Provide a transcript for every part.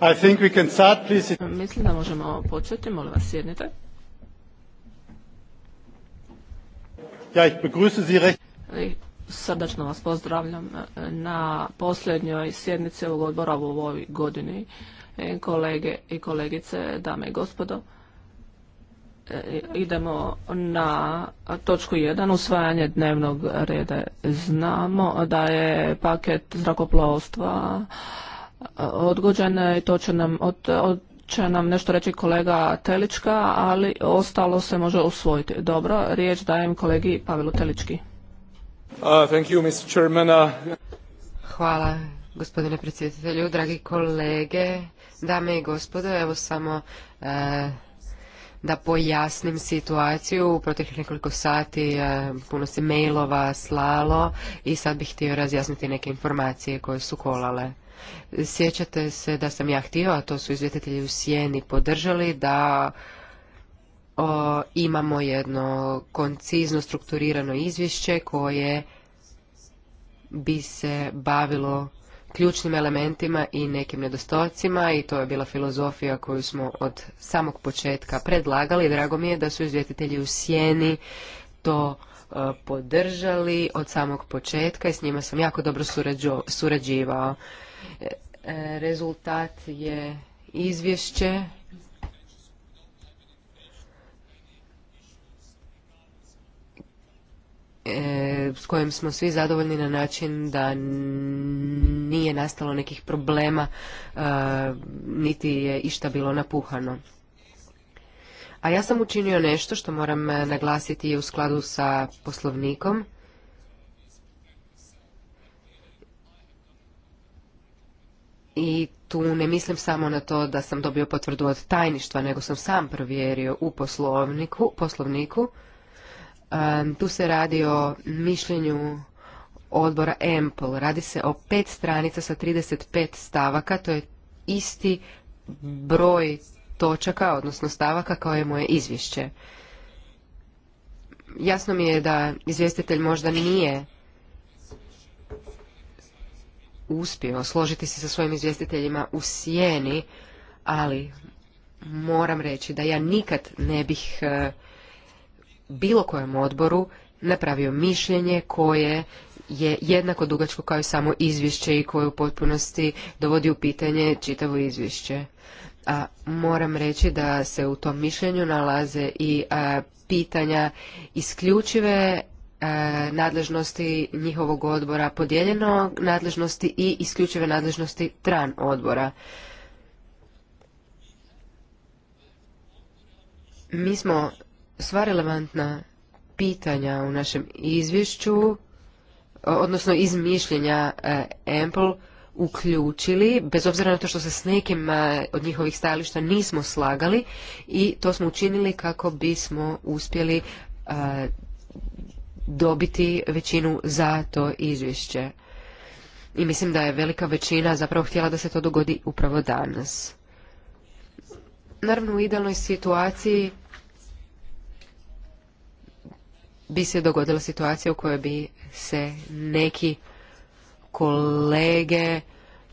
I Mislim da možemo početi, molim vas sjednite. Ja, Srdačno vas pozdravljam e, na posljednjoj sjednici ovog odbora u ovoj godini. E, kolege i kolegice, dame i gospodo, e, idemo na točku 1, usvajanje dnevnog reda. Znamo da je paket zrakoplovstva odgođena i to će nam, od, će nam nešto reći kolega Telička, ali ostalo se može usvojiti. Dobro, riječ dajem kolegi Pavelu Telički. Uh, thank you, Mr. Uh, Hvala gospodine predsjedatelju, dragi kolege, dame i gospodo, evo samo uh, da pojasnim situaciju. U proteklih nekoliko sati puno se mailova slalo i sad bih htio razjasniti neke informacije koje su kolale. Sjećate se da sam ja htio, a to su izvjetitelji u Sijeni podržali, da imamo jedno koncizno strukturirano izvješće koje bi se bavilo ključnim elementima i nekim nedostocima i to je bila filozofija koju smo od samog početka predlagali. Drago mi je da su izvjetitelji u Sjeni to e, podržali od samog početka i s njima sam jako dobro surađivao. E, rezultat je izvješće e, s kojim smo svi zadovoljni na način da nije nastalo nekih problema e, niti je išta bilo napuhano. A ja sam učinio nešto što moram naglasiti u skladu sa poslovnikom. i tu ne mislim samo na to da sam dobio potvrdu od tajništva, nego sam sam provjerio u poslovniku. poslovniku. tu se radi o mišljenju odbora EMPL. Radi se o pet stranica sa 35 stavaka. To je isti broj točaka, odnosno stavaka kao je moje izvješće. Jasno mi je da izvjestitelj možda nije uspio složiti se sa svojim izvjestiteljima u sjeni, ali moram reći da ja nikad ne bih e, bilo kojem odboru napravio mišljenje koje je jednako dugačko kao i samo izvješće i koje u potpunosti dovodi u pitanje čitavo izvješće. A moram reći da se u tom mišljenju nalaze i e, pitanja isključive E, nadležnosti njihovog odbora podijeljeno, nadležnosti i isključive nadležnosti tran odbora. Mi smo sva relevantna pitanja u našem izvješću, odnosno iz mišljenja e, Ample, uključili, bez obzira na to što se s nekim e, od njihovih stajališta nismo slagali i to smo učinili kako bismo uspjeli dobiti većinu za to izvješće. I mislim da je velika većina zapravo htjela da se to dogodi upravo danas. Naravno, u idealnoj situaciji bi se dogodila situacija u kojoj bi se neki kolege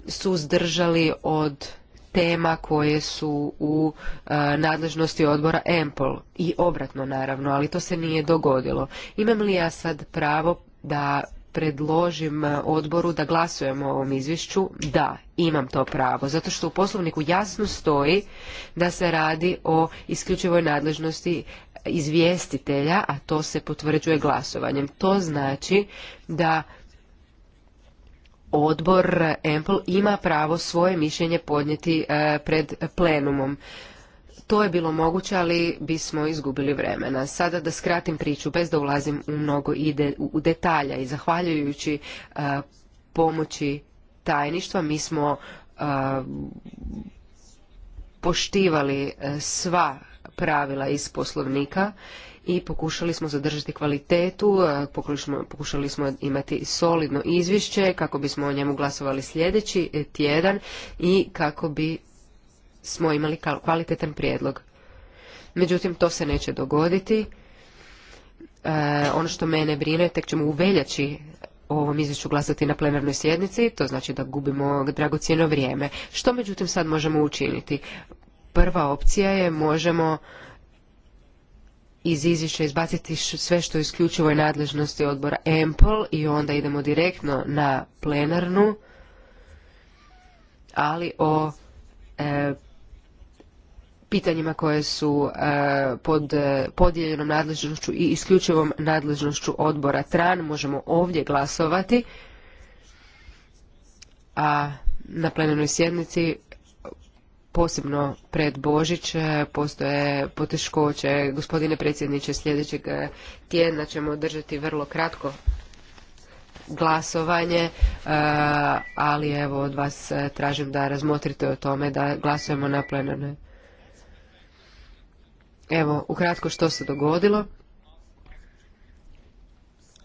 suzdržali od tema koje su u e, nadležnosti odbora EMPOL i obratno naravno, ali to se nije dogodilo. Imam li ja sad pravo da predložim e, odboru da glasujemo o ovom izvješću, da, imam to pravo, zato što u poslovniku jasno stoji da se radi o isključivoj nadležnosti izvjestitelja, a to se potvrđuje glasovanjem. To znači da odbor EMPL ima pravo svoje mišljenje podnijeti e, pred plenumom. To je bilo moguće, ali bismo izgubili vremena. Sada da skratim priču, bez da ulazim u mnogo ide, u detalja i zahvaljujući e, pomoći tajništva, mi smo e, poštivali sva pravila iz poslovnika i pokušali smo zadržati kvalitetu, e, pokušali smo imati solidno izvješće kako bismo o njemu glasovali sljedeći e, tjedan i kako bi smo imali kvalitetan prijedlog. Međutim, to se neće dogoditi. E, ono što mene brine, tek ćemo u veljači o ovom izvješću glasati na plenarnoj sjednici, to znači da gubimo dragocjeno vrijeme. Što međutim sad možemo učiniti? Prva opcija je možemo iz izvješća izbaciti sve što je isključivo i nadležnosti odbora EMPL i onda idemo direktno na plenarnu, ali o e, pitanjima koje su e, pod e, podijeljenom nadležnošću i isključivom nadležnošću odbora TRAN možemo ovdje glasovati, a na plenarnoj sjednici posebno pred Božić e, postoje poteškoće. Gospodine predsjedniče, sljedećeg e, tjedna ćemo održati vrlo kratko glasovanje, e, ali evo od vas tražim da razmotrite o tome da glasujemo na plenarnoj. Evo, ukratko što se dogodilo.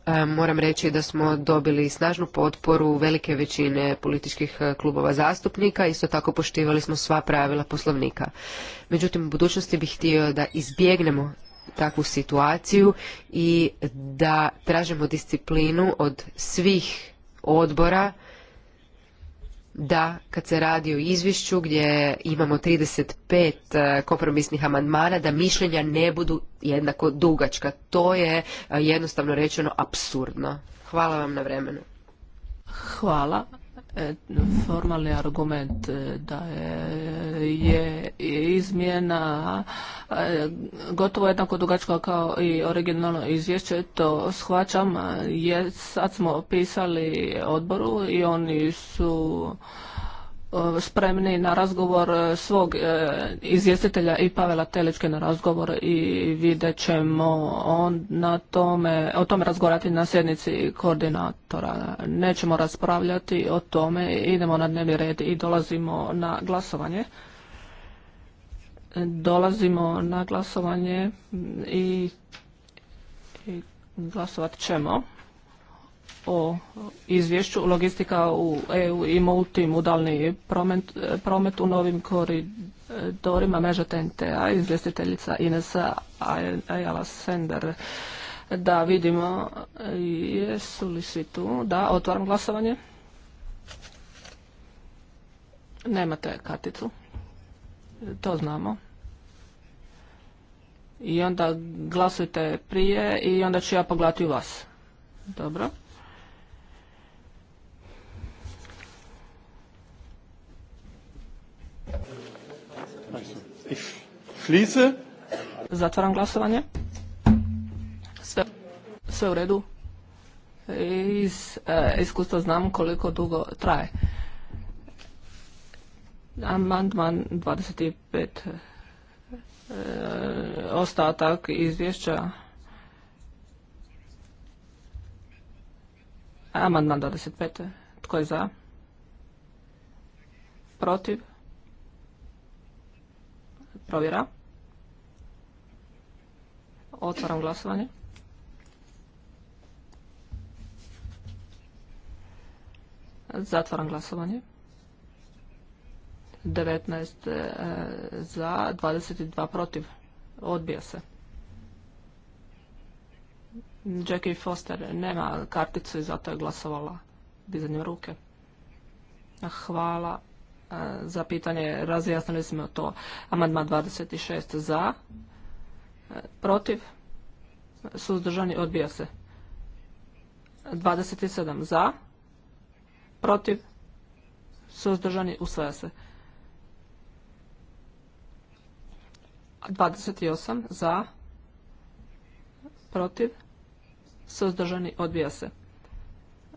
E, moram reći da smo dobili snažnu potporu velike većine političkih e, klubova zastupnika, isto tako poštivali smo sva pravila poslovnika. Međutim, u budućnosti bih htio da izbjegnemo takvu situaciju i da tražimo disciplinu od svih odbora da kad se radi o izvješću gdje imamo 35 e, kompromisnih amandmana da mišljenja ne budu jednako dugačka. To je e, jednostavno rečeno apsurdno. Hvala vam na vremenu. Hvala formalni argument e, da je izmjena e, gotovo jednako dugačka kao i originalno izvješće, to shvaćam, e, jer sad smo pisali odboru i oni su E, spremni na razgovor e, svog e, izvjestitelja i Pavela Teličke na razgovor i vidjet ćemo na tome, o tome razgovarati na sjednici koordinatora. Nećemo raspravljati o tome, idemo na dnevni red i dolazimo na glasovanje. Dolazimo na glasovanje i, i glasovat ćemo o izvješću logistika u EU i multimodalni promet, promet u novim koridorima meža TNT-a, izvjestiteljica Inesa Ayala Sender. Da vidimo jesu li svi tu. Da, otvaram glasovanje. Nemate karticu. To znamo i onda glasujte prije i onda ću ja pogledati vas. Dobro. Zatvaram glasovanje. Sve, sve u redu. Iz eh, iskustva znam koliko dugo traje. Amandman 25. E, eh, ostatak izvješća. Amandman 25. Tko je za? Protiv? Provjera. Otvaram glasovanje. Zatvaram glasovanje. 19 e, za, 22 protiv. Odbija se. Jackie Foster nema karticu i zato je glasovala dizanjem ruke. Hvala za pitanje razjasnili smo to. Amandman 26 e, za, protiv, suzdržani, odbija se. 27 za, protiv, suzdržani, usvaja se. 28 za, protiv, suzdržani, odbija se.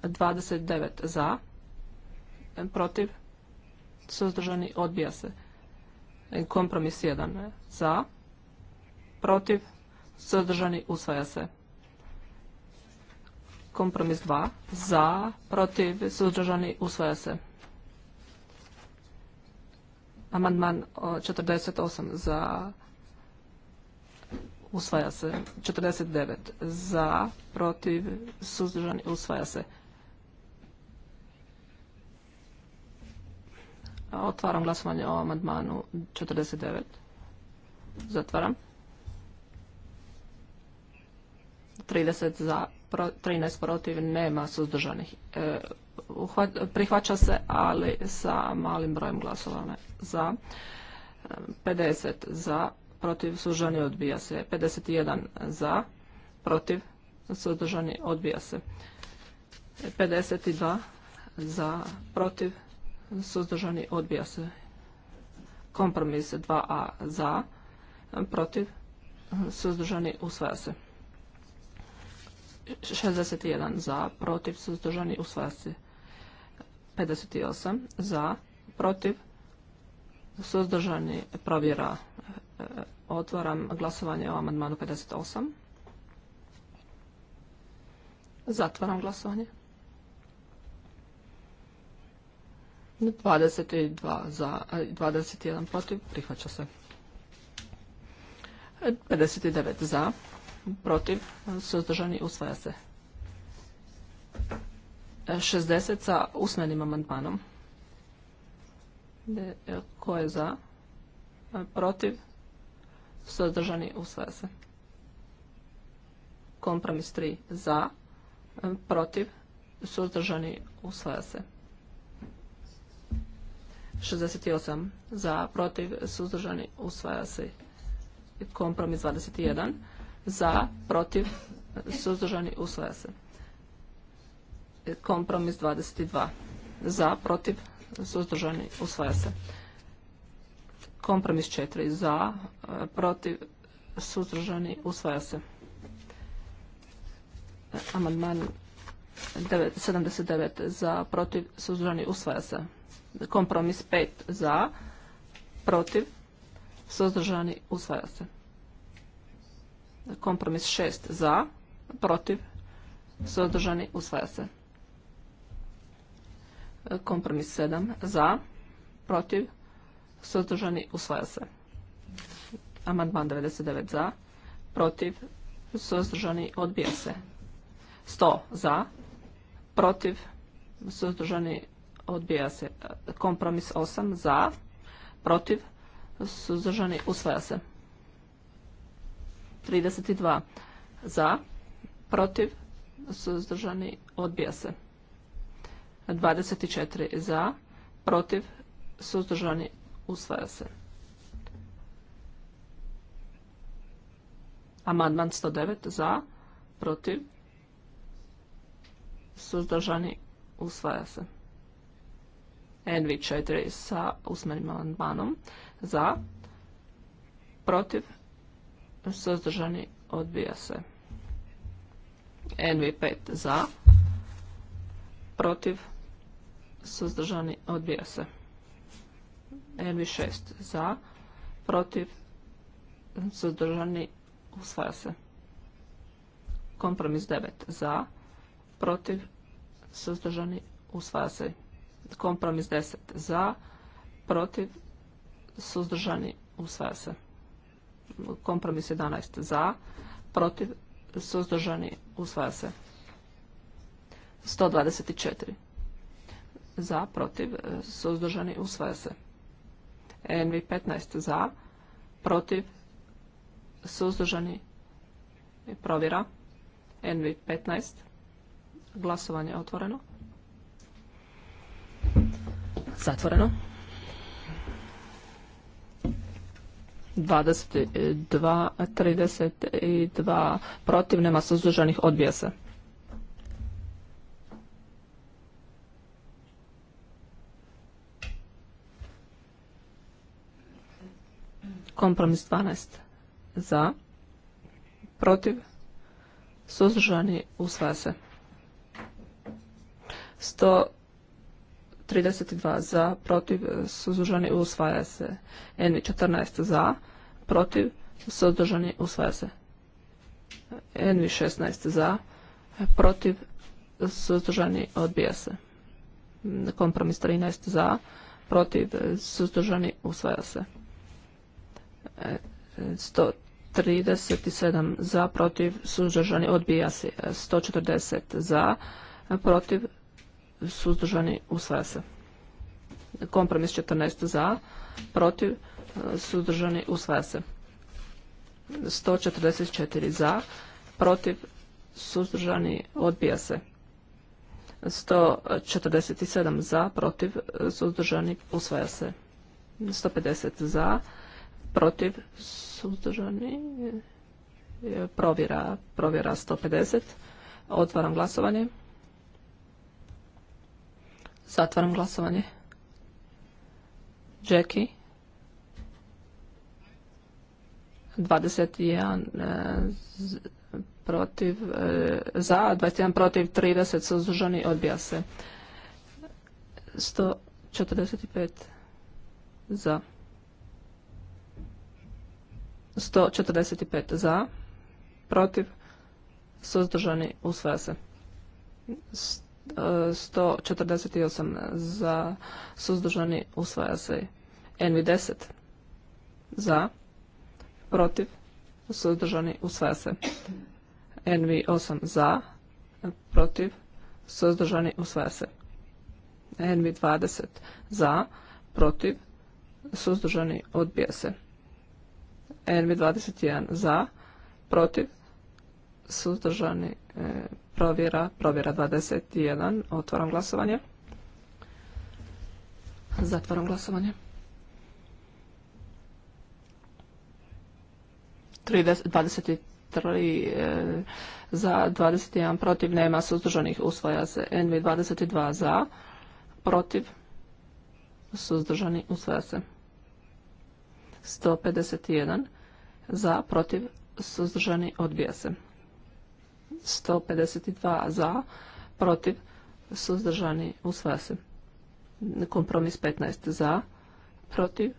29 za, protiv, suzdržani, odbija se. E, kompromis 1 za, protiv, suzdržani, usvaja se. Kompromis 2 za, protiv, suzdržani, usvaja se. Amandman 48 za, usvaja se. 49 za, protiv, suzdržani, usvaja se. Otvaram glasovanje o amandmanu 49. Zatvaram. 30 za, 13 protiv, nema suzdržanih. E, prihvaća se, ali sa malim brojem glasovane za. 50 e, za, protiv, suzdržani odbija se. 51 za, protiv, suzdržani odbija se. 52 za, protiv, suzdržani, odbija se. Kompromis 2a za, protiv, suzdržani, usvaja se. 61 za, protiv, suzdržani, usvaja se. 58 za, protiv, suzdržani, provjera. Otvaram glasovanje o amandmanu 58. Zatvaram glasovanje. 22 za, 21 e, protiv, prihvaća se. 59 e, za, protiv, suzdržani, usvaja se. 60 e, sa usmenim amandmanom. Ko je za? Protiv? Suzdržani, usvaja se. Kompromis 3 za, protiv, suzdržani, usvaja se. 68 za, protiv, suzdržani, usvaja se. Kompromis 21 za, protiv, suzdržani, usvaja se. Kompromis 22 za, protiv, suzdržani, usvaja se. Kompromis 4 za, protiv, suzdržani, usvaja se. Amandman 79 za, protiv, suzdržani, usvaja se. Kompromis 5 za, protiv, suzdržani, usvaja se. Kompromis 6 za, protiv, suzdržani, usvaja se. Kompromis 7 za, protiv, suzdržani, usvaja se. Amandman 99 za, protiv, suzdržani, odbija se. 100 za, protiv, suzdržani, odbija se. Kompromis 8 za, protiv, suzdržani, usvaja se. 32 za, protiv, suzdržani, odbija se. 24 za, protiv, suzdržani, usvaja se. Amandman 109 za, protiv, suzdržani, usvaja se. NV4 sa usmenim amandmanom za, protiv, suzdržani, odbija se. NV5 za, protiv, suzdržani, odbija se. NV6 za, protiv, suzdržani, usvaja se. Kompromis 9 za, protiv, suzdržani, usvaja se. Kompromis 10 za, protiv, suzdržani, usvaja se. Kompromis 11 za, protiv, suzdržani, usvaja se. 124 za, protiv, suzdržani, usvaja se. NV 15 za, protiv, suzdržani, provjera. NV 15, glasovanje otvoreno. Zatvoreno. 22, 32 protiv, nema suzdržanih, odbija se. Kompromis 12 za, protiv, suzdržani, usvaja se. 100 32 e, za, protiv, suzdržani, usvaja se. n 14 za, protiv, suzdržani, usvaja se. n 16 za, protiv, suzdržani, odbija se. Kompromis 13 za, protiv, suzdržani, usvaja se. 137 za, protiv, suzdržani, odbija se. 140 za, protiv, suzdržani usvaja se. Kompromis 14 za, protiv, suzdržani usvaja se. 144 za, protiv, suzdržani odbija se. 147 za, protiv, suzdržani usvaja se. 150 za, protiv, suzdržani provjera, provjera 150. Otvaram glasovanje. Zatvaram glasovanje. Jackie. 21 e, protiv, e, za, 21 protiv, 30 suzdržani, odbija se. 145 za. 145 za, protiv, suzdržani, usvaja se. 148 za, suzdržani usvaja se NV10 za, protiv, suzdržani usvaja se NV8 za, protiv, suzdržani usvaja se NV20 za, protiv, suzdržani odbija se NV21 za, protiv, suzdržani e, provjera, provjera 21, otvaram glasovanje. Zatvaram glasovanje. 23 eh, za, 21 protiv, nema suzdržanih, usvaja se. NV 22 za, protiv, suzdržani, usvaja se. 151 za, protiv, suzdržani, odbija se. 152 za, protiv, suzdržani, usvaja se. Kompromis 15 za, protiv,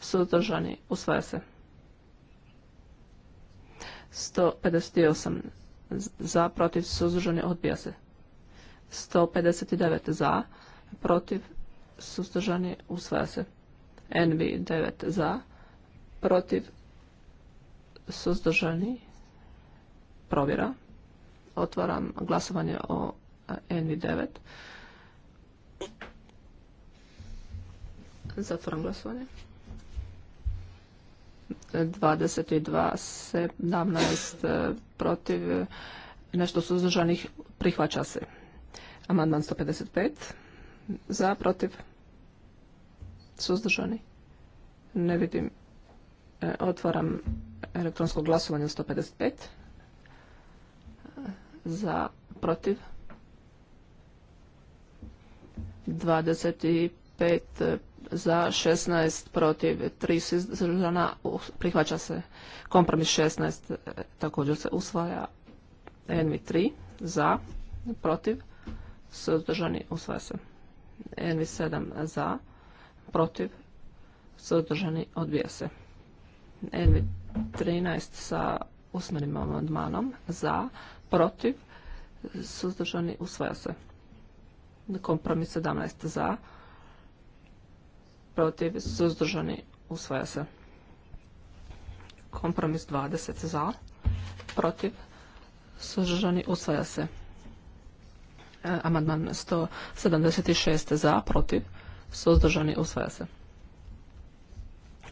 suzdržani, usvaja se. 158 za, protiv, suzdržani, odbija se. 159 za, protiv, suzdržani, usvaja se. NV 9 za, protiv, suzdržani, provjera. Otvaram glasovanje o NV9. Zatvoram glasovanje. 22 17 e, protiv, e, nešto suzdržanih, prihvaća se. Amandman 155, za, protiv, suzdržani. Ne vidim, e, otvaram elektronsko glasovanje 155 za protiv 25 za 16 protiv 3 suzdržana prihvaća se kompromis 16 e, također se usvaja NV3 za protiv suzdržani usvaja se NV7 za protiv suzdržani odbija se NV13 sa usmenim amandmanom za protiv, suzdržani, usvaja se. Kompromis 17 za, protiv, suzdržani, usvaja se. Kompromis 20 za, protiv, suzdržani, usvaja se. E, amandman 176 za, protiv, suzdržani, usvaja se.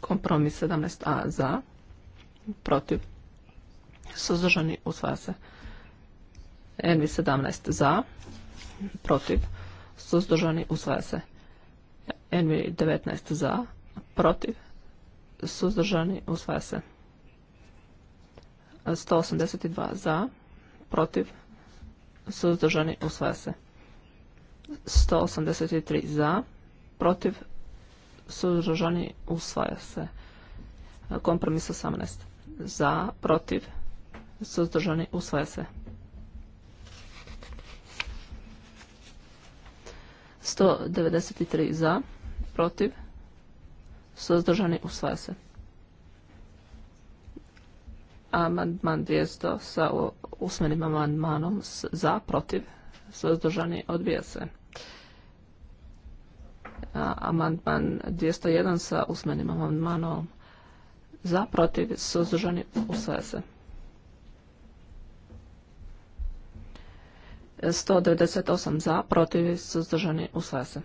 Kompromis 17a za, protiv, suzdržani, usvaja se. NV17 za, protiv, suzdržani, usvaja se. NV19 za, protiv, suzdržani, usvaja se. 182 za, protiv, suzdržani, usvaja se. 183 za, protiv, suzdržani, usvaja se. Kompromis 18 za, protiv, suzdržani, usvaja se. 193 za, protiv, suzdržani, usvaja se. Amandman 200 sa usmenim amandmanom za, protiv, suzdržani, odbija se. Amandman 201 sa usmenim amandmanom za, protiv, suzdržani, usvaja se. 198 za, protiv, suzdržani, usvaja se.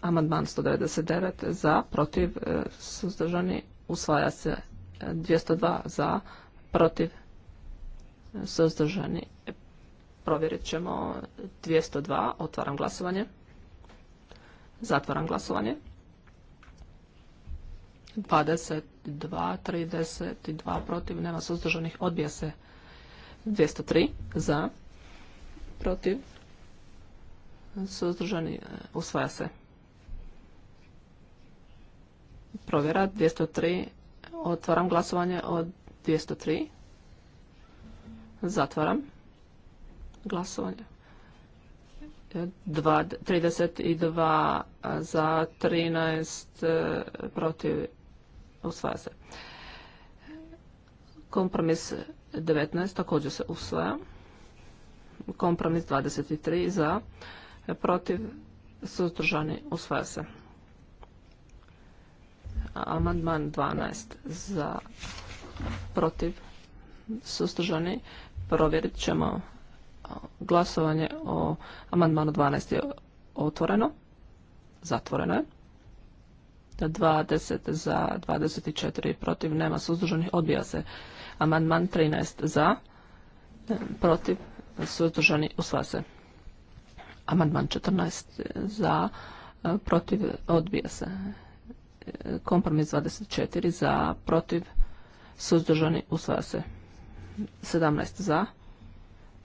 Amandman 199 za, protiv, e, suzdržani, usvaja se. 202 za, protiv, suzdržani. Provjerit ćemo 202. Otvaram glasovanje. Zatvaram glasovanje. 22, 32 protiv, nema suzdržanih, odbija se 203 za, protiv, suzdržani, e, usvaja se. Provjera 203, otvaram glasovanje od 203, zatvaram glasovanje. 32 e, za 13 e, protiv usvaja se. Kompromis 19 također se usvaja. Kompromis 23 za, protiv, suzdržani, usvaja se. Amandman 12 za, protiv, suzdržani, provjerit ćemo glasovanje o amandmanu 12 je otvoreno, zatvoreno je. 20 za, 24 protiv, nema suzdržanih, odbija se. Amandman 13 za, protiv, suzdržani, u se. Amandman 14 za, e, protiv, odbija se. E, kompromis 24 za, protiv, suzdržani, u svase. 17 za,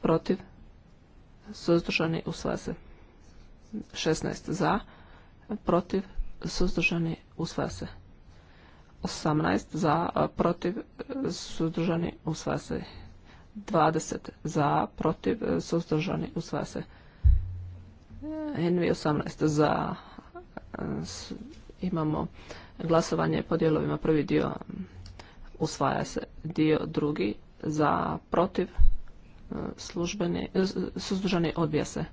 protiv, suzdržani, u se. 16 za, protiv, suzdržani, u svase. 18 za, protiv, suzdržani, u se. 20 za, protiv, suzdržani, usvaja se. NV 18 za, imamo glasovanje po dijelovima, prvi dio usvaja se, dio drugi za, protiv, službeni, suzdržani, odbija se.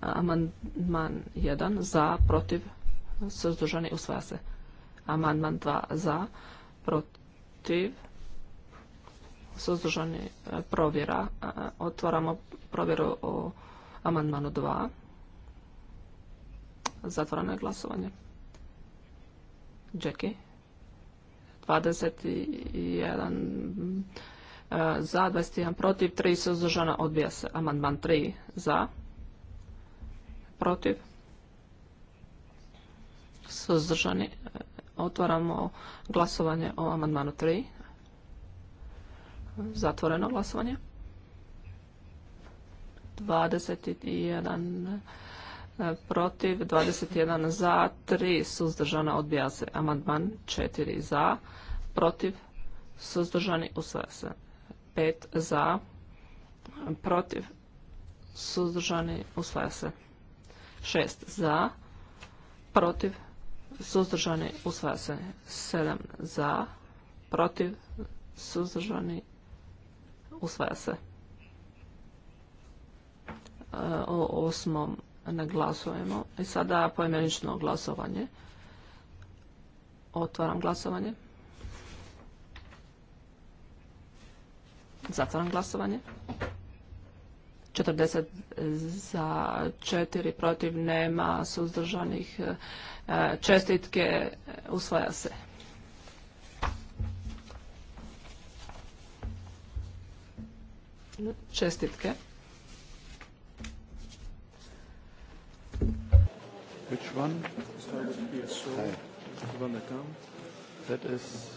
Amandman 1 za, protiv, suzdržani, usvaja se. Amandman 2 za, protiv, suzdržani e, provjera. E, otvaramo provjeru o amandmanu 2. Zatvoreno je glasovanje. Jackie. 21 e, za, 21 protiv, 3 suzdržana, odbija se. Amandman 3 za, protiv, suzdržani. Otvaramo glasovanje o amandmanu 3. Zatvoreno glasovanje. 21 e, protiv, 21 za, 3 suzdržana odbija se. Amandman 4 za, protiv, suzdržani usvaja se. 5 za, protiv, suzdržani usvaja se. 6 za, protiv, suzdržani usvaja se. 7 za, protiv, suzdržani usvaja se. E, o osmom ne glasujemo. I sada poimenično glasovanje. Otvaram glasovanje. Zatvaram glasovanje. 40 za 4 protiv nema suzdržanih e, čestitke usvaja se. Čestitke. Which one? That is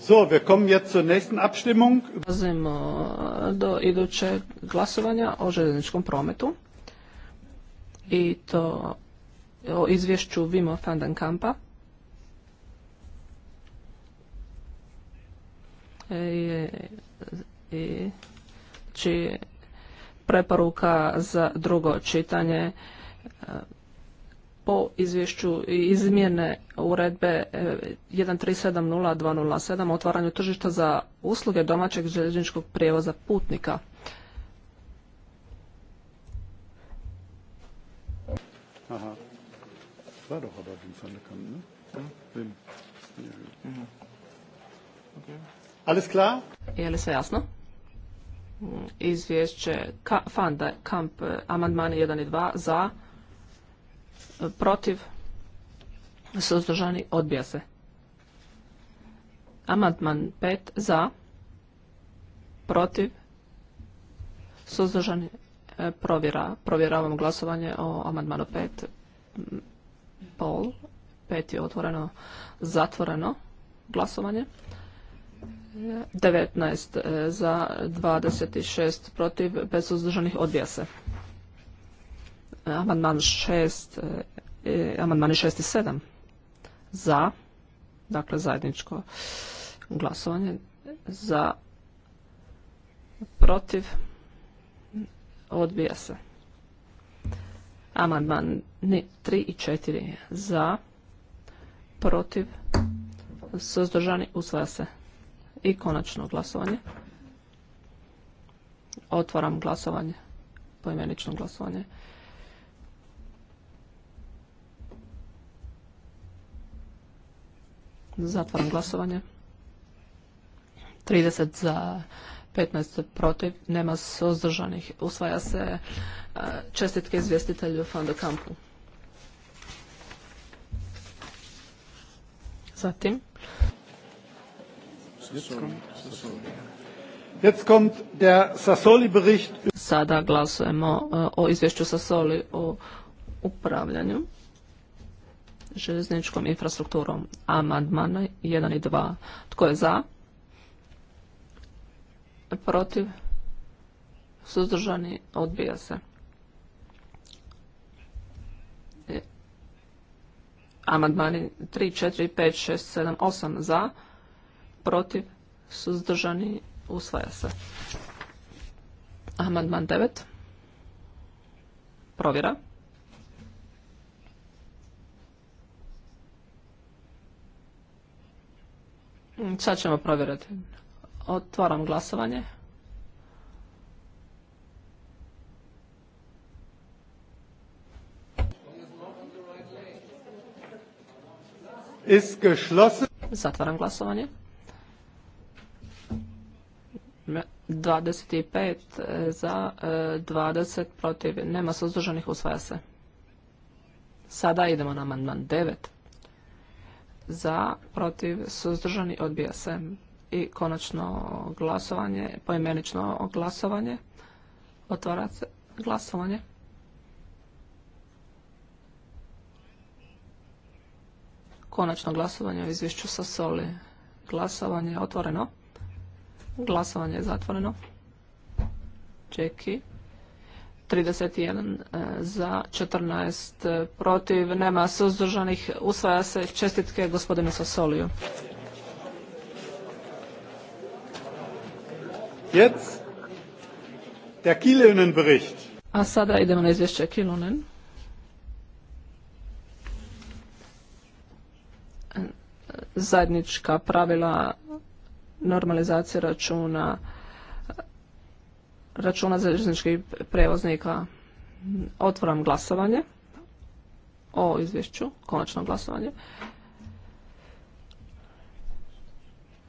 So, wir kommen jetzt zur nächsten Abstimmung. do idućeg glasovanja o željezničkom prometu i to o izvješću Vimo Fandenkampa. Kampa. i čiji preporuka za drugo čitanje e, po izvješću izmjene uredbe 1370207 e, o otvaranju tržišta za usluge domaćeg željezničkog prijevoza putnika. Aha. Alles klar? Je li sve jasno? Izvješće Fanda, Kamp, eh, amandmani 1 i 2 za, eh, protiv, suzdržani, odbija se. Amandman 5 za, protiv, suzdržani, eh, provjera. Provjeravamo glasovanje o amandmanu 5. Mm, pol, 5 je otvoreno, zatvoreno glasovanje. 19 e, za 26 protiv bez uzdržanih odbija se. E, amandman 6 e, amandmani 6 i 7 za dakle zajedničko glasovanje za protiv odbija se. Amandman 3 i 4 za protiv suzdržani usvaja se i konačno glasovanje. Otvaram glasovanje, poimenično glasovanje. Zatvaram glasovanje. 30 za 15 protiv, nema ozdržanih. Usvaja se e, čestitke izvjestitelju Fonda Kampu. Zatim, Sada glasujemo eh, o izvješću Sasoli o upravljanju željezničkom infrastrukturom. Amandmana 1 i 2. Tko je za? Protiv? Suzdržani? Odbija se. E, amandmani 3, 4, 5, 6, 7, 8 za protiv, suzdržani, usvaja se. Amandman 9. Provjera. Sad ćemo provjerati. Otvaram glasovanje. Zatvaram glasovanje. 25 e, za, 20 e, protiv, nema suzdržanih, usvaja se. Sada idemo na amandman 9. Za, protiv, suzdržani, odbija se. I konačno glasovanje, poimenično glasovanje. Otvara se glasovanje. Konačno glasovanje o izvješću sa soli. Glasovanje otvoreno. Glasovanje je zatvoreno. Čeki. 31 e, za, 14 e, protiv, nema suzdržanih. Usvaja se čestitke gospodinu Sosoliju. A sada idemo na izvješće Kilonen. E, zajednička pravila normalizacije računa računa željezničkih prevoznika. Otvaram glasovanje o izvješću, konačno glasovanje.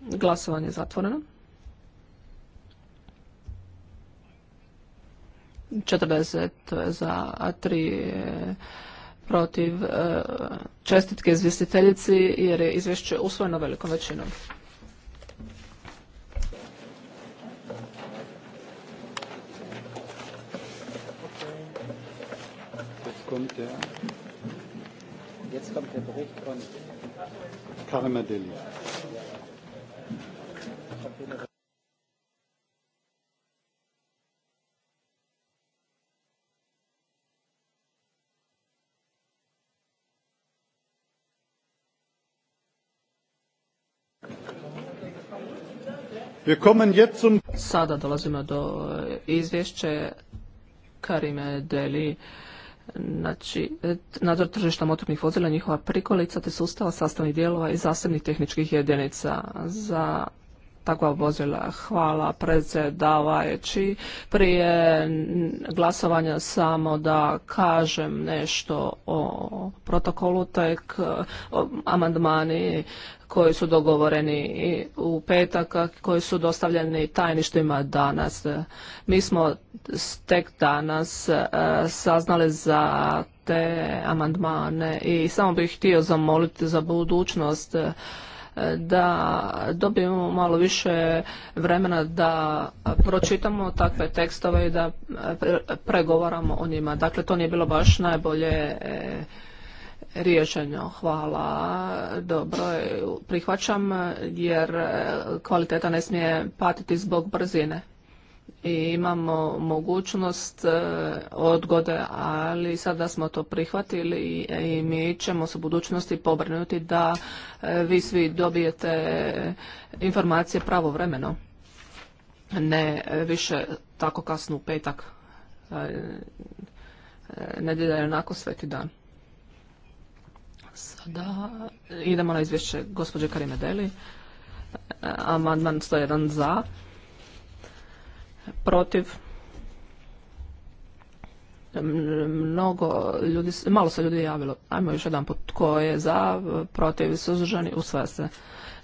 Glasovanje je zatvoreno. 40 za, a 3 protiv e, čestitke izvjestiteljici jer je izvješće usvojeno velikom većinom. kommt der. Jetzt kommt der Bericht von Karamadeli. Sada dolazimo do e, izvješće Karime Deli znači nadzor tržišta motornih vozila, njihova prikolica te sustava sastavnih dijelova i zasebnih tehničkih jedinica za takva vozila. Hvala predsjedavajući. Prije glasovanja samo da kažem nešto o protokolu, tek e, amandmani koji su dogovoreni u petak, koji su dostavljeni tajništima danas. Mi smo tek danas e, saznali za te amandmane i samo bih htio zamoliti za budućnost da dobijemo malo više vremena da pročitamo takve tekstove i da pregovaramo o njima. Dakle, to nije bilo baš najbolje e, rješenje. Hvala. Dobro, e, prihvaćam jer e, kvaliteta ne smije patiti zbog brzine i imamo mogućnost e, odgode, ali sada smo to prihvatili i mi ćemo se u budućnosti pobrinuti da e, vi svi dobijete informacije pravovremeno, ne više tako kasno u petak, e, nedjelja je onako sveti dan. Sada idemo na izvješće gospođe Karime Deli, amandman 101 za protiv mnogo ljudi, malo se ljudi javilo. Ajmo još jedan put. Tko je za, protiv, suzdržani, usvaja se.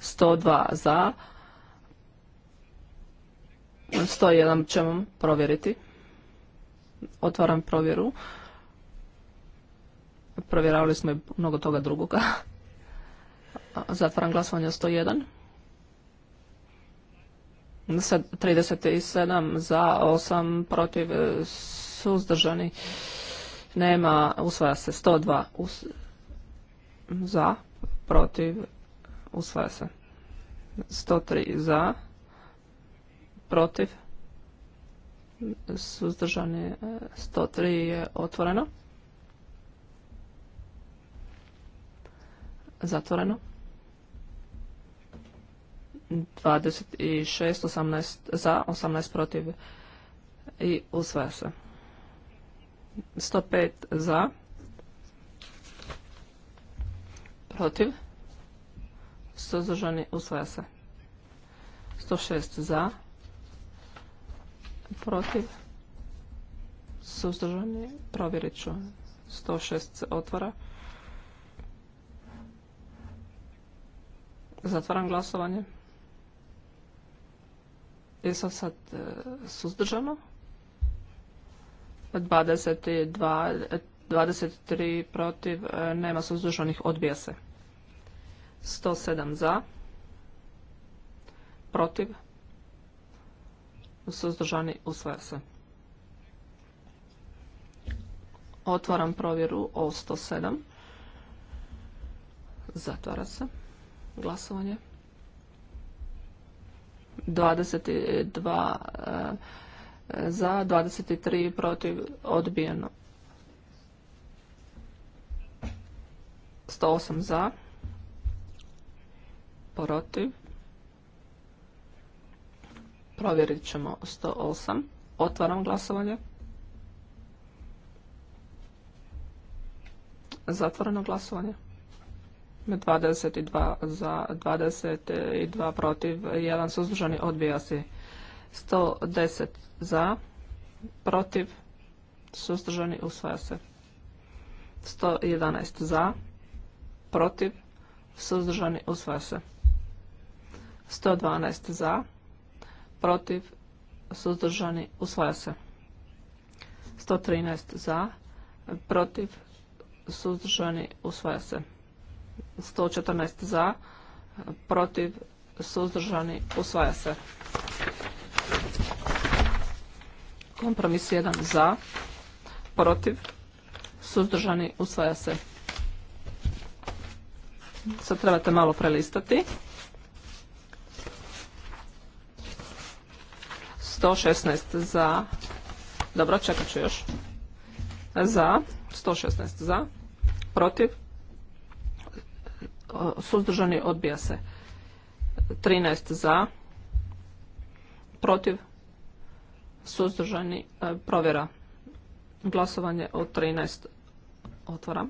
102 za, 101 ćemo provjeriti. Otvaram provjeru. Provjeravali smo i mnogo toga drugoga. Zatvaram glasovanje 101. 37 za 8 protiv e, suzdržani nema usvaja se 102 za protiv usvaja se 103 za protiv suzdržani 103 e, je otvoreno zatvoreno 26, 18 za, 18 protiv i usvaja se. 105 za, protiv, suzdržani, usvaja se. 106 za, protiv, suzdržani, provjerit ću. 106 se otvara. Zatvaram glasovanje. Jesam sad e, suzdržano? 22, 23 e, protiv, e, nema suzdržanih, odbija se. 107 za, protiv, suzdržani, usvaja se. Otvaram provjeru o 107. Zatvara se glasovanje. 22 eh, za, 23 protiv, odbijeno. 108 za, protiv. Provjerit ćemo 108. Otvaram glasovanje. Zatvoreno glasovanje. 22 za, 22 protiv, 1 suzdržani, odbija se. 110 za, protiv, suzdržani, usvaja se. 111 za, protiv, suzdržani, usvaja se. 112 za, protiv, suzdržani, usvaja se. 113 za, protiv, suzdržani, usvaja se. 114 za, protiv, suzdržani, usvaja se. Kompromis 1 za, protiv, suzdržani, usvaja se. Sad trebate malo prelistati. 116 za, dobro, čekat ću još, za, 116 za, protiv, suzdržani, odbija se. 13 za, protiv, suzdržani, e, provjera. Glasovanje od 13 otvoram,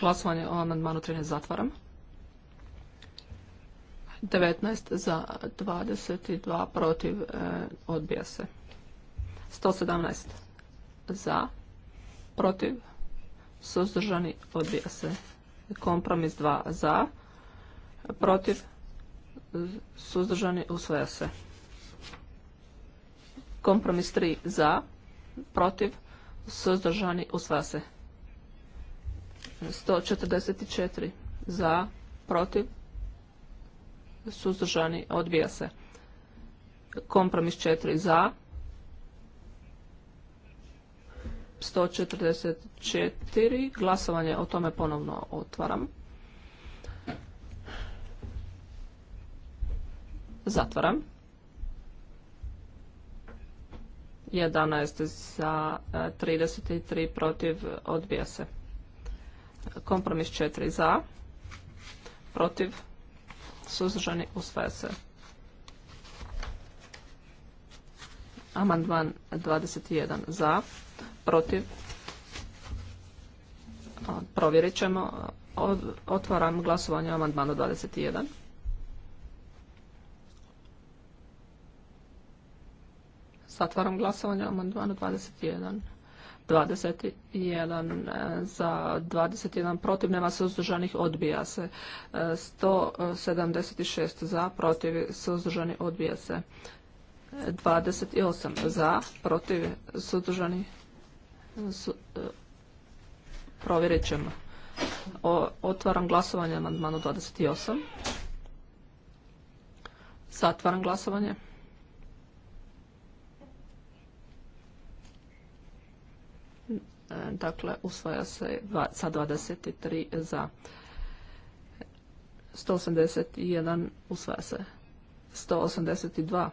Glasovanje o amandmanu 13 zatvaram. 19 za 22 protiv e, odbija se. 117 za protiv suzdržani, odbija se. Kompromis 2 za, protiv, suzdržani, usvaja se. Kompromis 3 za, protiv, suzdržani, usvaja se. 144 za, protiv, suzdržani, odbija se. Kompromis 4 za, 144. Glasovanje o tome ponovno otvaram. Zatvaram. 11 za 33 e, protiv odbija se. Kompromis 4 za, protiv, suzdržani usvaja se. Amandman 21 za, protiv, provjerit ćemo, otvaram glasovanje o amandmanu 21. Zatvaram glasovanje o amandmanu 21. 21 e, za 21 protiv, nema se uzdržanih, odbija se. 176 e, za, protiv, suzdržani, odbija se. 28 e, za, protiv, suzdržani, E, provjerit ćemo. Otvaram glasovanje na amandmanu 28. Zatvaram glasovanje. E, dakle, usvaja se sa 23 za. 181 usvaja se. 182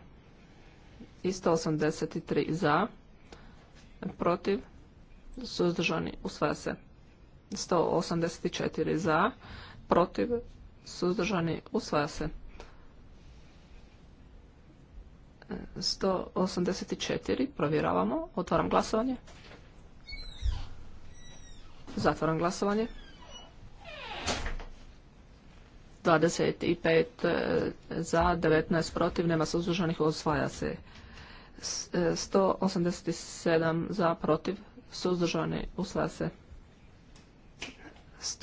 i 183 za. Protiv suzdržani, usvaja se. 184 za, protiv, suzdržani, usvaja se. 184, provjeravamo, otvaram glasovanje. Zatvaram glasovanje. 25 e, za, 19 protiv, nema suzdržanih, usvaja se. 187 e, za, protiv, suzdržani, uslase se.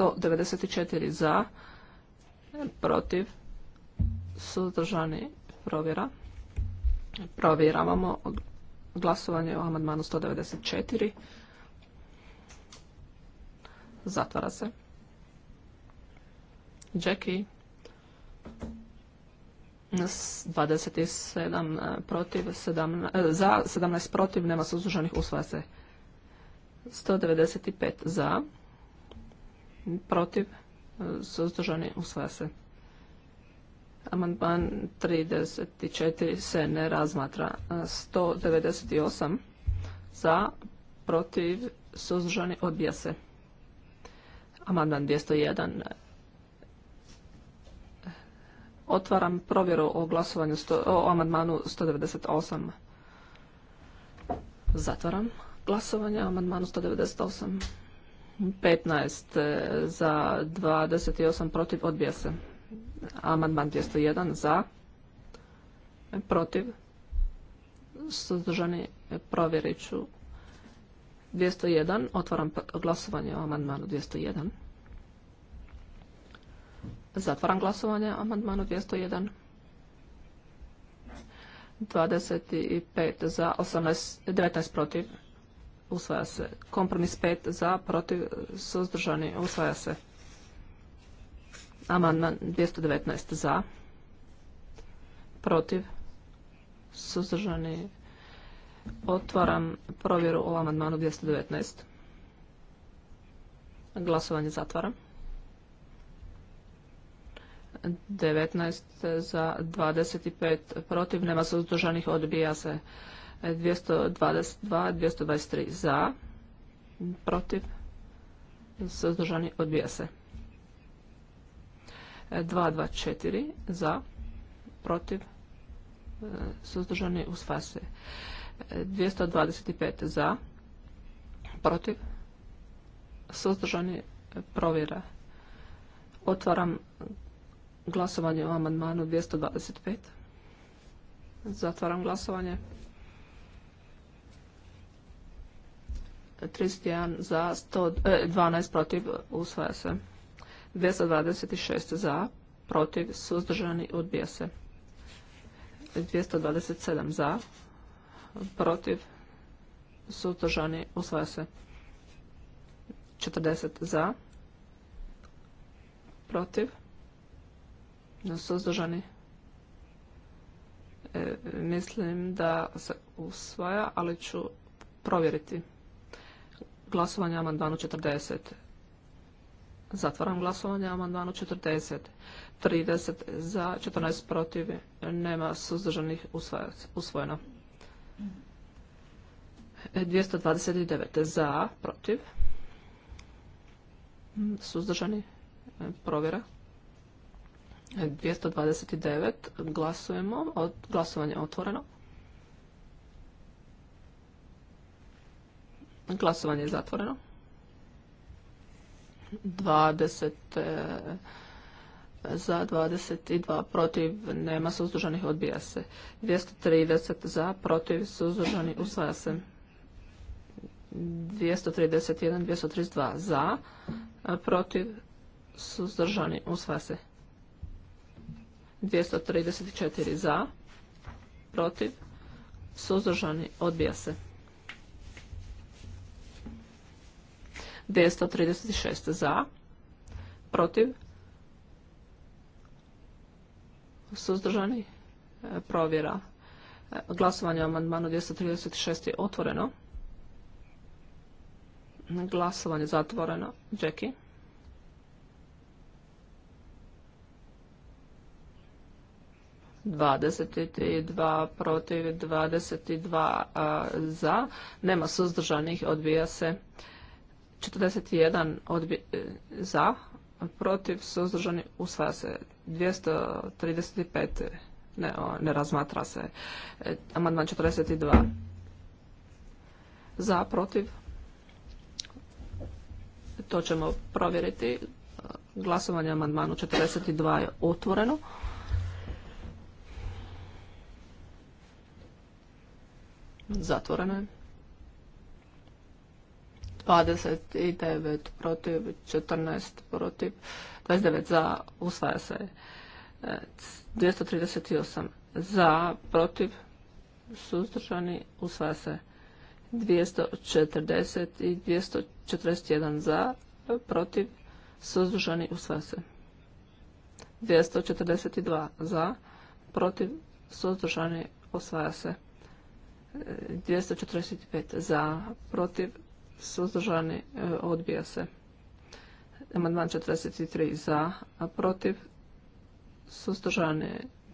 194 za, protiv, suzdržani, provjera. Provjeravamo glasovanje o amandmanu 194. Zatvara se. Jackie. 27 eh, protiv, 17, eh, za, 17 protiv, nema suzdržanih, usvaja 195 za, protiv, suzdržani, usvaja se. Amandman 34 se ne razmatra. 198 za, protiv, suzdržani, odbija se. Amandman 201 Otvaram provjeru o glasovanju o amandmanu 198. Zatvaram glasovanja, o amandmanu 198. 15 za, 28 protiv, odbija se. Amandman 201 za, protiv, suzdržani e, provjerit ću 201. Otvaram glasovanje o amandmanu 201. Zatvaram glasovanje o amandmanu 201. 25 za, 18, 19 protiv, usvaja se. Kompromis pet za, protiv, suzdržani, usvaja se. Amandman 219 za, protiv, suzdržani, otvaram provjeru o amandmanu 219. Glasovanje zatvaram. 19 za 25 protiv, nema suzdržanih, odbija se. 222, 223 za, protiv, suzdržani, odbija se. 224 za, protiv, suzdržani, usvaja se. 225 za, protiv, suzdržani, provjera. Otvaram glasovanje o amandmanu 225. Zatvaram glasovanje. 31 za, 12 e, protiv, usvaja se. 226 za, protiv, suzdržani, odbija se. 227 za, protiv, suzdržani, usvaja se. 40 za, protiv, suzdržani, e, mislim da se usvaja, ali ću provjeriti. Glasovanje o amandmanu 40. Zatvaram glasovanje o amandmanu 40. 30 za, 14 protiv, nema suzdržanih usvojeno. 229 za, protiv, suzdržani, provjera. 229, glasujemo, glasovanje je otvoreno. Glasovanje je zatvoreno. 20 e, za 22 protiv nema suzdržanih odbija se 230 za protiv suzdržani usvaja se 231 232 za protiv suzdržani usvaja se 234 za protiv suzdržani odbija se 236 za, protiv, suzdržani, e, provjera. E, glasovanje o amandmanu 236 je otvoreno. Glasovanje zatvoreno. Jackie. Dvadeset dva protiv, dvadeset dva za. Nema suzdržanih, odbija se. 41 odbi e, za, protiv, suzdržani, usvaja se. 235 ne, ne razmatra se. E, amandman 42 za, protiv. To ćemo provjeriti. Glasovanje amandmanu 42 je otvoreno. Zatvoreno je. 29 protiv, 14 protiv, 29 za, usvaja se 238 e, za, protiv, suzdržani, usvaja se 240 i 241 za, protiv, suzdržani, usvaja se 242 za, protiv, suzdržani, usvaja se 245 e, za, protiv, suzdržani, e, odbija se. Amandman 43 za, a protiv, suzdržani,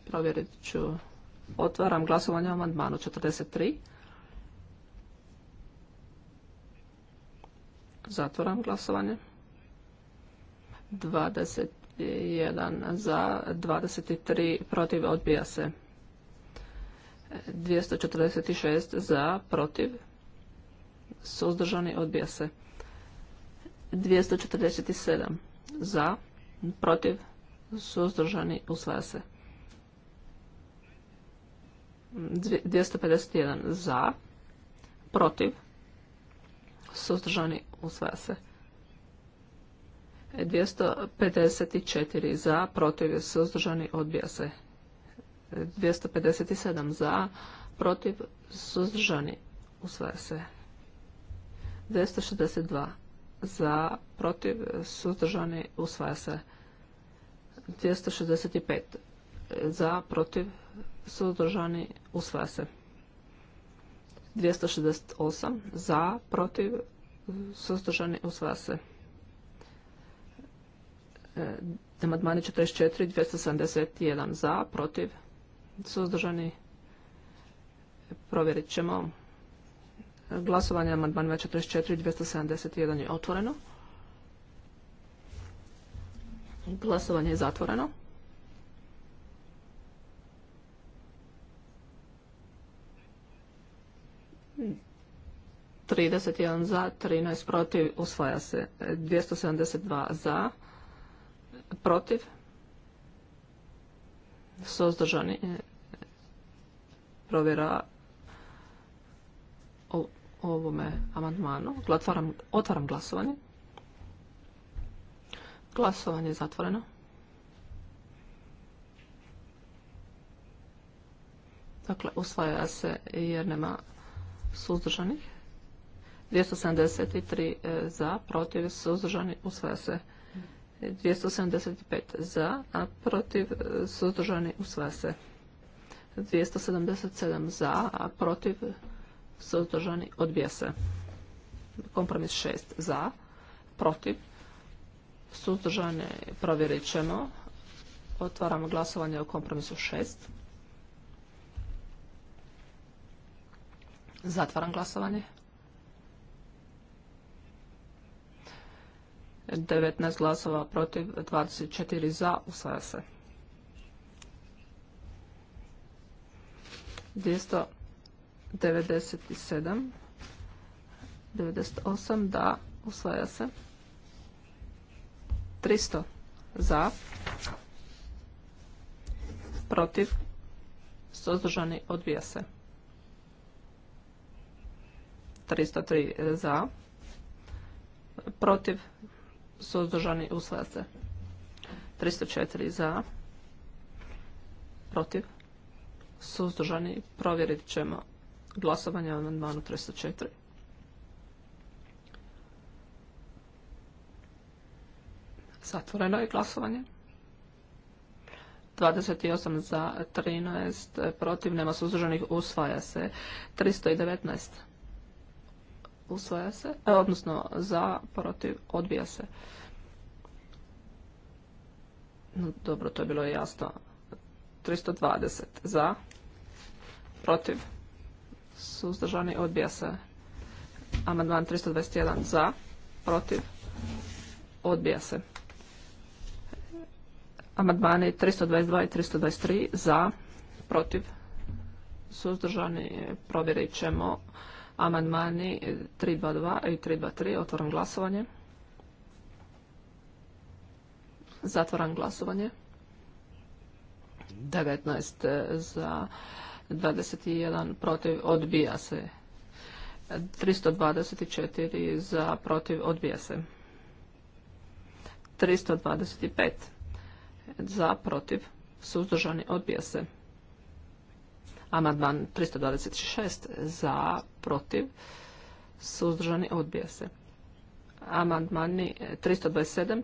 provjerit ću. Otvaram glasovanje o amandmanu 43. Zatvoram glasovanje. 21 za, 23 protiv, odbija se. 246 e, za, protiv, suzdržani, odbija se. 247 za, protiv, suzdržani, usvaja se. 251 za, protiv, suzdržani, usvaja se. 254 za, protiv, suzdržani, odbija se. 257 za, protiv, suzdržani, usvaja se. 262 za, protiv, suzdržani, usvaja se. 265 za, protiv, suzdržani, usvaja se. 268 za, protiv, suzdržani, usvaja se. Amandmani 44, 271 za, protiv, suzdržani, provjerit ćemo. Glasovanje amandmanima 44 i 271 je otvoreno. Glasovanje je zatvoreno. Trideset jedan za, trinaest protiv, usvaja se. Dvjesto sedamdeset dva za, protiv, suzdržani, provjera o ovome amandmanu. Otvaram, glasovanje. Glasovanje je zatvoreno. Dakle, usvaja se jer nema suzdržanih. 273 e, za, protiv suzdržani, usvaja se 275 za, a protiv e, suzdržani usvaja se 277 za, a protiv suzdržani, odbija se. Kompromis 6 za, protiv, suzdržani, provjerit ćemo. Otvaramo glasovanje o kompromisu 6. Zatvaram glasovanje. 19 glasova protiv, 24 za, usvaja se. 97, 98, da, usvaja se. 300 za, protiv, suzdržani, odbija se. 303 za, protiv, suzdržani, usvaja se. 304 za, protiv, suzdržani, provjerit ćemo Glasovanje o amandmanu 304. Zatvoreno je glasovanje. 28 za, 13 protiv, nema suzdržanih, usvaja se. 319 usvaja se, e, odnosno za, protiv, odbija se. No, dobro, to je bilo jasno. 320 za, protiv, suzdržani, odbija se. Amandman 321 za, protiv, odbija se. Amandmani 322 i 323 za, protiv, suzdržani, provjerit ćemo. Amandmani 322 i 323, otvoram glasovanje. Zatvoram glasovanje. 19 za, 21 protiv, odbija se. 324 za, protiv, odbija se. 325 za, protiv, suzdržani, odbija se. Amandman 326 za, protiv, suzdržani, odbija se. Amandmani 327,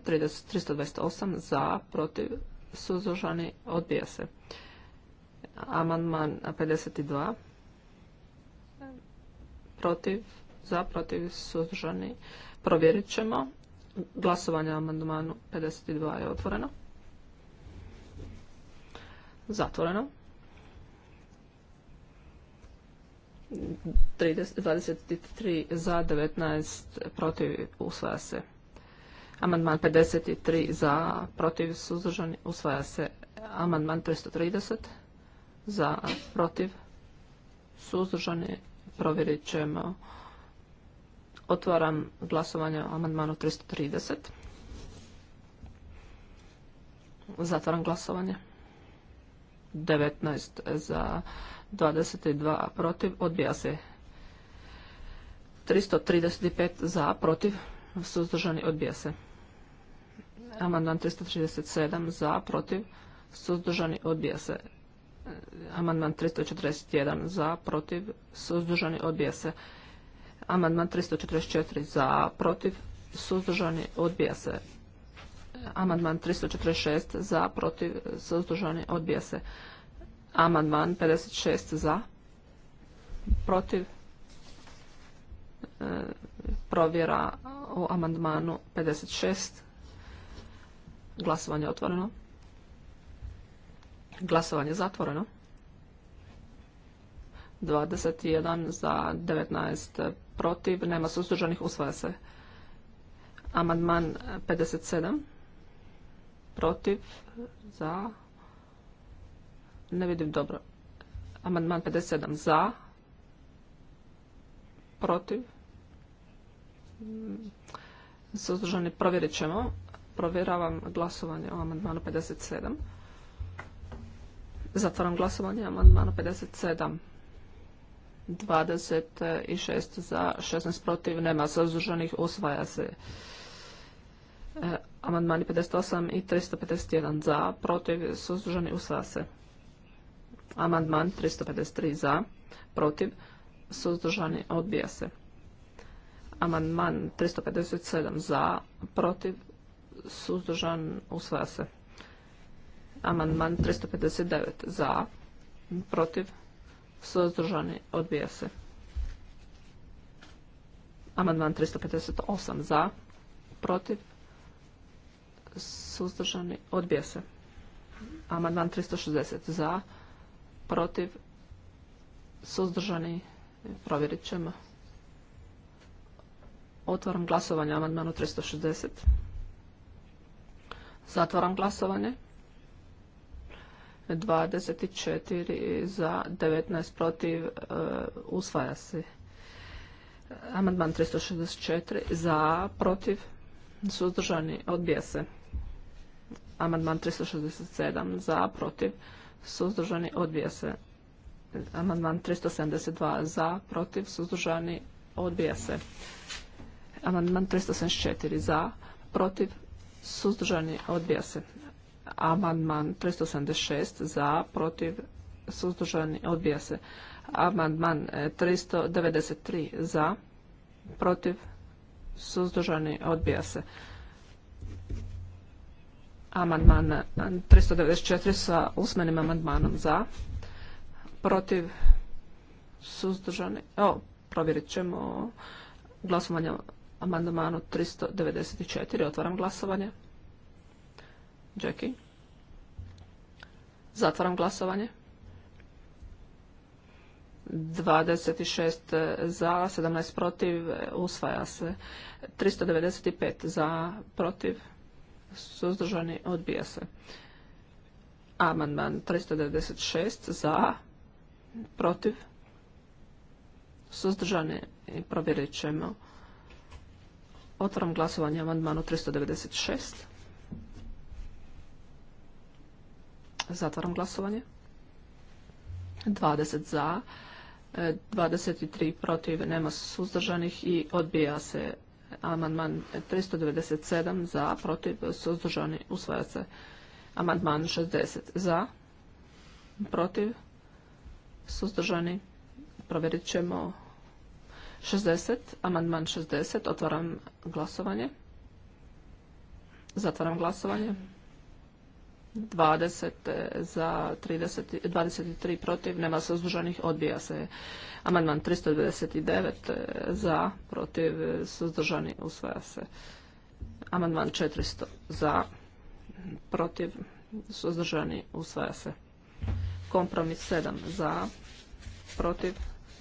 328 za, protiv, suzdržani, odbija se. Amandman 52. Protiv, za, protiv, suzdržani. Provjerit ćemo. Glasovanje o amandmanu 52 je otvoreno. Zatvoreno. 23 za, 19 protiv, usvaja se. Amandman 53 za, protiv, suzdržani, usvaja se. Amandman 330 za, protiv, suzdržani, provjerit ćemo. Otvaram glasovanje o amandmanu 330. Zatvaram glasovanje. 19 za 22 protiv. Odbija se 335 za protiv. Suzdržani odbija se. Amandman 337 za protiv. Suzdržani odbija se. Amandman 341 za, protiv, suzdržani, odbija se. Amandman 344 za, protiv, suzdržani, odbija se. Amandman 346 za, protiv, suzdržani, odbija se. Amandman 56 za, protiv, e, provjera o amandmanu 56. Glasovanje otvoreno. Glasovanje zatvoreno. 21 za 19 protiv, nema suzdržanih, usvaja se. Amandman 57 protiv, za, ne vidim dobro. Amandman 57 za, protiv, suzdržani provjerit ćemo. Provjeravam glasovanje o amandmanu 57. Zatvaram glasovanje amandmana 57. 26 za, 16 protiv, nema suzdržanih, usvaja se. E, amandmani 58 i 351 za, protiv, suzdržani, usvaja se. Amandman 353 za, protiv, suzdržani, odbija se. Amandman 357 za, protiv, suzdržan, usvaja se. Amandman 359 za, protiv, suzdržani, odbija se. Amandman 358 za, protiv, suzdržani, odbija se. Amandman 360 za, protiv, suzdržani, provjerit ćemo. Otvaram glasovanje amandmanu 360. Zatvaram glasovanje. 24 za 19 protiv e, usvaja se. Amandman 364 za protiv suzdržani odbija se. Amandman 367 za protiv suzdržani odbija se. Amandman 372 za protiv suzdržani odbija se. Amandman 374 za protiv suzdržani odbija se. Amandman 386 za, protiv, suzdržani, odbija se. Amandman 393 e, za, protiv, suzdržani, odbija se. Amandman 394 e, sa usmenim amandmanom za, protiv, suzdržani, o, provjerit ćemo glasovanje amandmanu 394, otvaram glasovanje. Jackie? Zatvaram glasovanje. 26 za, 17 protiv, usvaja se. 395 za, protiv, suzdržani, odbija se. Amandman 396 za, protiv, suzdržani, provjerit ćemo. Otvaram glasovanje amandmanu 396. Zatvaram glasovanje. 20 za, 23 e, protiv, nema suzdržanih i odbija se amandman 397 za, protiv, suzdržani, usvaja se amandman 60 za, protiv, suzdržani, provjerit ćemo 60, amandman 60, otvaram glasovanje, zatvaram glasovanje. 20 za 30, 23 protiv, nema suzdržanih, odbija se amandman 399 e, za protiv, suzdržani, usvaja se amandman 400 za protiv, suzdržani, usvaja se kompromis 7 za protiv,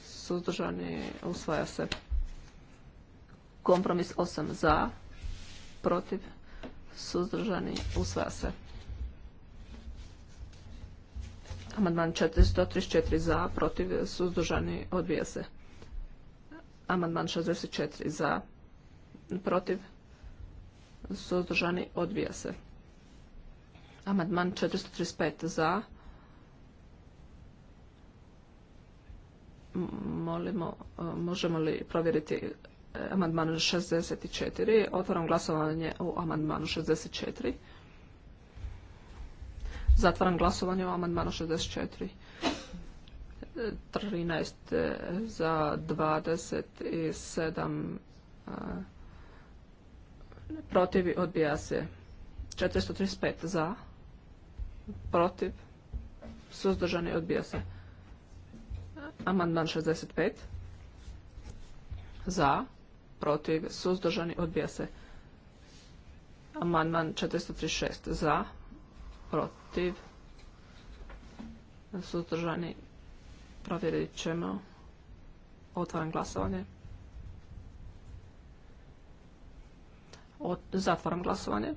suzdržani, usvaja se kompromis 8 za protiv, suzdržani, usvaja se Amandman 434 za, protiv, suzdržani, odbija se. Amandman 64 za, protiv, suzdržani, odbija se. Amandman 435 za. Molimo, e, možemo li provjeriti e, amandman 64? Otvaram glasovanje u amandmanu 64. Zatvaram glasovanje o amandmanu 64. 13 za 27 protiv odbija se 435 za protiv suzdržani odbija se amandman 65 za protiv suzdržani odbija se amandman 436 za protiv, suzdržani, provjerit ćemo. Otvaram glasovanje. zatvaram glasovanje.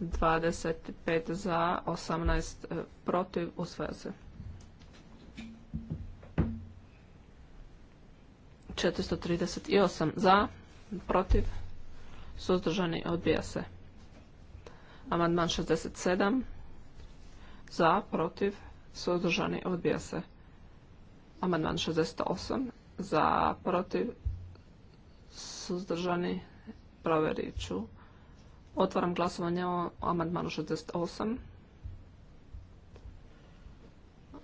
25 za, 18 e, protiv, usvaja se. 438 za, protiv, suzdržani, odbija se. Amandman 67. Za, protiv, suzdržani, odbija se. Amandman 68. Za, protiv, suzdržani, provjerit ću. Otvaram glasovanje o amandmanu 68.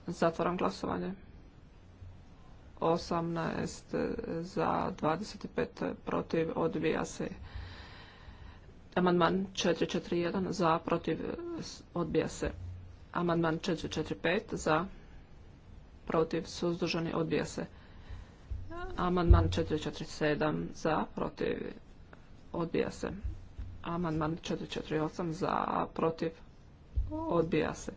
Zatvaram glasovanje. 18 za 25 protiv odbija se. Amandman 441 za, protiv, odbija se. Amandman 445 za, protiv, suzdržani, odbija se. Amandman 447 za, protiv, odbija se. Amandman 448 za, protiv, odbija se.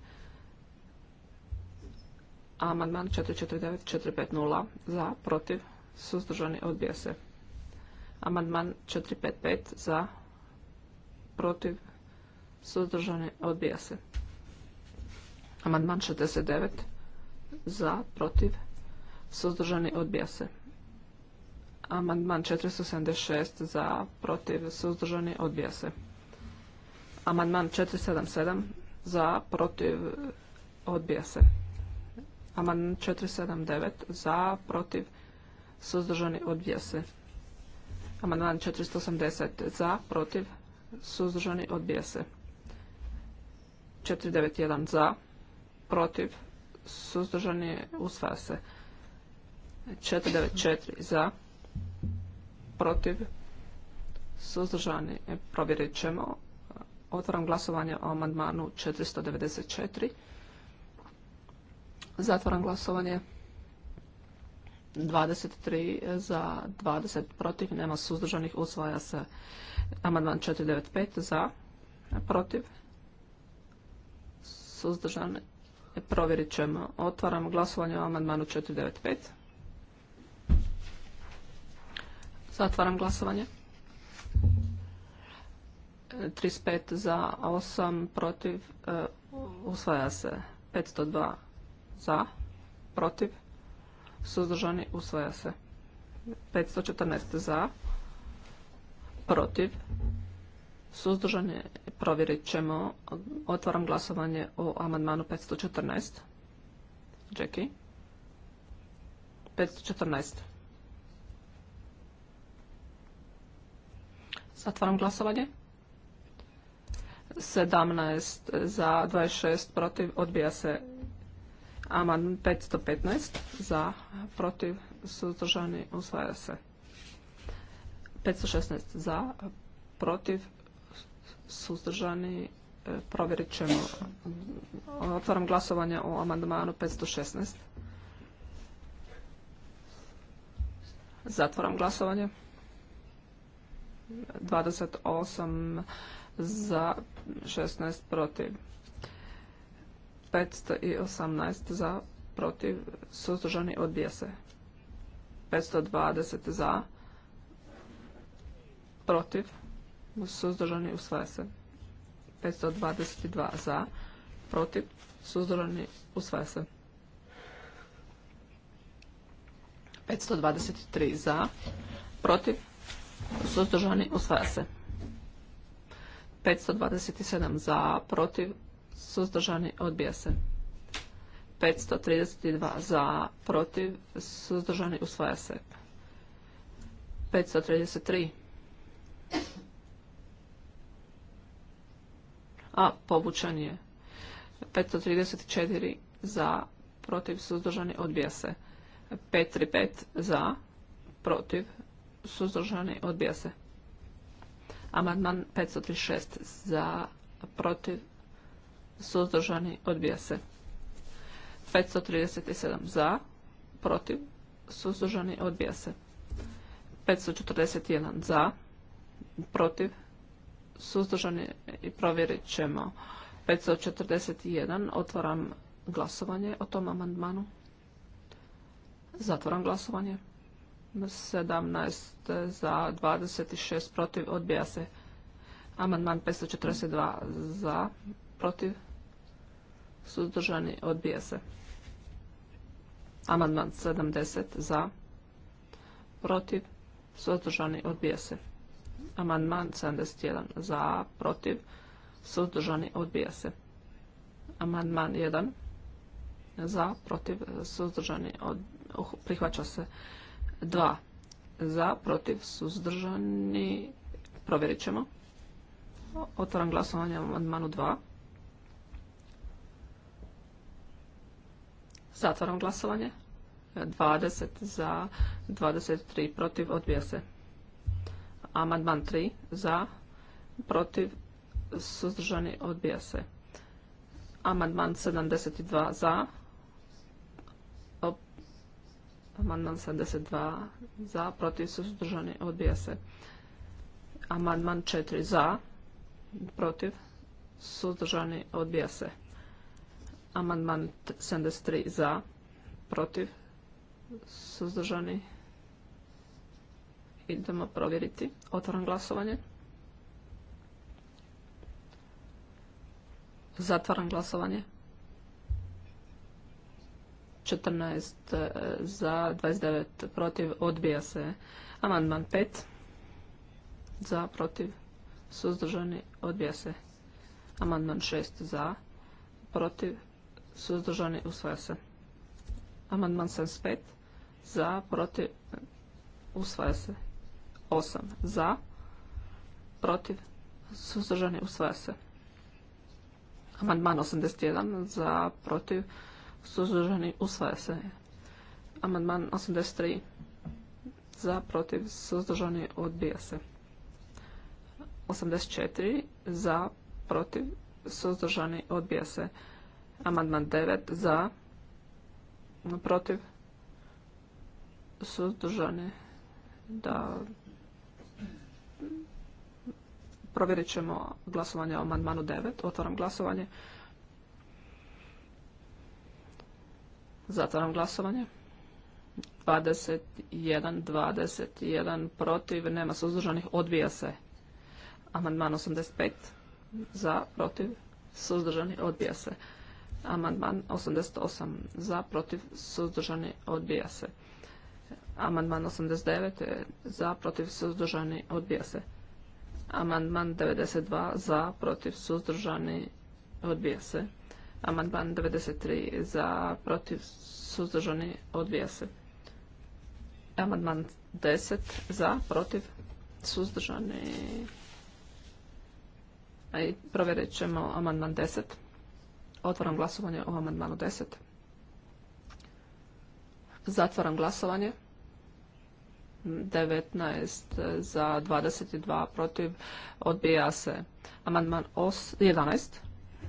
Amandman 449 450 za, protiv, suzdržani, odbija se. Amandman 455 za, protiv, suzdržani, odbija se. Amandman 69 za, protiv, suzdržani, odbija se. Amandman 476 za, protiv, suzdržani, odbija se. Amandman 477 za, protiv, odbija se. Amandman 479 za, protiv, suzdržani, odbija se. Amandman 480 za, protiv, suzdržani, odbija se. 491 za, protiv, suzdržani, usvaja se. 494 za, protiv, suzdržani, provjerit ćemo. Otvaram glasovanje o amandmanu 494. Zatvaram glasovanje. 23 za 20 protiv, nema suzdržanih, usvaja se amandman 495 za protiv, suzdržani, provjerit ćemo. Otvaram glasovanje o amandmanu 495. Zatvaram glasovanje. 35 za, 8 protiv, e, usvaja se 502 za, protiv, suzdržani, usvaja se. 514 za, protiv, suzdržani, provjerit ćemo. Otvaram glasovanje o amandmanu 514. Jackie. 514. Zatvaram glasovanje. 17 za, 26 protiv, odbija se Amandman 515 za, protiv, suzdržani, usvaja se. 516 za, protiv, suzdržani, e, provjerit ćemo. Otvaram glasovanje o amandmanu 516. Zatvaram glasovanje. 28 za, 16 protiv. 518 za, protiv, suzdržani, odbija se. 520 za, protiv, suzdržani, usvaja se. 522 za, protiv, suzdržani, usvaja se. 523 za, protiv, suzdržani, usvaja se. 527 za, protiv, suzdržani, odbija se. 532 za, protiv, suzdržani, usvaja se. 533. A, povučan je. 534 za, protiv, suzdržani, odbija se. 535 za, protiv, suzdržani, odbija se. Amandman 536 za, protiv, suzdržani, odbija se. 537 za, protiv, suzdržani, odbija se. 541 za, protiv, suzdržani i provjerit ćemo. 541, otvaram glasovanje o tom amandmanu. Zatvaram glasovanje. 17 za, 26 protiv, odbija se. Amandman 542 za, protiv, suzdržani, odbija se. Amandman 70 za, protiv, suzdržani, odbija se. Amandman 71 za, protiv, suzdržani, odbija se. Amandman 1 za, protiv, suzdržani, uh, prihvaća se 2 za, protiv, suzdržani, provjerit ćemo. Otvaram glasovanje amandmanu 2. Zatvaram glasovanje. 20 za, 23 protiv, odbija se. Amandman 3 za, protiv, suzdržani, odbija se. Amandman 72 za, Amandman 72 za, protiv, suzdržani, odbija se. Amandman 4 za, protiv, suzdržani, odbija se. Amandman 73 za, protiv, suzdržani. Idemo provjeriti. Otvaram glasovanje. Zatvaram glasovanje. 14 e, za, 29 protiv, odbija se. Amandman 5 za, protiv, suzdržani, odbija se. Amandman 6 za, protiv, suzdržani, usvaja se. Amandman 75 za, protiv, usvaja se. 8 za, protiv, suzdržani, usvaja se. Amandman 81 za, protiv, suzdržani, usvaja se. Amandman 83 za, protiv, suzdržani, odbija se. 84 za, protiv, suzdržani, odbija se. Amandman 9 za, protiv, suzdržani, da provjerit ćemo glasovanje o amandmanu 9. Otvaram glasovanje. Zatvaram glasovanje. 21, 21 protiv, nema suzdržanih, odbija se. Amandman 85 za, protiv, suzdržani, odbija se. Amandman 88 za, protiv, suzdržani, odbija se. Amandman 89 za, protiv, suzdržani, odbija se. Amandman 92 za, protiv, suzdržani, odbija se. Amandman 93 za, protiv, suzdržani, odbija se. Amandman 10 za, protiv, suzdržani, i provjerit ćemo amandman 10. Otvaram glasovanje o amandmanu 10. Zatvaram glasovanje. 19 za 22 protiv. Odbija se amandman 11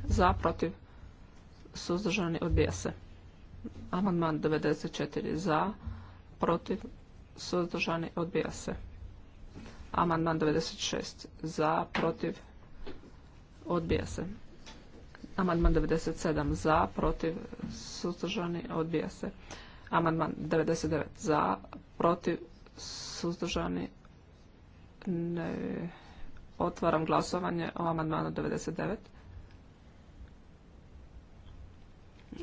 za protiv suzdržani odbija se. Amandman 94 za protiv suzdržani odbija se. Amandman 96 za protiv odbija se. Amandman 97 za, protiv, suzdržani, odbija se. Amandman 99 za, protiv, suzdržani, ne. Otvaram glasovanje o amandmanu 99.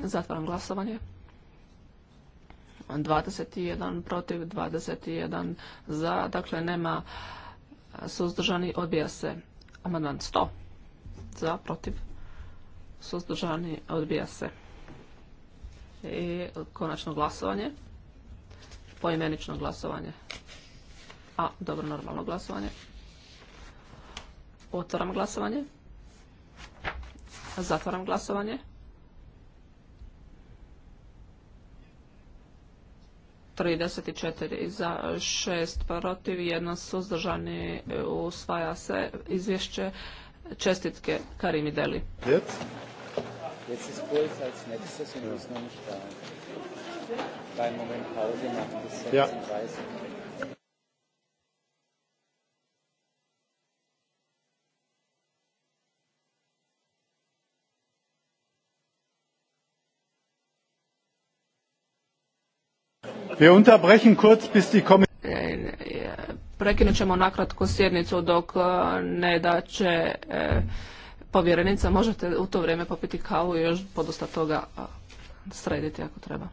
Zatvaram glasovanje. 21 protiv, 21 za, dakle nema suzdržani, odbija se. Amandman 100 za, protiv, suzdržani, odbija se. I konačno glasovanje, poimenično glasovanje, a dobro normalno glasovanje. Otvaram glasovanje, zatvaram glasovanje. Trideset četiri za šest protiv Jedna suzdržani usvaja se izvješće čestitke Karimi Deli. Jetzt ist Puls als nächstes und ja. ist noch nicht da. Bei Moment Pause machen bis 16.30 ja. Wir unterbrechen kurz, bis die Kommission... Prekinut ćemo nakratko sjednicu dok eh, ne da će eh, povjerenica možete u to vrijeme popiti kavu i još podosta toga srediti ako treba.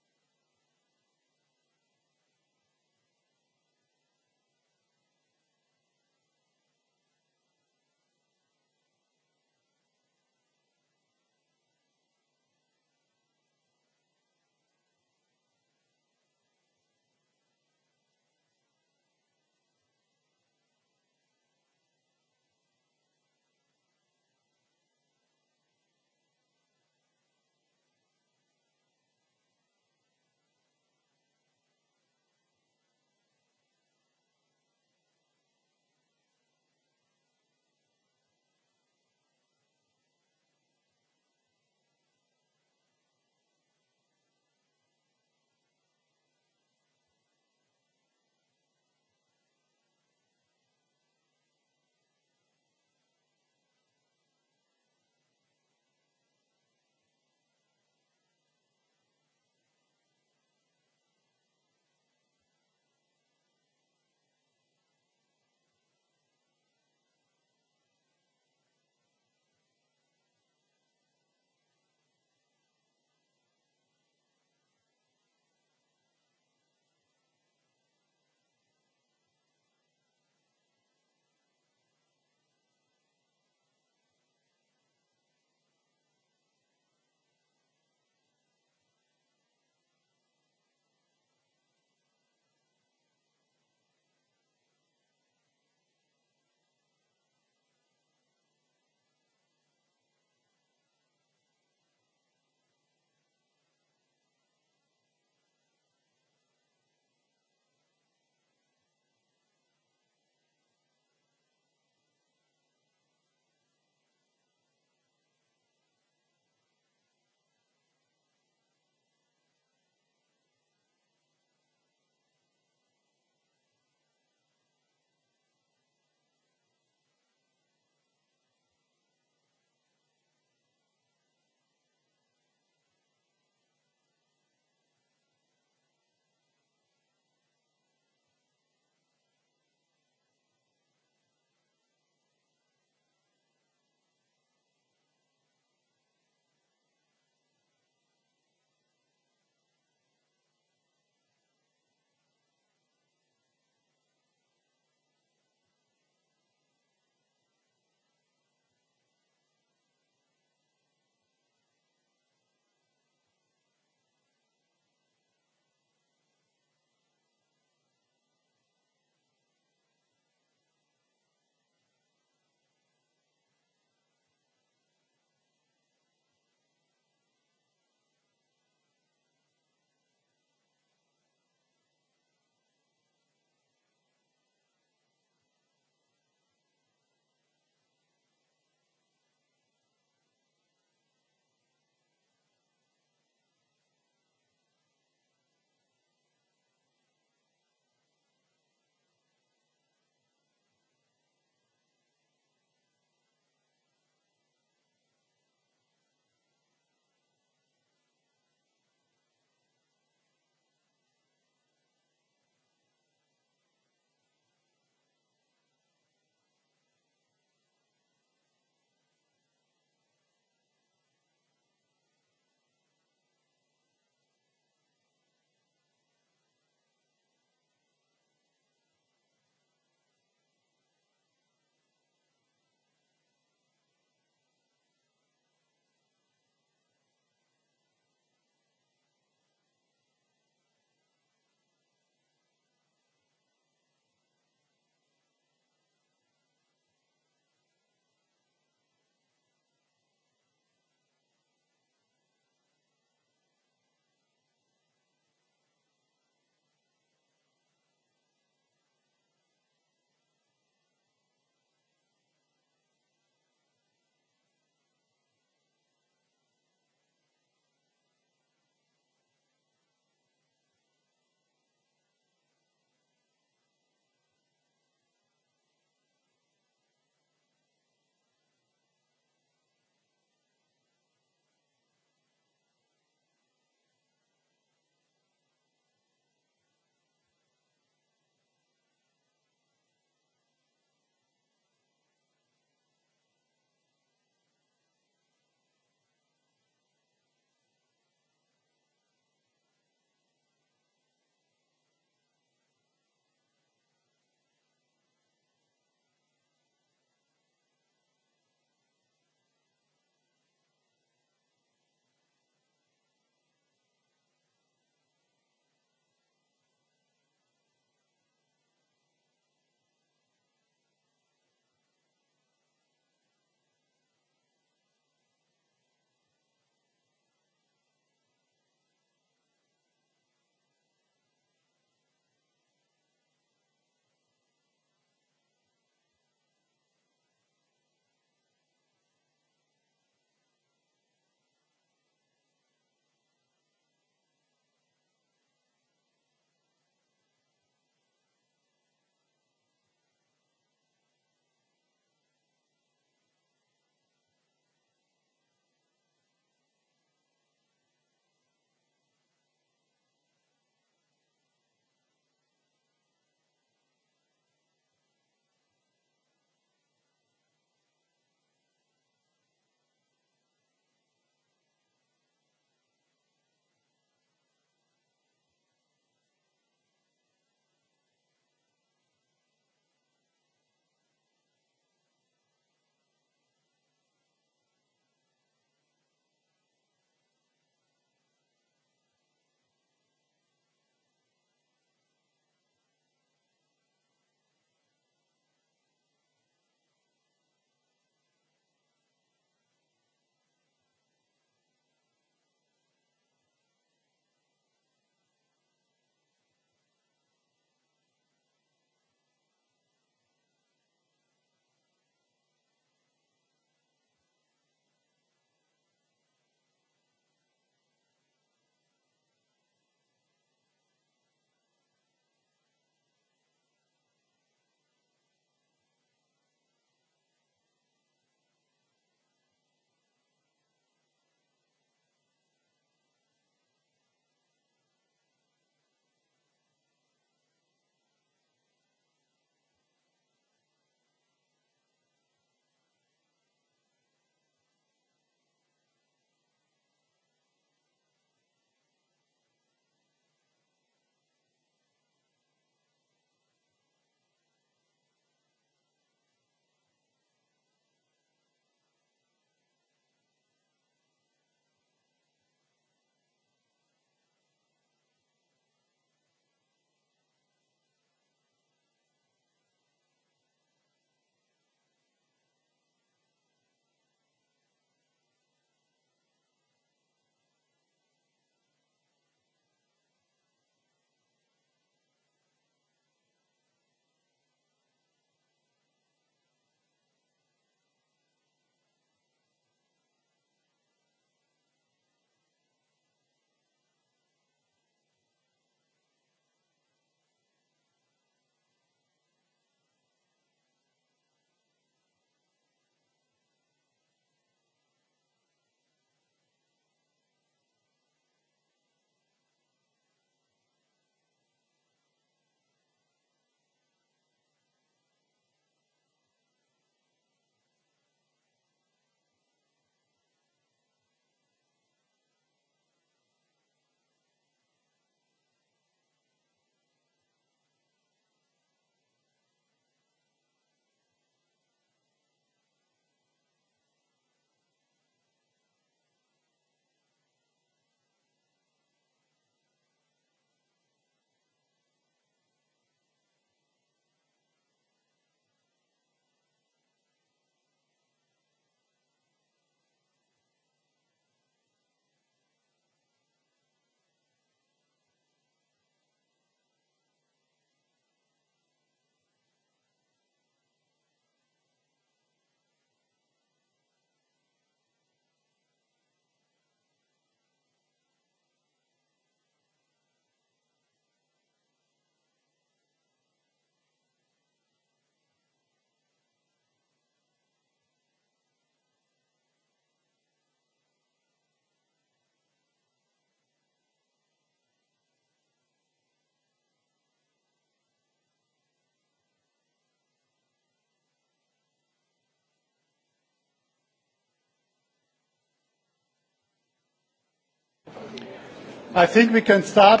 I think we can start,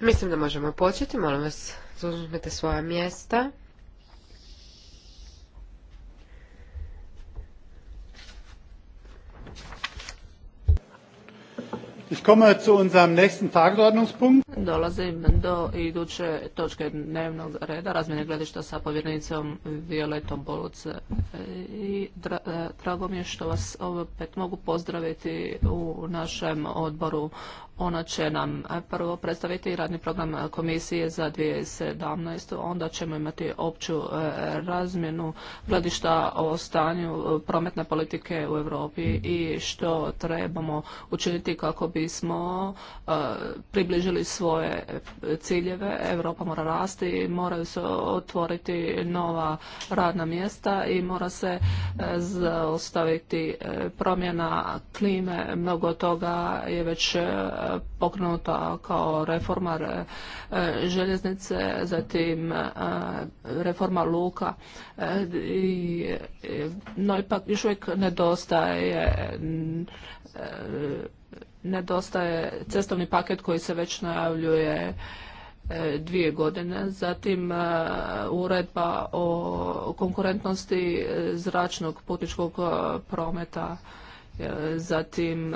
Mislim da možemo početi, molim vas, zauzmite svoja mjesta. Dolazim do iduće točke dnevnog reda, razmjene gledišta sa povjernicom Violetom Boluce. I e, drago mi je što vas opet mogu pozdraviti u našem odboru. Ona će nam e, prvo predstaviti radni program komisije za 2017. Onda ćemo imati opću e, razmjenu gledišta o stanju prometne politike u Europi i što trebamo učiniti kako bi smo e, približili svoje ciljeve. Europa mora rasti, moraju se otvoriti nova radna mjesta i mora se e, zaustaviti e, promjena klime. Mnogo toga je već pokrenuta kao reforma željeznice, zatim reforma luka. No ipak još uvijek nedostaje nedostaje cestovni paket koji se već najavljuje e, dvije godine. Zatim e, uredba o konkurentnosti e, zračnog putničkog prometa. Zatim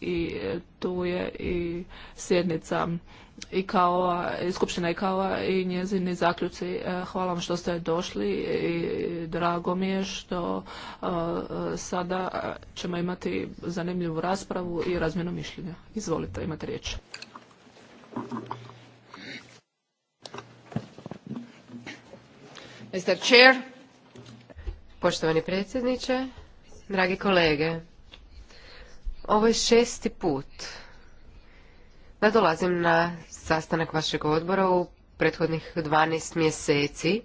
i tu je i sjednica i kao e, skupština i kao e, i njezini zaključci. E, hvala vam što ste došli i drago mi je što sada ćemo imati zanimljivu raspravu i razmjenu mišljenja. Izvolite, imate riječ. Mr. Chair. Poštovani predsjedniče, dragi kolege, ovo je šesti put Nadolazim dolazim na sastanak vašeg odbora u prethodnih 12 mjeseci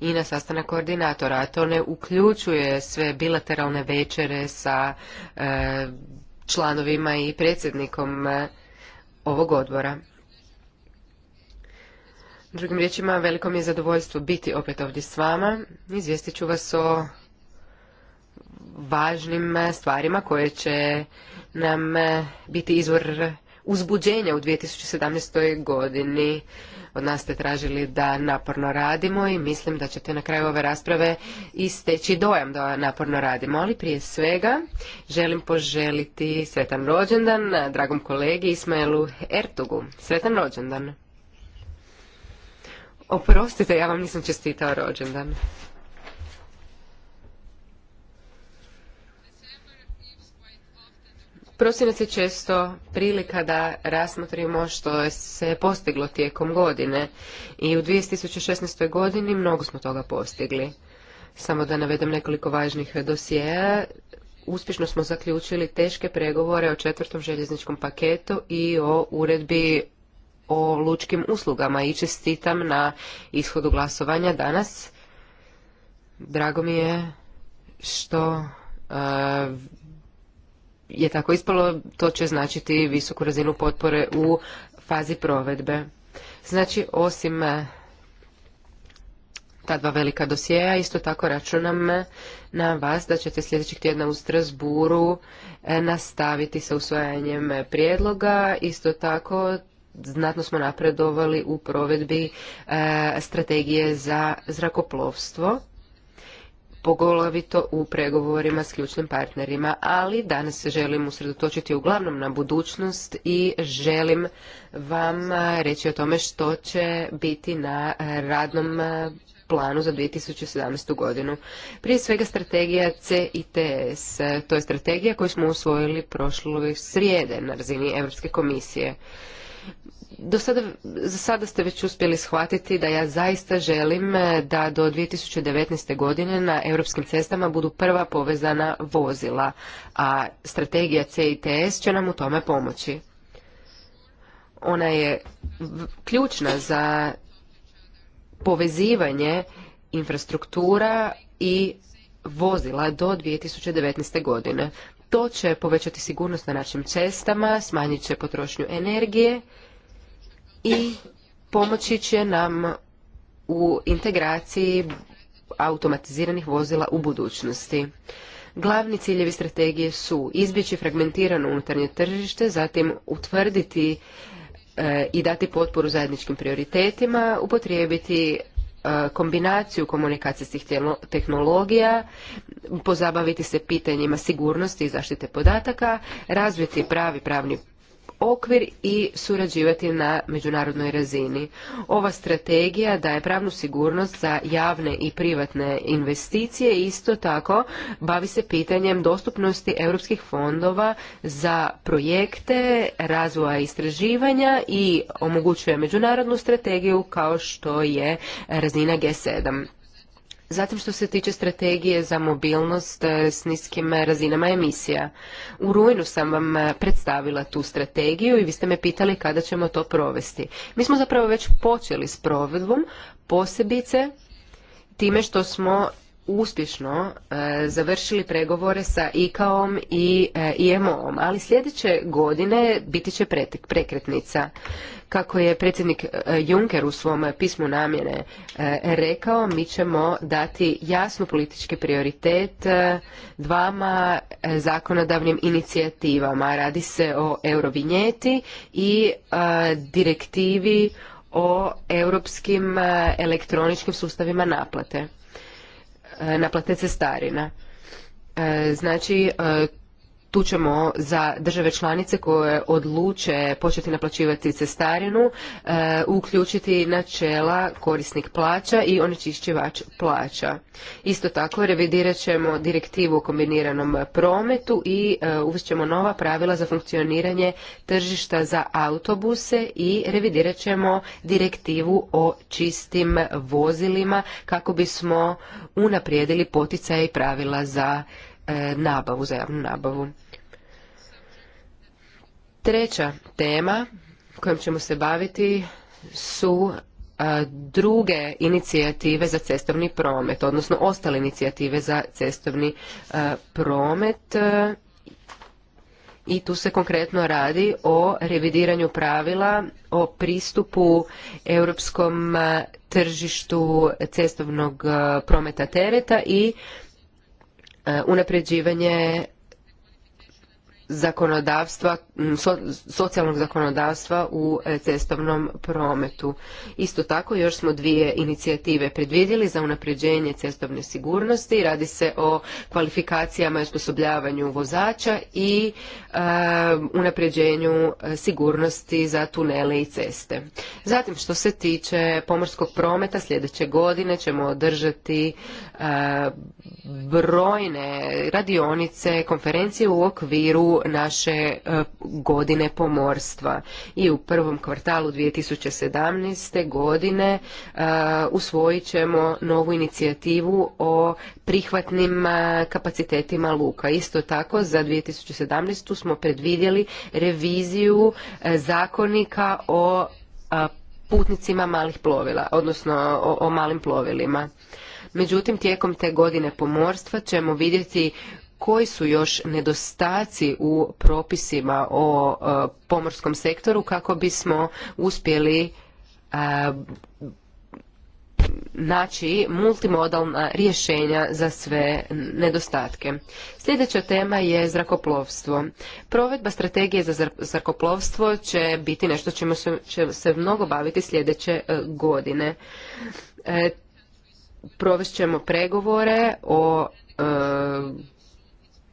i na sastanak koordinatora. A to ne uključuje sve bilateralne večere sa e, članovima i predsjednikom e, ovog odbora. Drugim riječima, veliko mi je zadovoljstvo biti opet ovdje s vama. Izvijestit ću vas o važnim stvarima koje će nam e, biti izvor uzbuđenja u 2017. godini. Od nas ste tražili da naporno radimo i mislim da ćete na kraju ove rasprave isteći dojam da naporno radimo. Ali prije svega želim poželiti sretan rođendan dragom kolegi Ismailu Ertugu. Sretan rođendan. Oprostite, ja vam nisam čestitao rođendan. Prosinac je često prilika da rasmotrimo što se postiglo tijekom godine i u 2016. godini mnogo smo toga postigli. Samo da navedem nekoliko važnih dosijeja. Uspješno smo zaključili teške pregovore o četvrtom željezničkom paketu i o uredbi o lučkim uslugama i čestitam na ishodu glasovanja danas. Drago mi je što e, je tako ispalo, to će značiti visoku razinu potpore u fazi provedbe. Znači, osim eh, ta dva velika dosjeja, isto tako računam eh, na vas da ćete sljedećeg tjedna u Strasburu eh, nastaviti sa usvajanjem prijedloga. Isto tako, znatno smo napredovali u provedbi strategije za zrakoplovstvo poglavito u pregovorima s ključnim partnerima, ali danas se želim usredotočiti uglavnom na budućnost i želim vam eh, reći o tome što će biti na eh, radnom eh, planu za 2017. godinu. Prije svega strategija CITS, to je strategija koju smo usvojili prošloj srijede na razini Europske komisije do sada, za sada ste već uspjeli shvatiti da ja zaista želim e, da do 2019. godine na europskim cestama budu prva povezana vozila, a strategija CITS će nam u tome pomoći. Ona je ključna za povezivanje infrastruktura i vozila do 2019. godine. To će povećati sigurnost na našim cestama, smanjit će potrošnju energije i pomoći će nam u integraciji automatiziranih vozila u budućnosti. Glavni ciljevi strategije su izbjeći fragmentirano unutarnje tržište, zatim utvrditi e, i dati potporu zajedničkim prioritetima, upotrijebiti e, kombinaciju komunikacijskih tehnologija, pozabaviti se pitanjima sigurnosti i zaštite podataka, razviti pravi pravni okvir i surađivati na međunarodnoj razini. Ova strategija daje pravnu sigurnost za javne i privatne investicije isto tako bavi se pitanjem dostupnosti europskih fondova za projekte razvoja istraživanja i omogućuje međunarodnu strategiju kao što je razina G7. Zatim što se tiče strategije za mobilnost e, s niskim razinama emisija. U rujnu sam vam e, predstavila tu strategiju i vi ste me pitali kada ćemo to provesti. Mi smo zapravo već počeli s provedbom, posebice time što smo uspješno e, završili pregovore sa ICAO-om i IMO-om, ali sljedeće godine biti će prekretnica. Kako je predsjednik e, Juncker u svom pismu namjene e, rekao, mi ćemo dati jasnu politički prioritet e, dvama zakonodavnim inicijativama. Radi se o eurovinjeti i direktivi o europskim elektroničkim sustavima naplate, naplate cestarina. Znači, tu ćemo za države članice koje odluče početi naplaćivati cestarinu e, uključiti načela korisnik plaća i onečišćivač plaća. Isto tako revidirat ćemo direktivu o kombiniranom prometu i e, uvest ćemo nova pravila za funkcioniranje tržišta za autobuse i revidirat ćemo direktivu o čistim vozilima kako bismo unaprijedili poticaje i pravila za e, nabavu, za javnu nabavu. Treća tema kojom ćemo se baviti su druge inicijative za cestovni promet, odnosno ostale inicijative za cestovni promet i tu se konkretno radi o revidiranju pravila o pristupu europskom tržištu cestovnog prometa tereta i unapređivanje zakonodavstva, socijalnog zakonodavstva u e, cestovnom prometu. Isto tako još smo dvije inicijative predvidjeli za unapređenje cestovne sigurnosti. Radi se o kvalifikacijama i osposobljavanju vozača i e, unapređenju e, sigurnosti za tunele i ceste. Zatim što se tiče pomorskog prometa sljedeće godine ćemo održati brojne radionice, konferencije u okviru naše e, godine pomorstva i u prvom kvartalu 2017. godine e, usvojit ćemo novu inicijativu o prihvatnim e, kapacitetima luka. Isto tako za 2017. smo predvidjeli reviziju zakonika o putnicima malih plovila, odnosno o malim plovilima. Međutim, tijekom te godine pomorstva ćemo vidjeti koji su još nedostaci u propisima o e, pomorskom sektoru kako bismo uspjeli e, naći multimodalna rješenja za sve nedostatke. Sljedeća tema je zrakoplovstvo. Provedba strategije za zrakoplovstvo će biti nešto čime se, će se mnogo baviti sljedeće e, godine. provest ćemo pregovore o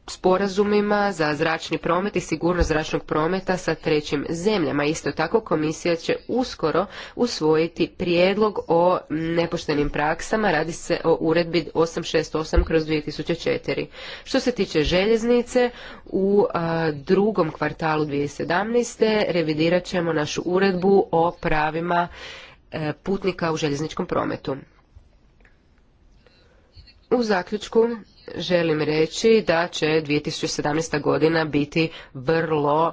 sporazumima za zračni promet i sigurnost zračnog prometa sa trećim zemljama. Isto tako komisija će uskoro usvojiti prijedlog o nepoštenim praksama. Radi se o uredbi 868 kroz 2004. Što se tiče željeznice, u drugom kvartalu 2017. revidirat ćemo našu uredbu o pravima e, putnika u željezničkom prometu. U zaključku želim reći da će 2017. godina biti vrlo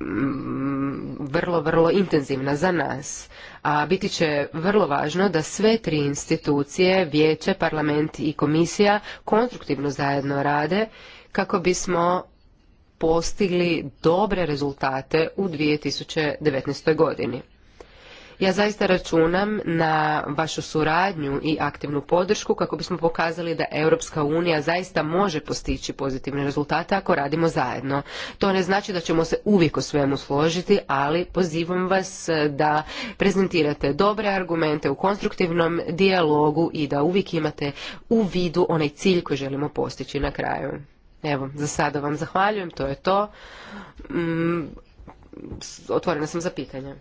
mm, vrlo, vrlo intenzivna za nas. A biti će vrlo važno da sve tri institucije, vijeće, parlament i komisija konstruktivno zajedno rade kako bismo postigli dobre rezultate u 2019. godini. Ja zaista računam na vašu suradnju i aktivnu podršku kako bismo pokazali da Europska unija zaista može postići pozitivne rezultate ako radimo zajedno. To ne znači da ćemo se uvijek o svemu složiti, ali pozivam vas da prezentirate dobre argumente u konstruktivnom dijalogu i da uvijek imate u vidu onaj cilj koji želimo postići na kraju. Evo, za sada vam zahvaljujem, to je to. Mm, otvorena sam za pitanje.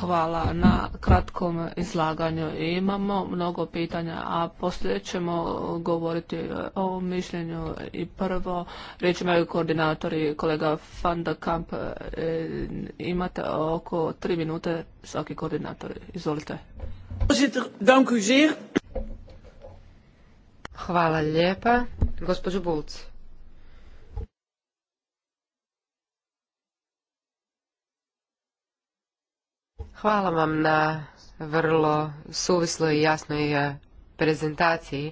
Hvala na kratkom izlaganju. Imamo mnogo pitanja, a poslije ćemo govoriti o mišljenju i prvo riječ imaju koordinatori kolega Van de Kamp. E, imate oko tri minute svaki koordinator. Izvolite. Hvala lijepa. Gospođo Bulc. Hvala vam na vrlo suvisloj i jasnoj eh, prezentaciji.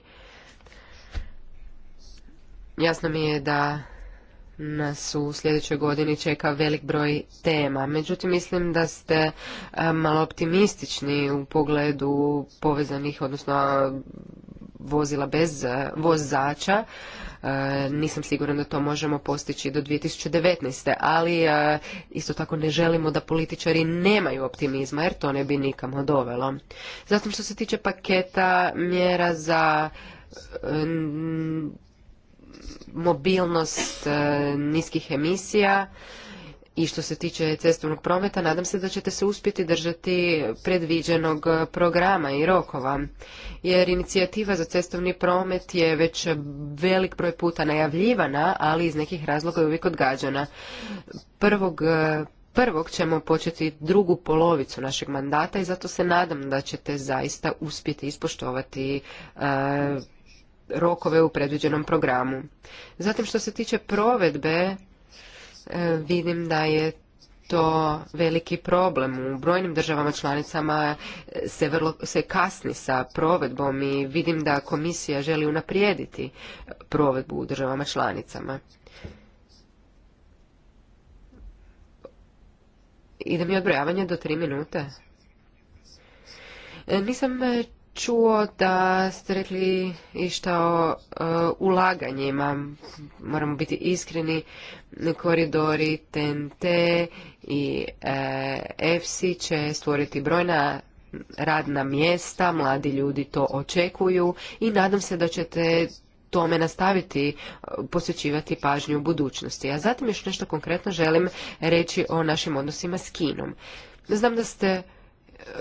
Jasno mi je da nas u sljedećoj godini čeka velik broj tema. Međutim, mislim da ste eh, malo optimistični u pogledu povezanih, odnosno vozila bez e, vozača. E, nisam siguran da to možemo postići do 2019. Ali e, isto tako ne želimo da političari nemaju optimizma jer to ne bi nikamo dovelo. Zatim što se tiče paketa mjera za mobilnost niskih emisija, i što se tiče cestovnog prometa, nadam se da ćete se uspjeti držati predviđenog programa i rokova, jer inicijativa za cestovni promet je već velik broj puta najavljivana, ali iz nekih razloga je uvijek odgađana. Prvog prvog ćemo početi drugu polovicu našeg mandata i zato se nadam da ćete zaista uspjeti ispoštovati e, rokove u predviđenom programu. Zatim što se tiče provedbe E, vidim da je to veliki problem. U brojnim državama članicama e, se, vrlo, se kasni sa provedbom i vidim da komisija želi unaprijediti provedbu u državama članicama. Ide mi odbrojavanje do tri minute. E, nisam čuo da ste rekli išta o e, ulaganjima. Moramo biti iskreni, koridori TNT i EFSI će stvoriti brojna radna mjesta, mladi ljudi to očekuju i nadam se da ćete tome nastaviti e, posjećivati pažnju u budućnosti. A zatim još nešto konkretno želim reći o našim odnosima s Kinom. Znam da ste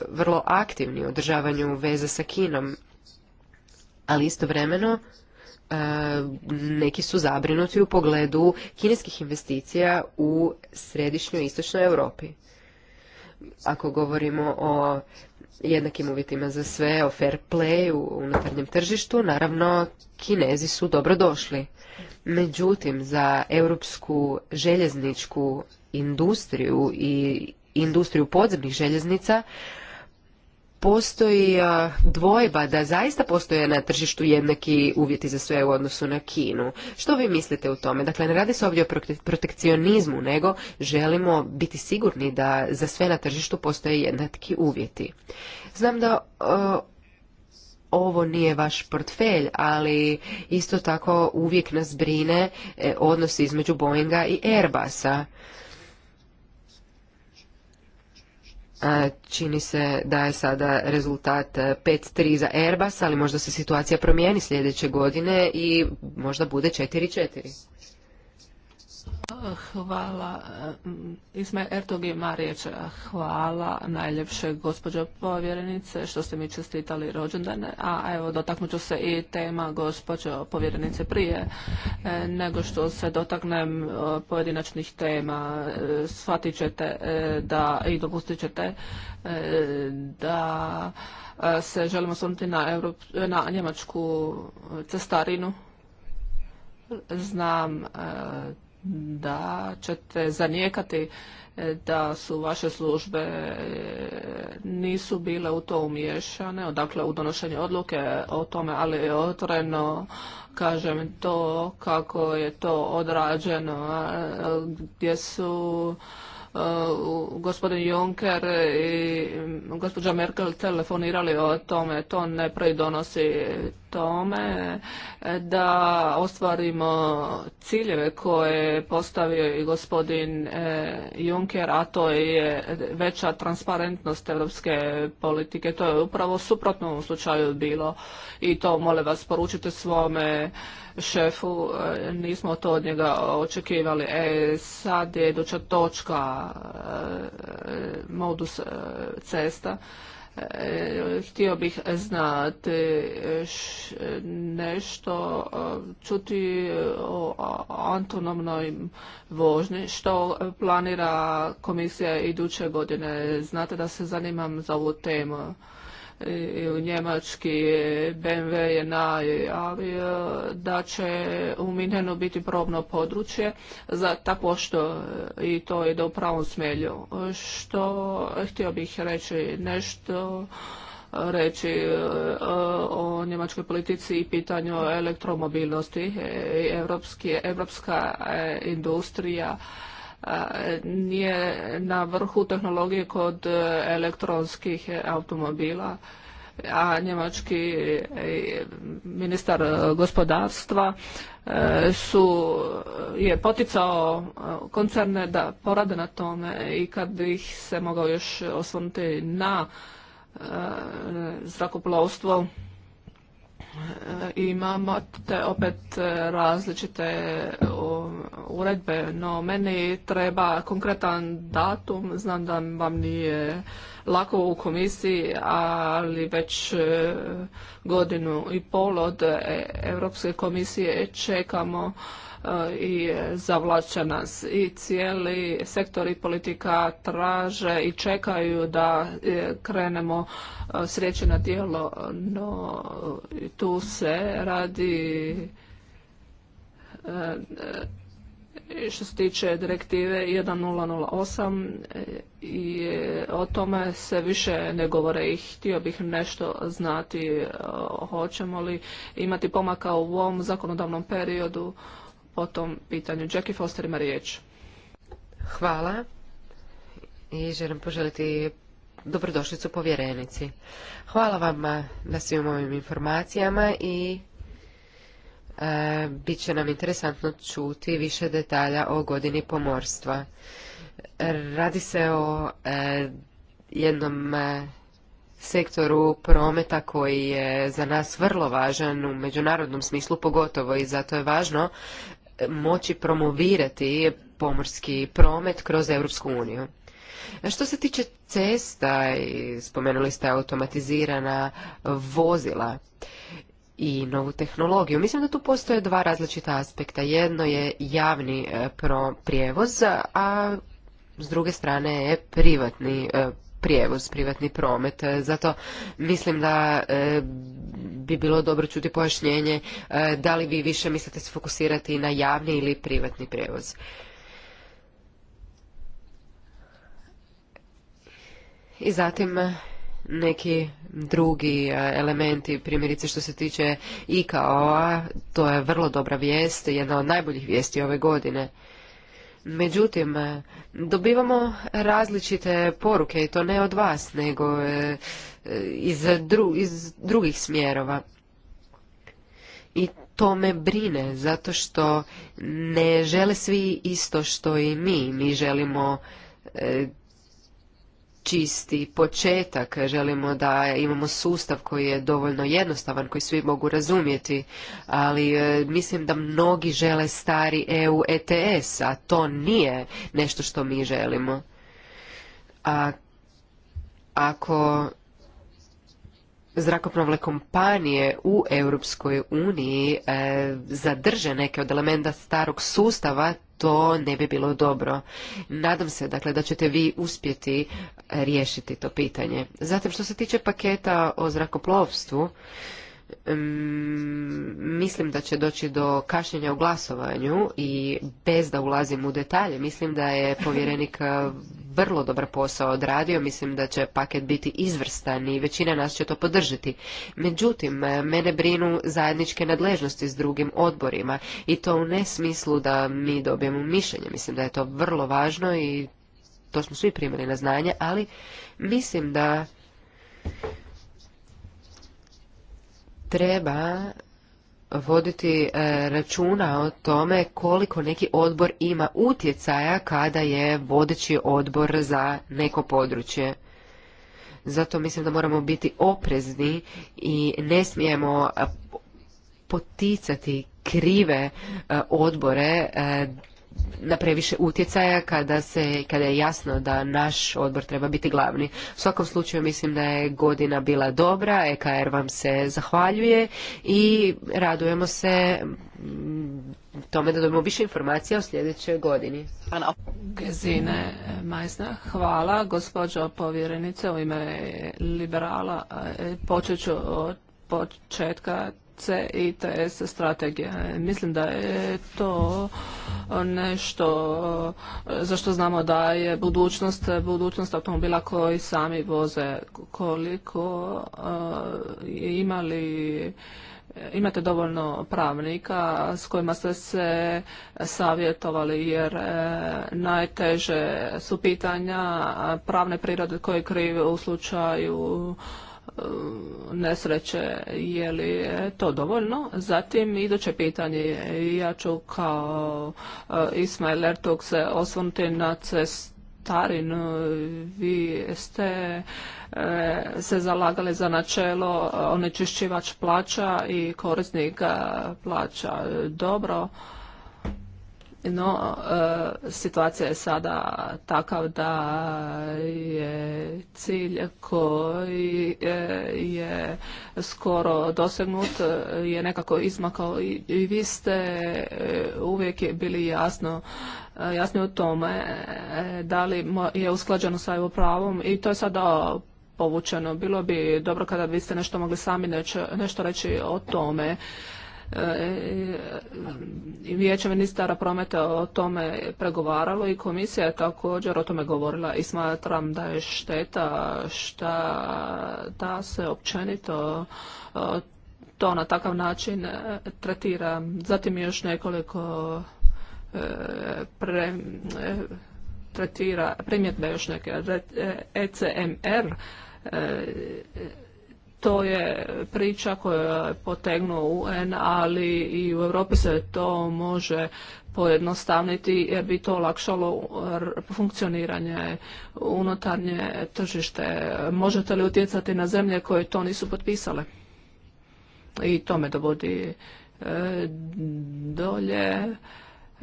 vrlo aktivni u održavanju veza sa Kinom, ali istovremeno e, neki su zabrinuti u pogledu kineskih investicija u središnjoj istočnoj Europi. Ako govorimo o jednakim uvjetima za sve, o fair play u unutarnjem tržištu, naravno kinezi su dobro došli. Međutim, za europsku željezničku industriju i industriju podzemnih željeznica, postoji dvojba da zaista postoje na tržištu jednaki uvjeti za sve u odnosu na Kinu. Što vi mislite o tome? Dakle, ne radi se ovdje o protekcionizmu, nego želimo biti sigurni da za sve na tržištu postoje jednaki uvjeti. Znam da ovo nije vaš portfelj, ali isto tako uvijek nas brine e, odnos između Boeinga i Airbusa. Čini se da je sada rezultat 5-3 e, za Airbus, ali možda se situacija promijeni sljedeće godine i možda bude 4-4. Hvala. Eh, Isme Ertog i riječ. Hvala najljepše gospođo povjerenice što ste mi čestitali rođendane. A evo dotaknut ću se i tema gospođo povjerenice prije eh, nego što se dotaknem eh, pojedinačnih tema. shvatit ćete da i dopustit ćete da se želimo osvrnuti na, na njemačku cestarinu znam da ćete zanijekati e, da su vaše službe e, nisu bile u to umješane, dakle u donošenje odluke o tome, ali otvoreno kažem to kako je to odrađeno, gdje su e, gospodin Juncker i gospođa Merkel telefonirali o tome, to ne pridonosi tome eh, da ostvarimo ciljeve koje je postavio i gospodin eh, Juncker, a to je veća transparentnost europske politike. To je upravo suprotno u slučaju bilo i to molim vas poručite svome šefu, eh, nismo to od njega očekivali. E, sad je iduća točka modus cesta. Htio bih znati e, nešto, e, čuti o autonomnoj vožnji, što planira komisija iduće godine. Znate da se zanimam za ovu temu u njemački BMW je naj, e, da će u Minhenu biti probno područje za tako što e, i to ide u pravom smelju. Što htio bih reći nešto reći e, o njemačkoj politici i pitanju elektromobilnosti. Evropski, evropska industrija nije na vrhu tehnologije kod e, elektronskih automobila a njemački e, ministar gospodarstva e, su, je poticao koncerne da porade na tome i kad bih se mogao još osvrnuti na zrakoplovstvo E, imamo te opet e, različite uredbe, no meni treba konkretan datum, znam da vam nije lako u komisiji, ali već e, godinu i pol od Europske komisije čekamo E, i zavlače nas i cijeli sektor i politika traže i čekaju da e, krenemo e, s na dijelo, no tu se radi što se tiče direktive 1008 i o tome se više ne govore i htio bih nešto znati hoćemo li imati pomaka u ovom zakonodavnom periodu o tom pitanju. Jackie Foster ima riječ. Hvala i želim poželiti dobrodošlicu povjerenici. Hvala vam eh, na svim ovim informacijama i eh, bit će nam interesantno čuti više detalja o godini pomorstva. Radi se o eh, jednom sektoru prometa koji je za nas vrlo važan u međunarodnom smislu pogotovo i zato je važno moći promovirati pomorski promet kroz Europsku uniju. E, što se tiče cesta, spomenuli ste automatizirana vozila i novu tehnologiju, mislim da tu postoje dva različita aspekta. Jedno je javni e, prijevoz, a s druge strane je privatni e, prijevoz, privatni promet. E, zato mislim da e, bi bilo dobro čuti pojašnjenje e, da li vi više mislite se fokusirati na javni ili privatni prijevoz. I zatim neki drugi elementi, primjerice što se tiče IKO-a, to je vrlo dobra vijest, jedna od najboljih vijesti ove godine. Međutim, e, dobivamo različite poruke i to ne od vas, nego e, iz, iz drugih smjerova. I to me brine, zato što ne žele svi isto što i mi. Mi želimo e, čisti početak, želimo da imamo sustav koji je dovoljno jednostavan, koji svi mogu razumjeti, ali e, mislim da mnogi žele stari EU ETS, a to nije nešto što mi želimo. A ako zrakoplovne kompanije u Europskoj uniji e, zadrže neke od elementa starog sustava, to ne bi bilo dobro. Nadam se dakle da ćete vi uspjeti riješiti to pitanje. Zatim što se tiče paketa o zrakoplovstvu, mislim da će doći do kašnjenja u glasovanju i bez da ulazim u detalje, mislim da je povjerenik e, vrlo dobar posao odradio, mislim da će paket biti izvrstan i većina nas će to podržati. Međutim, e, mene brinu zajedničke nadležnosti s drugim odborima i to u ne smislu da mi dobijemo mišljenje. Mislim da je to vrlo važno i to smo svi primili na znanje, ali mislim da treba voditi e, računa o tome koliko neki odbor ima utjecaja kada je vodeći odbor za neko područje. Zato mislim da moramo biti oprezni i ne smijemo e, poticati krive e, odbore na previše utjecaja kada, se, kada je jasno da naš odbor treba biti glavni. U svakom slučaju mislim da je godina bila dobra, EKR er vam se zahvaljuje i radujemo se mm, tome da dobimo više informacija o sljedećoj godini. Gezine Majsna, hvala gospođo povjerenice u ime liberala. E, počet ću od početka CITS strategije. Mislim da je to nešto eh, za što znamo da je budućnost, eh, budućnost automobila koji sami voze. Koliko eh, imali imate dovoljno pravnika s kojima ste se savjetovali jer najteže su pitanja pravne prirode koje krive u slučaju E, nesreće, je li to dovoljno? Zatim iduće pitanje, ja ću kao e, Ismail Ertug se osvrnuti na cestarinu. Vi ste e, se zalagali za načelo onečišćivač plaća i korisnika plaća. Dobro, no, e, situacija je sada takav da je cilj koji e, je skoro dosegnut je nekako izmakao i vi ste e, uvijek bili jasno jasni u tome da li je usklađeno sa evo pravom i to je sada povučeno. Bilo bi dobro kada biste nešto mogli sami nešto reći o tome E, e, Vijeće ministara prometa o tome pregovaralo i komisija je također o tome govorila i smatram da je šteta šta da se općenito e, to na takav način tretira. Zatim još nekoliko tretira primjetbe još neke ECMR to je priča koja je potegnuo UN, ali i u Europi se to može pojednostavniti jer bi to olakšalo funkcioniranje unutarnje tržište. Možete li utjecati na zemlje koje to nisu potpisale? I to me dovodi e, dolje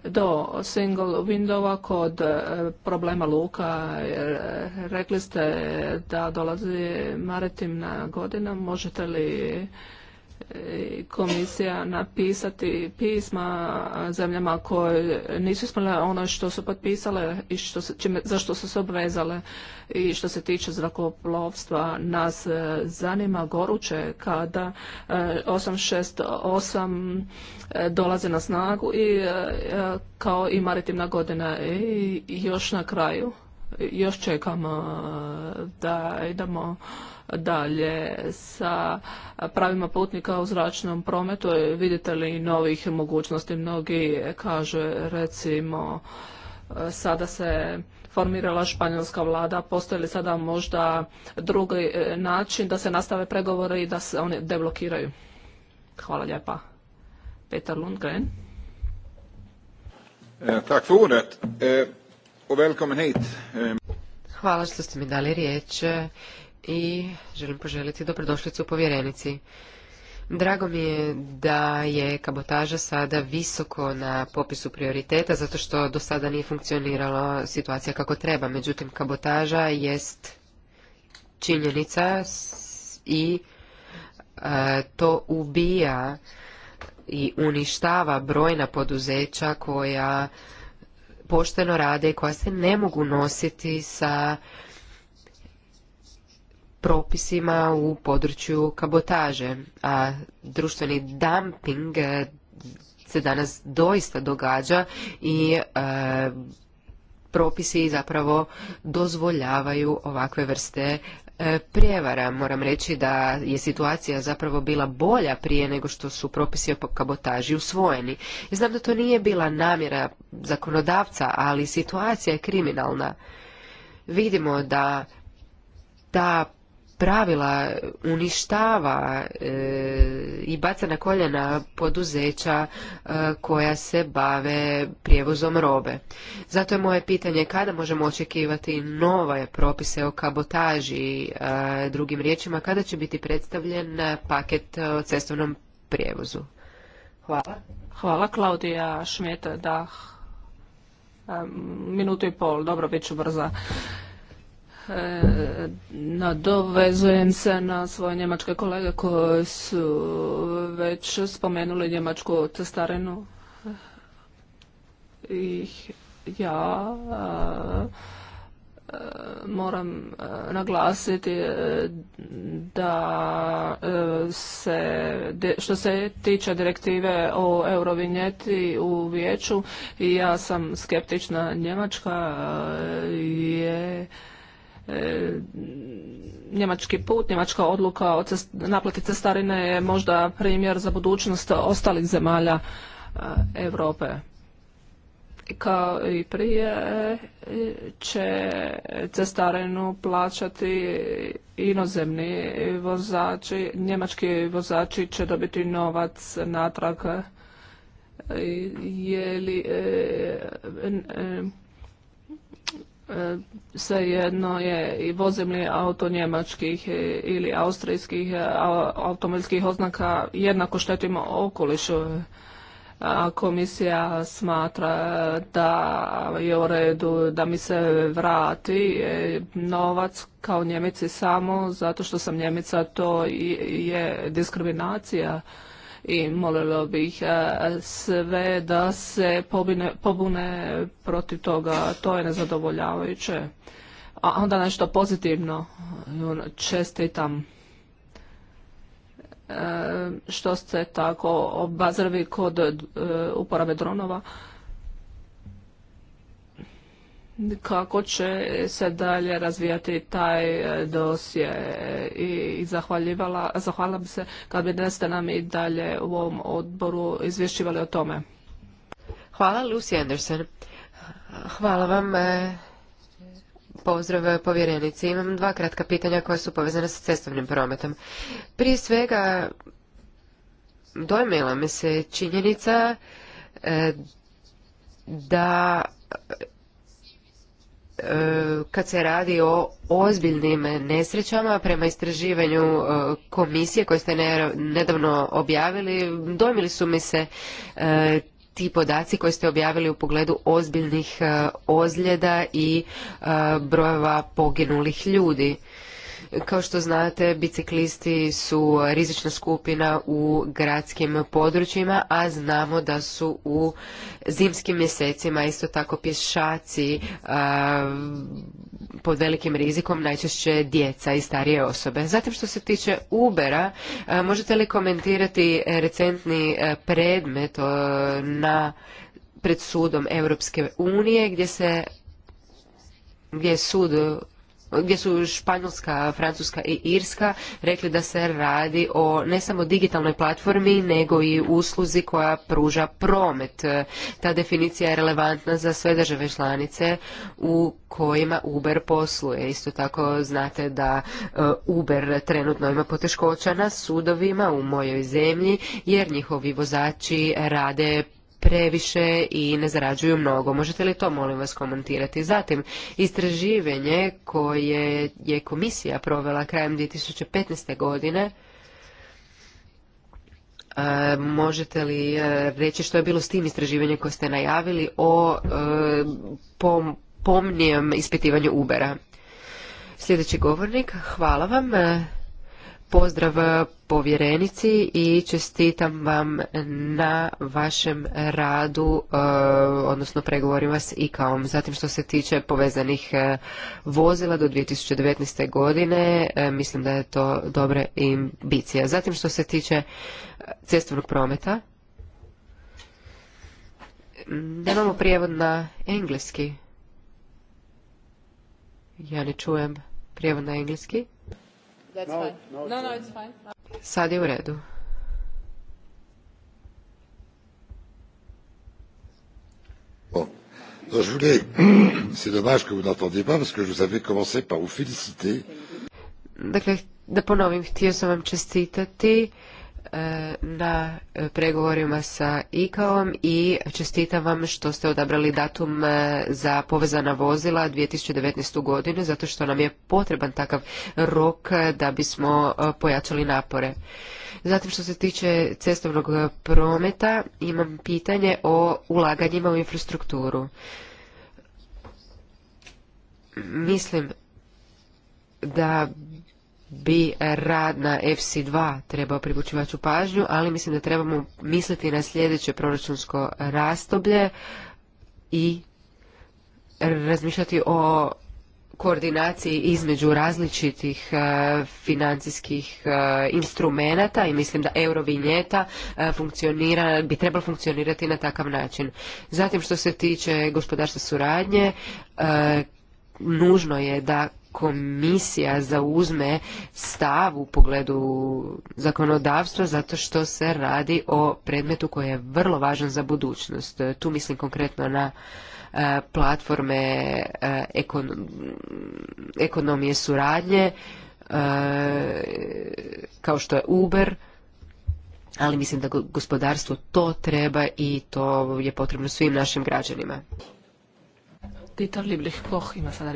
do single windova kod e, problema luka. E, rekli ste da dolazi maritimna godina. Možete li komisija napisati pisma zemljama koje nisu ispunile ono što su potpisale i što se, za što su se obvezale i što se tiče zrakoplovstva nas e, zanima goruće kada 868 e, e, dolaze na snagu i kao i maritimna godina i još na kraju još čekamo e, da idemo dalje sa pravima putnika u zračnom prometu. E, vidite li novih mogućnosti? Mnogi kaže recimo e, sada se formirala španjolska vlada, postoji li sada možda drugi način da se nastave pregovore i da se oni deblokiraju? Hvala lijepa. Peter Lundgren. Tack för ordet. Ehm, Hvala što ste mi dali riječ i želim poželiti dobrodošlicu povjerenici. Drago mi je da je kabotaža sada visoko na popisu prioriteta, zato što do sada nije funkcionirala situacija kako treba. Međutim, kabotaža jest činjenica i e, to ubija i uništava brojna poduzeća koja pošteno rade i koja se ne mogu nositi sa propisima u području kabotaže, a društveni dumping eh, se danas doista događa i eh, propisi zapravo dozvoljavaju ovakve vrste E, prijevara. Moram reći da je situacija zapravo bila bolja prije nego što su propisi o kabotaži usvojeni. znam da to nije bila namjera zakonodavca, ali situacija je kriminalna. Vidimo da ta pravila uništava e, i baca na koljena poduzeća e, koja se bave prijevozom robe. Zato je moje pitanje kada možemo očekivati nove propise o kabotaži, i e, drugim riječima, kada će biti predstavljen paket o cestovnom prijevozu. Hvala. Hvala Klaudija Šmeta, da minutu i pol, dobro bit ću brza. E, nadovezujem se na svoje njemačke kolege koji su već spomenuli njemačku cestarinu i ja e, moram e, naglasiti da se što se tiče direktive o eurovinjeti u vijeću ja sam skeptična njemačka je E, njemački put, njemačka odluka o naplati cestarine je možda primjer za budućnost ostalih zemalja e, Europe. Kao i prije e, će cestarinu plaćati inozemni vozači, njemački vozači će dobiti novac natrag je li jedno je i vozimli auto njemačkih ili austrijskih automobilskih oznaka jednako štetimo okolišu. A komisija smatra da je u redu da mi se vrati e, novac kao Njemici samo zato što sam Njemica, to je diskriminacija i molilo bih e, sve da se pobune protiv toga. To je nezadovoljavajuće. A onda nešto pozitivno. Čestitam e, što ste tako obazrvi kod e, uporabe dronova kako će se dalje razvijati taj e, dosje i zahvaljivala, zahvalila bi se kad bi neste nam i dalje u ovom odboru izvješćivali o tome. Hvala Lucy Anderson. Hvala vam. E, pozdrav povjerenici. Imam dva kratka pitanja koja su povezana sa cestovnim prometom. Prije svega dojmila mi se činjenica e, da kad se radi o ozbiljnim nesrećama prema istraživanju e, komisije koje ste nedavno objavili, dojmili su mi se e, ti podaci koje ste objavili u pogledu ozbiljnih e, ozljeda i brojeva poginulih ljudi. Kao što znate, biciklisti su rizična skupina u gradskim područjima, a znamo da su u zimskim mjesecima isto tako pješaci pod velikim rizikom, najčešće djeca i starije osobe. Zatim što se tiče Ubera, možete li komentirati recentni predmet na pred sudom Europske unije gdje se gdje je sud gdje su Španjolska, Francuska i Irska rekli da se radi o ne samo digitalnoj platformi nego i usluzi koja pruža promet. Ta definicija je relevantna za sve države članice u kojima Uber posluje. Isto tako znate da e, Uber trenutno ima poteškoća na sudovima u mojoj zemlji jer njihovi vozači rade previše i ne zarađuju mnogo. Možete li to molim vas komentirati? Zatim, istraživanje koje je komisija provela krajem 2015. godine, e, možete li e, reći što je bilo s tim istraživanjem koje ste najavili o e, pomnijem ispitivanju Ubera? Sljedeći govornik, hvala vam. Pozdrav povjerenici i čestitam vam na vašem radu, e, odnosno pregovorima i kao. Zatim što se tiče povezanih e, vozila do 2019. godine, e, mislim da je to dobra ambicija. Zatim što se tiče cestovnog prometa, nemamo prijevod na engleski. Ja ne čujem prijevod na engleski. That's no, fine. No, no, no, it's fine. Sad je u redu. Bon. je voulais, c'est dommage que vous n'entendiez pas parce que je vous avais commencé par vous féliciter. Dakle, da ponovim, htio sam vam čestitati E, na pregovorima sa ICAO-om i čestitam vam što ste odabrali datum e, za povezana vozila 2019. godinu zato što nam je potreban takav rok e, da bismo pojačali napore. Zatim što se tiče cestovnog prometa imam pitanje o ulaganjima u infrastrukturu. Mislim da bi rad na FC2 trebao privući vaću pažnju, ali mislim da trebamo misliti na sljedeće proračunsko rastoblje i razmišljati o koordinaciji između različitih e, financijskih e, instrumenata i mislim da eurovinjeta e, funkcionira, bi trebala funkcionirati na takav način. Zatim što se tiče gospodarstva suradnje, nužno je da komisija zauzme stav u pogledu zakonodavstva zato što se radi o predmetu koji je vrlo važan za budućnost. Tu mislim konkretno na e, platforme e, ekonomije suradnje e, kao što je Uber ali mislim da gospodarstvo to treba i to je potrebno svim našim građanima. ima sada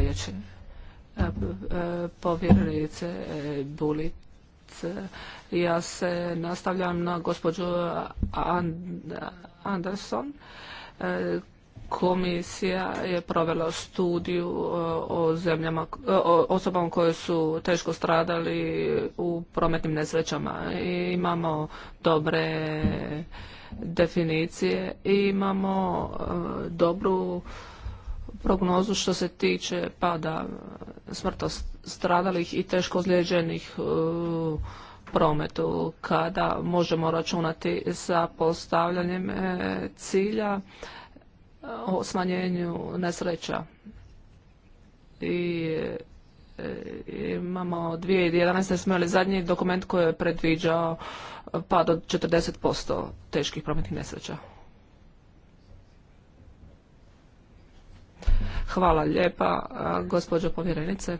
E, povjerenice e, Bulic. E, ja se nastavljam na gospođu Anderson. Komisija je provela studiju o zemljama, o osobama koje su teško stradali u prometnim nesrećama. I imamo dobre definicije i imamo dobru prognozu što se tiče pada smrta stradalih i teško ozlijeđenih e, prometu kada možemo računati sa postavljanjem e, cilja o smanjenju nesreća. I e, imamo 2011. smo imali zadnji dokument koji je predviđao pad od 40% teških prometnih nesreća. Hvala lijepa, gospođo povjerenice.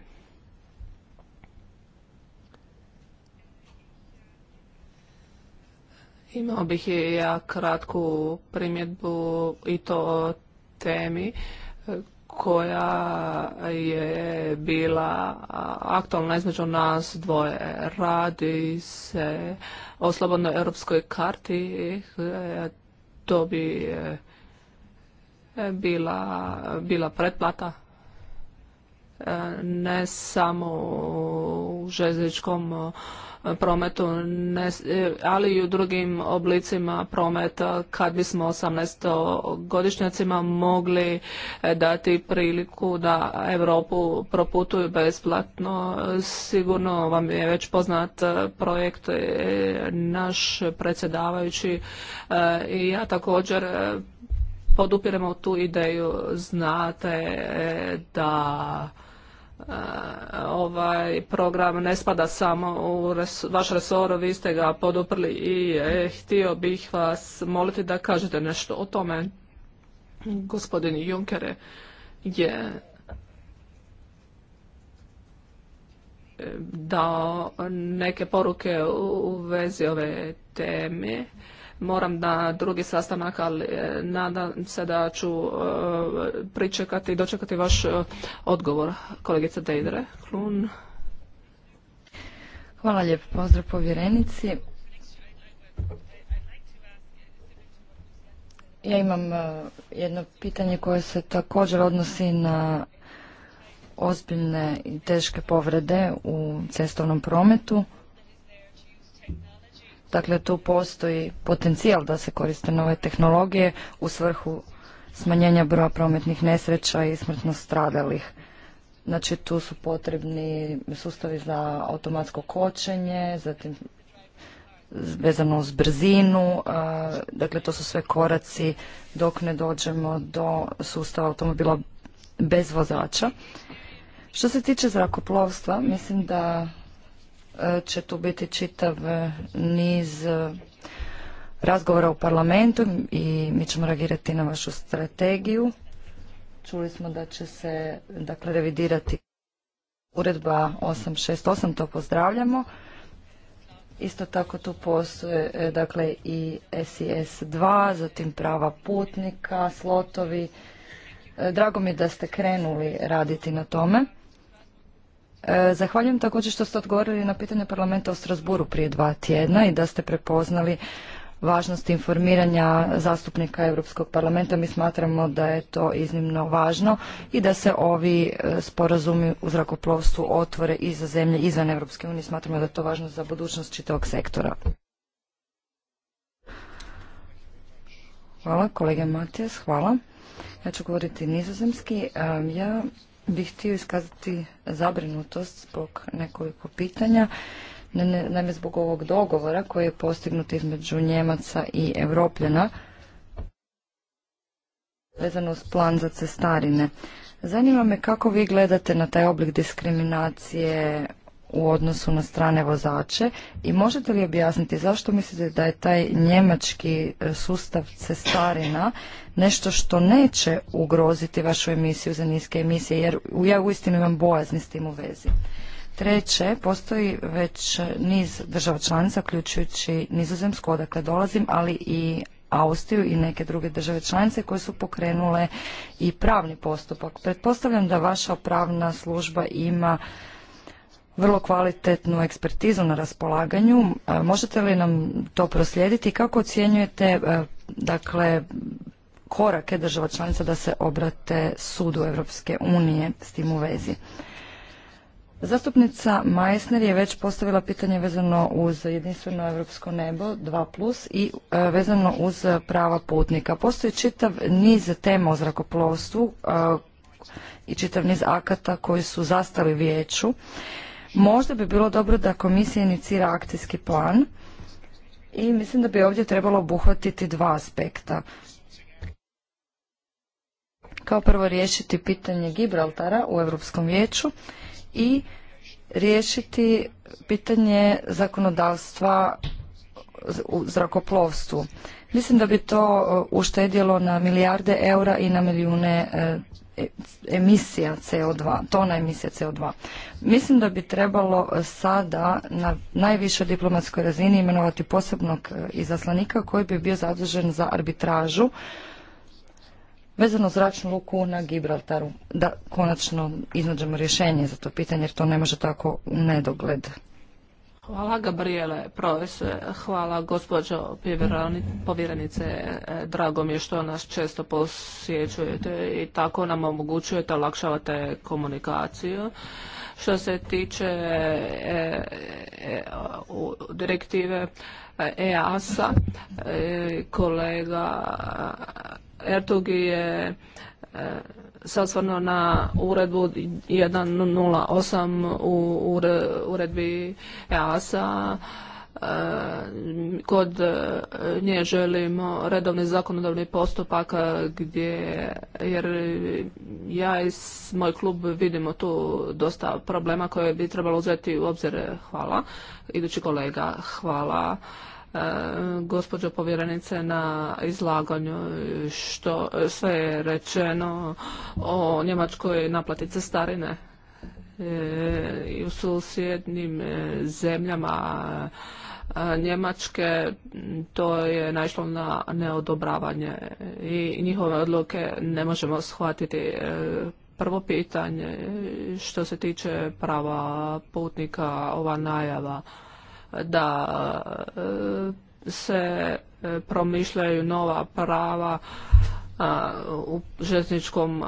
Imao bih i ja kratku primjedbu i to o temi e, koja je bila aktualna između nas dvoje. Radi se o slobodnoj europskoj karti. To e, bi e, bila, bila pretplata e, ne samo u željezničkom e, prometu, ne, e, ali i u drugim oblicima prometa kad bismo 18 godišnjacima mogli dati priliku da Europu proputuju besplatno. Sigurno vam je već poznat projekt naš predsjedavajući i ja također podupiremo tu ideju. Znate e, da e, ovaj program ne spada samo u vaš resor, vi ste ga poduprli i e, htio bih vas moliti da kažete nešto o tome. Gospodin Juncker je dao neke poruke u vezi ove teme moram na drugi sastanak, ali e, nadam se da ću e, pričekati i dočekati vaš e, odgovor, kolegica Deidre Hvala lijepo, pozdrav povjerenici. Ja imam jedno pitanje koje se također odnosi na ozbiljne i teške povrede u cestovnom prometu. Dakle, tu postoji potencijal da se koriste nove tehnologije u svrhu smanjenja broja prometnih nesreća i smrtno stradalih. Znači, tu su potrebni sustavi za automatsko kočenje, zatim vezano uz brzinu, dakle to su sve koraci dok ne dođemo do sustava automobila bez vozača. Što se tiče zrakoplovstva, mislim da će tu biti čitav e, niz e, razgovora u parlamentu i mi ćemo reagirati na vašu strategiju. Čuli smo da će se dakle revidirati uredba 868, to pozdravljamo. Isto tako tu postoje e, dakle i SIS 2, zatim prava putnika, slotovi. Drago mi je da ste krenuli raditi na tome. E, zahvaljujem također što ste odgovorili na pitanje parlamenta o Strasburu prije dva tjedna i da ste prepoznali važnost informiranja zastupnika Europskog parlamenta. Mi smatramo da je to iznimno važno i da se ovi e, sporazumi u zrakoplovstvu otvore i za zemlje izvan Europske unije. Smatramo da je to važno za budućnost čitavog sektora. Hvala, kolega Matijas, hvala. Ja ću govoriti nizozemski. E, ja bih htio iskazati zabrinutost zbog nekoliko pitanja. Naime, zbog ovog dogovora koji je postignut između Njemaca i Evropljana vezano uz plan za cestarine. Zanima me kako vi gledate na taj oblik diskriminacije u odnosu na strane vozače i možete li objasniti zašto mislite da je taj njemački e, sustav cestarina nešto što neće ugroziti vašu emisiju za niske emisije jer ja uistinu imam bojazni s tim u vezi. Treće, postoji već niz država članica, uključujući Nizozemsku, odakle dolazim, ali i Austriju i neke druge države članice koje su pokrenule i pravni postupak. Pretpostavljam da vaša pravna služba ima vrlo kvalitetnu ekspertizu na raspolaganju. E, možete li nam to proslijediti? Kako ocjenjujete e, dakle, korake država članica da se obrate sudu Europske unije s tim u vezi? Zastupnica Majsner je već postavila pitanje vezano uz jedinstveno europsko nebo 2+, i e, vezano uz prava putnika. Postoji čitav niz tema o zrakoplovstvu i čitav niz akata koji su zastali vijeću Možda bi bilo dobro da komisija inicira akcijski plan i mislim da bi ovdje trebalo obuhvatiti dva aspekta. Kao prvo riješiti pitanje Gibraltara u Europskom vijeću i riješiti pitanje zakonodavstva u zrakoplovstvu. Mislim da bi to e, uštedjelo na milijarde eura i na milijune e, emisija CO2, tona emisija CO2. Mislim da bi trebalo sada na najvišoj diplomatskoj razini imenovati posebnog e, izaslanika koji bi bio zadužen za arbitražu vezano zračnu luku na Gibraltaru, da konačno iznađemo rješenje za to pitanje jer to ne može tako u nedogled Hvala Gabriele profesor. hvala gospođo povjerenice, drago mi je što nas često posjećujete i tako nam omogućujete, olakšavate komunikaciju. Što se tiče e, e, direktive EAS-a, e kolega Ertugi je se osvrnuo na uredbu 108 u uredbi EASA e, kod e, nje želimo redovni zakonodavni postupak e, gdje jer ja i moj klub vidimo tu dosta problema koje bi trebalo uzeti u obzir. Hvala. Idući kolega, hvala. E, gospođo povjerenice na izlaganju što sve je rečeno o njemačkoj naplati cestarine e, i u susjednim e, zemljama Njemačke to je naišlo na neodobravanje i njihove odluke ne možemo shvatiti. Prvo pitanje što se tiče prava putnika, ova najava da e, se e, promišljaju nova prava e, u željezničkom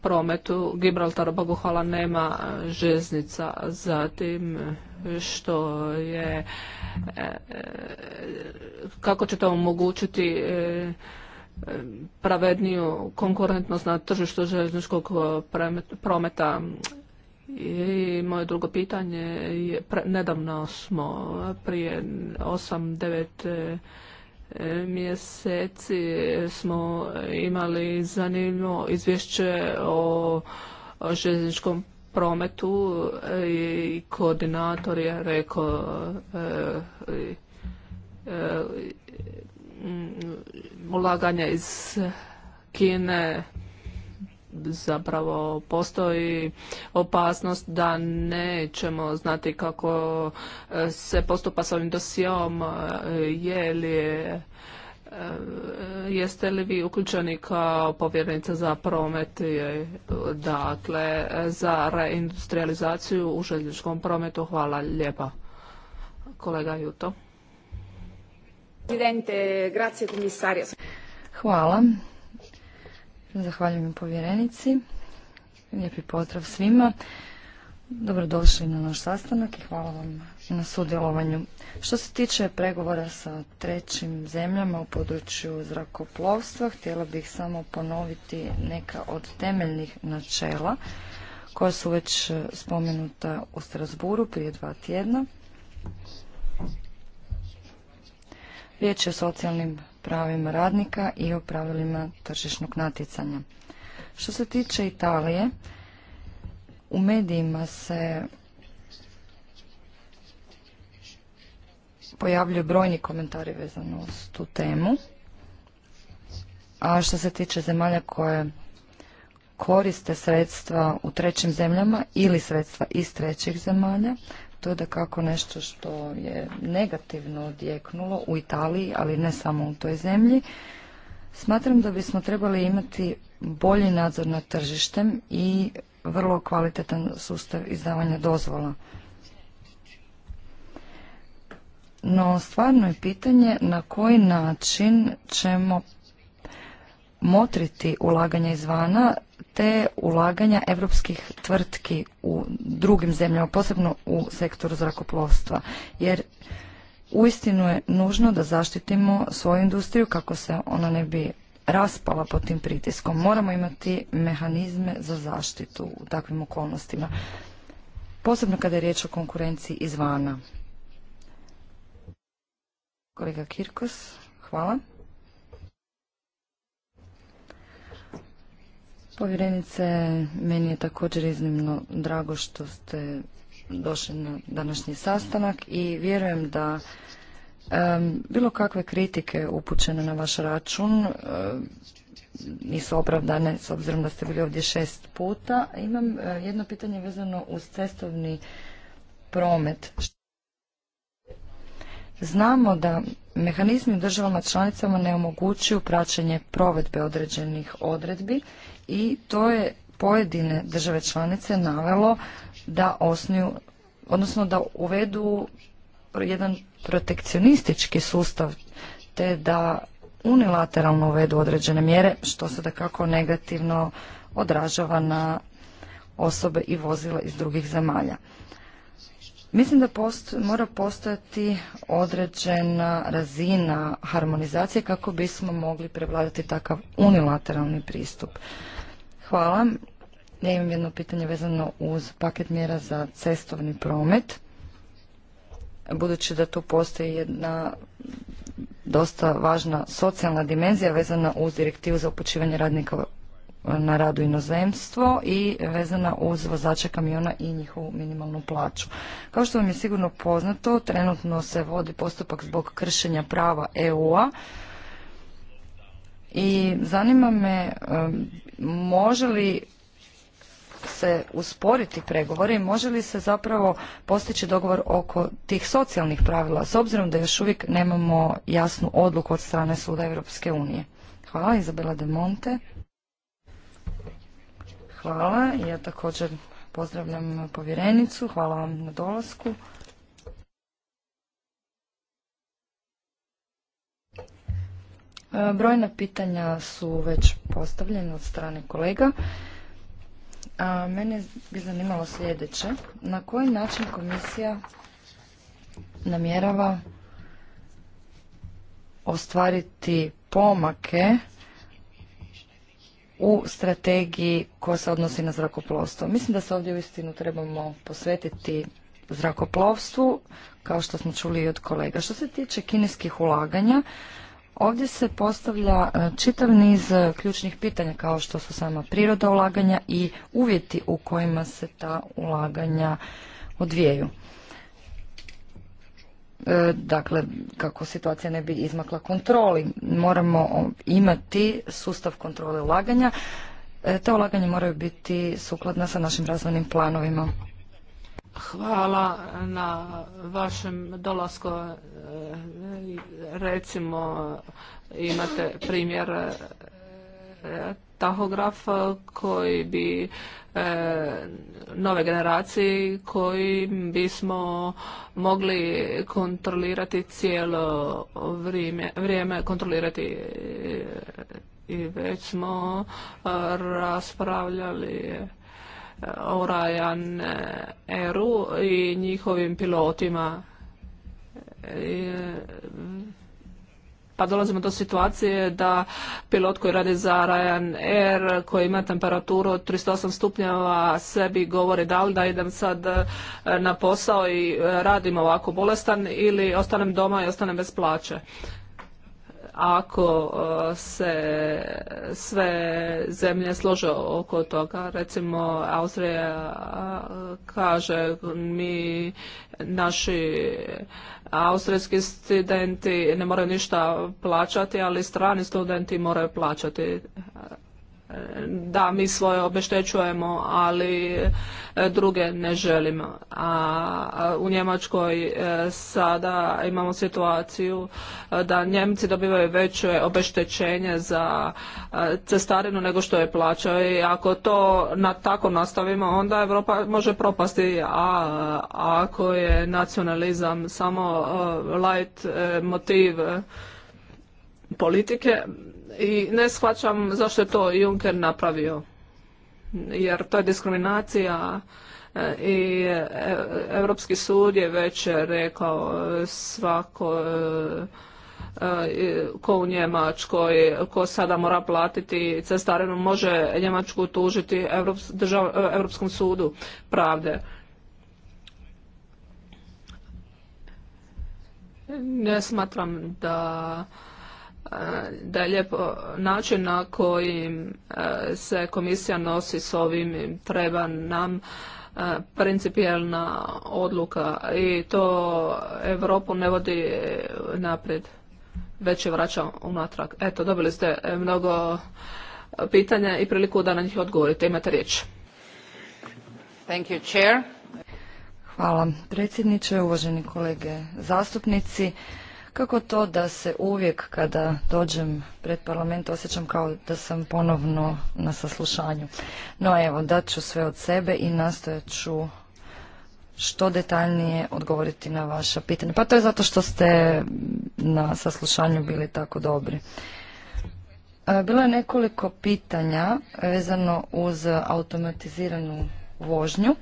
prometu. Gibraltar, Bogu hvala, nema žeznica. tim što je, kako će to omogućiti pravedniju konkurentnost na tržištu željezničkog prometa i moje drugo pitanje je, nedavno smo prije 8-9 e, mjeseci smo imali zanimljivo izvješće o željezničkom prometu i koordinator je rekao e, e, ulaganja iz Kine zapravo postoji opasnost da nećemo znati kako e, se postupa s ovim dosijom, e, je li e, Jeste li vi uključeni kao povjernica za promet, dakle, za reindustrializaciju u željezničkom prometu? Hvala lijepa. Kolega Juto. Hvala. Zahvaljujem povjerenici. Lijepi pozdrav svima. Dobrodošli na naš sastanak i hvala vam na sudjelovanju. Što se tiče pregovora sa trećim zemljama u području zrakoplovstva, htjela bih samo ponoviti neka od temeljnih načela koja su već spomenuta u Strasburu prije dva tjedna. Riječ je o socijalnim pravima radnika i o pravilima tržišnog natjecanja. Što se tiče Italije, u medijima se pojavljuju brojni komentari vezano uz tu temu. A što se tiče zemalja koje koriste sredstva u trećim zemljama ili sredstva iz trećih zemalja, to je da kako nešto što je negativno odjeknulo u Italiji, ali ne samo u toj zemlji. Smatram da bismo trebali imati bolji nadzor nad tržištem i vrlo kvalitetan sustav izdavanja dozvola. No, stvarno je pitanje na koji način ćemo motriti ulaganja izvana te ulaganja europskih tvrtki u drugim zemljama, posebno u sektoru zrakoplovstva. Jer uistinu je nužno da zaštitimo svoju industriju kako se ona ne bi raspala pod tim pritiskom. Moramo imati mehanizme za zaštitu u takvim okolnostima. Posebno kada je riječ o konkurenciji izvana. Kolega Kirkos, hvala. Povjerenice, meni je također iznimno drago što ste došli na današnji sastanak i vjerujem da bilo kakve kritike upućene na vaš račun nisu opravdane s obzirom da ste bili ovdje šest puta. Imam jedno pitanje vezano uz cestovni promet. Znamo da mehanizmi u državama članicama ne omogućuju praćenje provedbe određenih odredbi i to je pojedine države članice navelo da osnuju, odnosno da uvedu jedan protekcionistički sustav te da unilateralno uvedu određene mjere što se da kako negativno odražava na osobe i vozila iz drugih zemalja. Mislim da mora postojati određena razina harmonizacije kako bismo mogli prevladati takav unilateralni pristup. Hvala. Ja imam jedno pitanje vezano uz paket mjera za cestovni promet. Budući da tu postoji jedna dosta važna socijalna dimenzija vezana uz direktivu za upućivanje radnika na radu inozemstvo i vezana uz vozače kamiona i njihovu minimalnu plaću. Kao što vam je sigurno poznato, trenutno se vodi postupak zbog kršenja prava EU-a i zanima me može li se usporiti pregovori i može li se zapravo postići dogovor oko tih socijalnih pravila s obzirom da još uvijek nemamo jasnu odluku od strane Suda Europske unije. Hvala, Izabela de Monte. Hvala. Ja također pozdravljam povjerenicu. Hvala vam na dolasku. E, brojna pitanja su već postavljena od strane kolega. mene bi zanimalo sljedeće. Na koji način komisija namjerava ostvariti pomake u strategiji koja se odnosi na zrakoplovstvo. Mislim da se ovdje uistinu trebamo posvetiti zrakoplovstvu, kao što smo čuli i od kolega. Što se tiče kineskih ulaganja, ovdje se postavlja e, čitav niz e, ključnih pitanja kao što su sama priroda ulaganja i uvjeti u kojima se ta ulaganja odvijaju. E, dakle kako situacija ne bi izmakla kontroli. Moramo imati sustav kontrole ulaganja. E, ta ulaganja moraju biti sukladna sa našim razvojnim planovima. Hvala na vašem dolasku. E, recimo imate primjer tahograf e, koji bi e, nove generacije koji bismo mogli kontrolirati cijelo vrijeme, vrijeme kontrolirati e, i već smo raspravljali o Rajan Eru i njihovim pilotima pa dolazimo do situacije da pilot koji radi za Ryanair koji ima temperaturu od 308 stupnjeva sebi govori da li da idem sad e, na posao i e, radim ovako bolestan ili ostanem doma i ostanem bez plaće ako e, se sve zemlje slože oko toga, recimo Austrija kaže mi naši austrijski studenti ne moraju ništa plaćati, ali strani studenti moraju plaćati da mi svoje obeštećujemo, ali e, druge ne želimo. A u Njemačkoj e, sada imamo situaciju e, da Njemci dobivaju veće obeštećenje za cestarinu nego što je plaćao i ako to na, tako nastavimo onda Europa može propasti, a ako je nacionalizam samo light motiv politike i ne shvaćam zašto je to Juncker napravio. Jer to je diskriminacija eh, i eh, Europski sud je već rekao eh, svako ko u Njemačkoj, ko sada mora platiti cestarinu, može Njemačku tužiti Europskom sudu pravde. Ne smatram da da je lijepo način na koji e, se komisija nosi s ovim treba nam e, principijelna odluka i to Europu ne vodi naprijed već je vraća unatrag. Eto, dobili ste mnogo pitanja i priliku da na njih odgovorite. Imate riječ. Thank you, chair. Hvala predsjedniče, uvaženi kolege zastupnici. Kako to da se uvijek kada dođem pred parlament osjećam kao da sam ponovno na saslušanju. No evo, dat ću sve od sebe i nastojat ću što detaljnije odgovoriti na vaša pitanja. Pa to je zato što ste na saslušanju bili tako dobri. E, bilo je nekoliko pitanja vezano uz automatiziranu vožnju.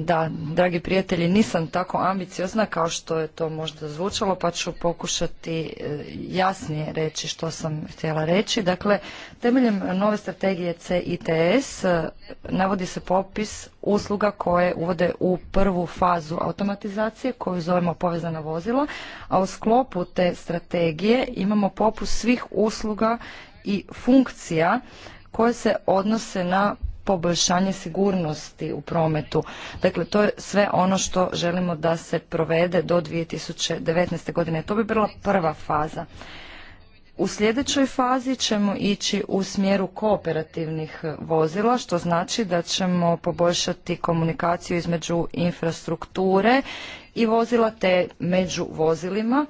Da, dragi prijatelji, nisam tako ambiciozna kao što je to možda zvučalo, pa ću pokušati e, jasnije reći što sam htjela reći. Dakle, temeljem nove strategije CITS e, navodi se popis usluga koje uvode u prvu fazu automatizacije koju zovemo povezana vozila, a u sklopu te strategije imamo popis svih usluga i funkcija koje se odnose na poboljšanje sigurnosti u prometu. Dakle, to je sve ono što želimo da se provede do 2019. godine. To bi bila prva faza. U sljedećoj fazi ćemo ići u smjeru kooperativnih vozila, što znači da ćemo poboljšati komunikaciju između infrastrukture i vozila te među vozilima.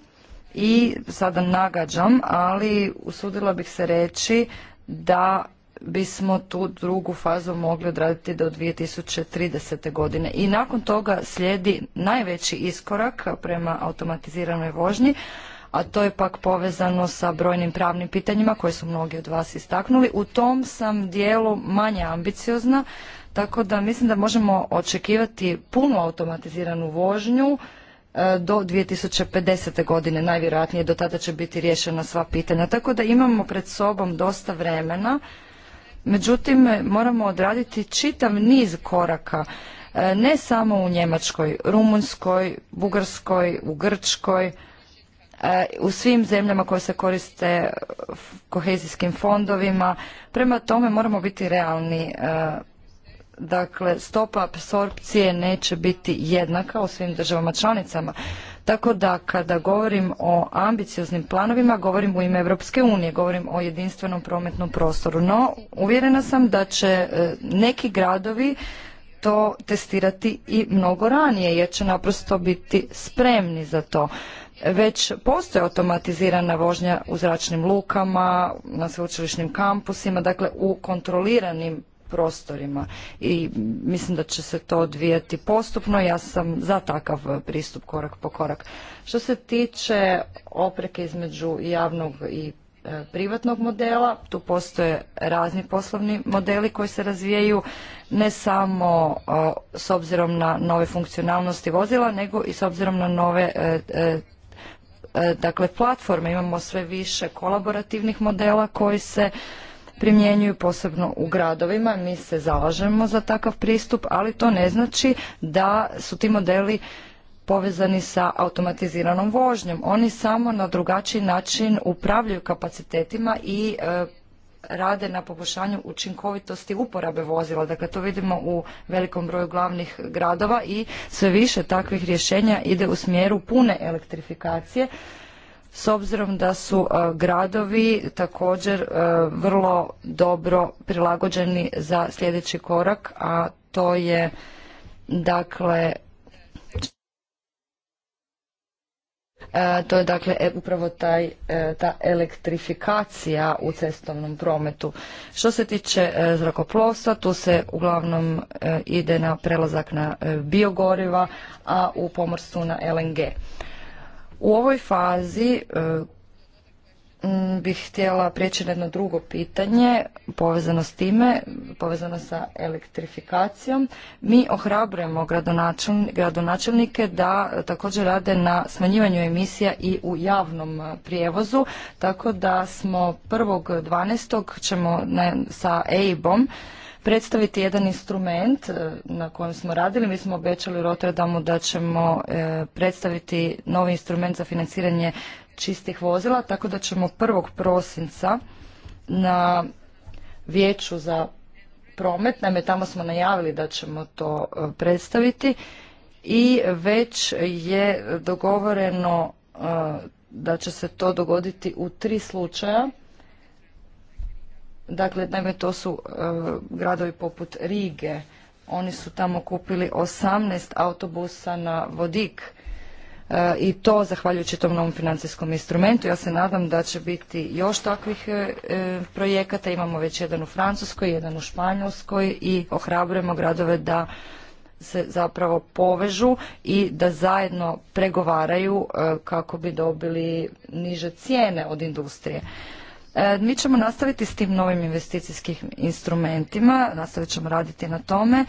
I sada nagađam, ali usudila bih se reći da bismo tu drugu fazu mogli odraditi do 2030. godine. I nakon toga slijedi najveći iskorak prema automatiziranoj vožnji, a to je pak povezano sa brojnim pravnim pitanjima koje su mnogi od vas istaknuli. U tom sam dijelu manje ambiciozna, tako da mislim da možemo očekivati punu automatiziranu vožnju e, do 2050. godine najvjerojatnije do tada će biti riješena sva pitanja. Tako da imamo pred sobom dosta vremena Međutim, moramo odraditi čitav niz koraka, e, ne samo u Njemačkoj, Rumunskoj, Bugarskoj, u Grčkoj, e, u svim zemljama koje se koriste e, kohezijskim fondovima. Prema tome moramo biti realni. Dakle, stopa apsorpcije neće biti jednaka u svim državama članicama. Tako da kada govorim o ambicioznim planovima, govorim u ime Europske unije, govorim o jedinstvenom prometnom prostoru. No, uvjerena sam da će e, neki gradovi to testirati i mnogo ranije, jer će naprosto biti spremni za to. Već postoje automatizirana vožnja u zračnim lukama, na sveučilišnim kampusima, dakle u kontroliranim prostorima i mislim da će se to odvijati postupno. Ja sam za takav pristup korak po korak. Što se tiče opreke između javnog i e, privatnog modela, tu postoje razni poslovni modeli koji se razvijaju ne samo e, s obzirom na nove funkcionalnosti vozila, nego i s obzirom na nove e, dakle platforme imamo sve više kolaborativnih modela koji se primjenjuju posebno u gradovima. Mi se zalažemo za takav pristup, ali to ne znači da su ti modeli povezani sa automatiziranom vožnjom. Oni samo na drugačiji način upravljaju kapacitetima i e, rade na poboljšanju učinkovitosti uporabe vozila. Dakle, to vidimo u velikom broju glavnih gradova i sve više takvih rješenja ide u smjeru pune elektrifikacije s obzirom da su e, gradovi također e, vrlo dobro prilagođeni za sljedeći korak, a to je dakle e, to je dakle upravo taj, ta elektrifikacija u cestovnom prometu. Što se tiče zrakoplovstva, tu se uglavnom ide na prelazak na biogoriva, a u pomorstvu na LNG. U ovoj fazi e, bih htjela prijeći na jedno drugo pitanje povezano s time, povezano sa elektrifikacijom. Mi ohrabrujemo gradonačelnike da također rade na smanjivanju emisija i u javnom e, prijevozu, tako da smo 1.12. ćemo sa EIB-om predstaviti jedan instrument e, na kojem smo radili. Mi smo obećali u Rotterdamu da ćemo e, predstaviti novi instrument za financiranje čistih vozila, tako da ćemo 1. prosinca na vijeću za promet, naime tamo smo najavili da ćemo to e, predstaviti i već je dogovoreno da će se to dogoditi u tri slučaja Dakle, naime, to su e, gradovi poput Rige. Oni su tamo kupili 18 autobusa na vodik e, i to zahvaljujući tom novom financijskom instrumentu. Ja se nadam da će biti još takvih e, projekata. Imamo već jedan u Francuskoj, jedan u Španjolskoj i ohrabrujemo gradove da se zapravo povežu i da zajedno pregovaraju kako bi dobili niže cijene od industrije. E, mi ćemo nastaviti s tim novim investicijskim instrumentima, nastavit ćemo raditi na tome.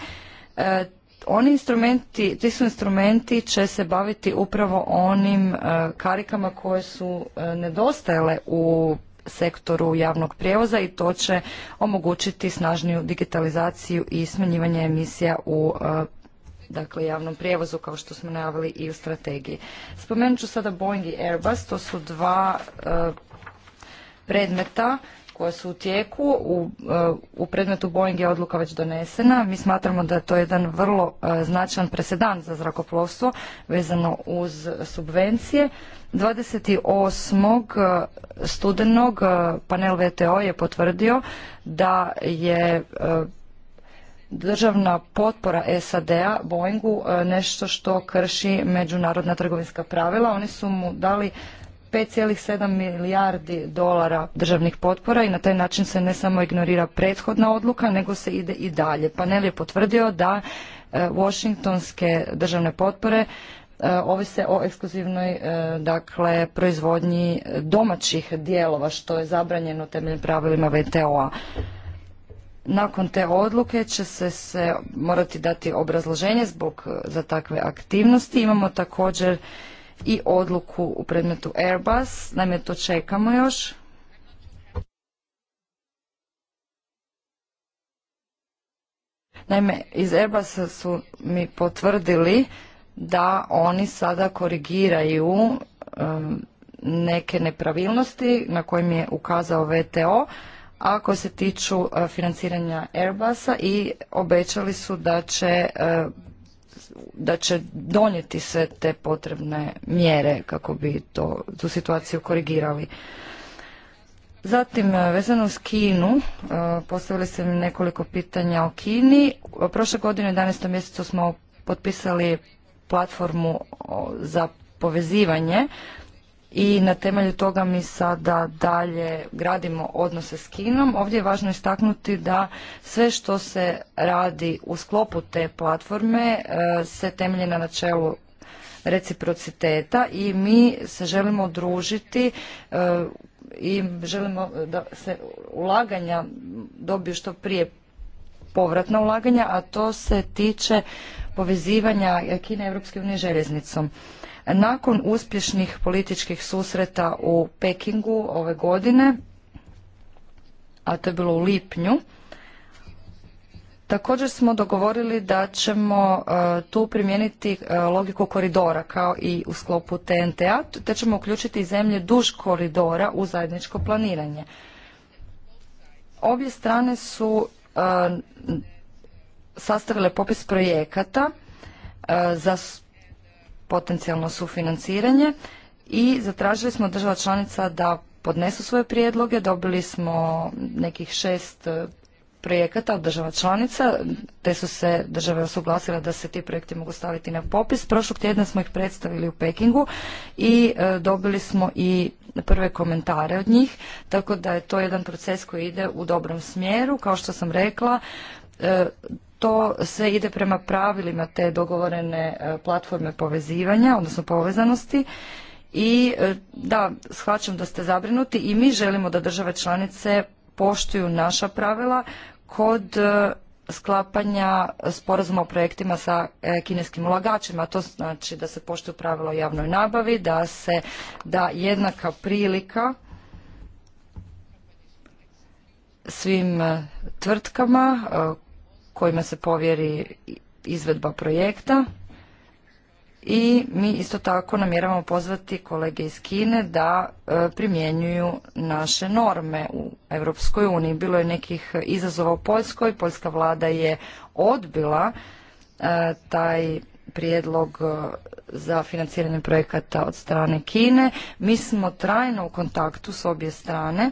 E, oni instrumenti, ti su instrumenti će se baviti upravo onim e, karikama koje su nedostajale u sektoru javnog prijevoza i to će omogućiti snažniju digitalizaciju i smanjivanje emisija u dakle javnom prijevozu kao što smo najavili i u strategiji. Spomenut ću sada Boeing i Airbus, to su dva predmeta koja su u tijeku. E, u, predmetu Boeing je odluka već donesena. Mi smatramo da je to jedan vrlo e, značajan presedan za zrakoplovstvo vezano uz subvencije. 28. E, studenog panel VTO je potvrdio da je državna potpora SAD-a Boeingu nešto što krši međunarodna trgovinska pravila. Oni su mu dali 5,7 milijardi dolara državnih potpora i na taj način se ne samo ignorira prethodna odluka, nego se ide i dalje. Panel je potvrdio da e, Washingtonske državne potpore e, ovise o ekskluzivnoj e, dakle proizvodnji domaćih dijelova što je zabranjeno temeljem pravilima VTO-a. Nakon te odluke će se, se morati dati obrazloženje zbog za takve aktivnosti. Imamo također i odluku u predmetu Airbus. Naime, to čekamo još. Naime, iz Airbusa su mi potvrdili da oni sada korigiraju um, neke nepravilnosti na kojim je ukazao VTO, a se tiču uh, financiranja Airbusa i obećali su da će uh, da će donijeti sve te potrebne mjere kako bi to, tu situaciju korigirali. Zatim, e, vezano uz Kinu, e, postavili se mi nekoliko pitanja o Kini. Prošle godine u 11. mjesecu smo potpisali platformu za povezivanje i na temelju toga mi sada dalje gradimo odnose s Kinom. Ovdje je važno istaknuti da sve što se radi u sklopu te platforme e, se temelji na načelu reciprociteta i mi se želimo družiti e, i želimo da se ulaganja dobiju što prije povratna ulaganja, a to se tiče povezivanja Kine Evropske unije željeznicom. Nakon uspješnih političkih susreta u Pekingu ove godine, a to je bilo u lipnju, Također smo dogovorili da ćemo e, tu primijeniti e, logiku koridora kao i u sklopu TNT-a, te ćemo uključiti zemlje duž koridora u zajedničko planiranje. Obje strane su e, sastavile popis projekata za potencijalno sufinanciranje i zatražili smo država članica da podnesu svoje prijedloge. Dobili smo nekih šest e, projekata od država članica, te su se države usuglasile da se ti projekti mogu staviti na popis. Prošlog tjedna smo ih predstavili u Pekingu i e, dobili smo i prve komentare od njih, tako da je to jedan proces koji ide u dobrom smjeru. Kao što sam rekla, e, to sve ide prema pravilima te dogovorene e, platforme povezivanja, odnosno povezanosti. I e, da, shvaćam da ste zabrinuti i mi želimo da države članice poštuju naša pravila kod e, sklapanja sporazuma o projektima sa kineskim ulagačima. To znači da se poštuju pravila o javnoj nabavi, da se da jednaka prilika svim tvrtkama kojima se povjeri izvedba projekta. I mi isto tako namjeravamo pozvati kolege iz Kine da e, primjenjuju naše norme u Europskoj uniji. Bilo je nekih izazova u Poljskoj, poljska vlada je odbila e, taj prijedlog e, za financiranje projekata od strane Kine. Mi smo trajno u kontaktu s obje strane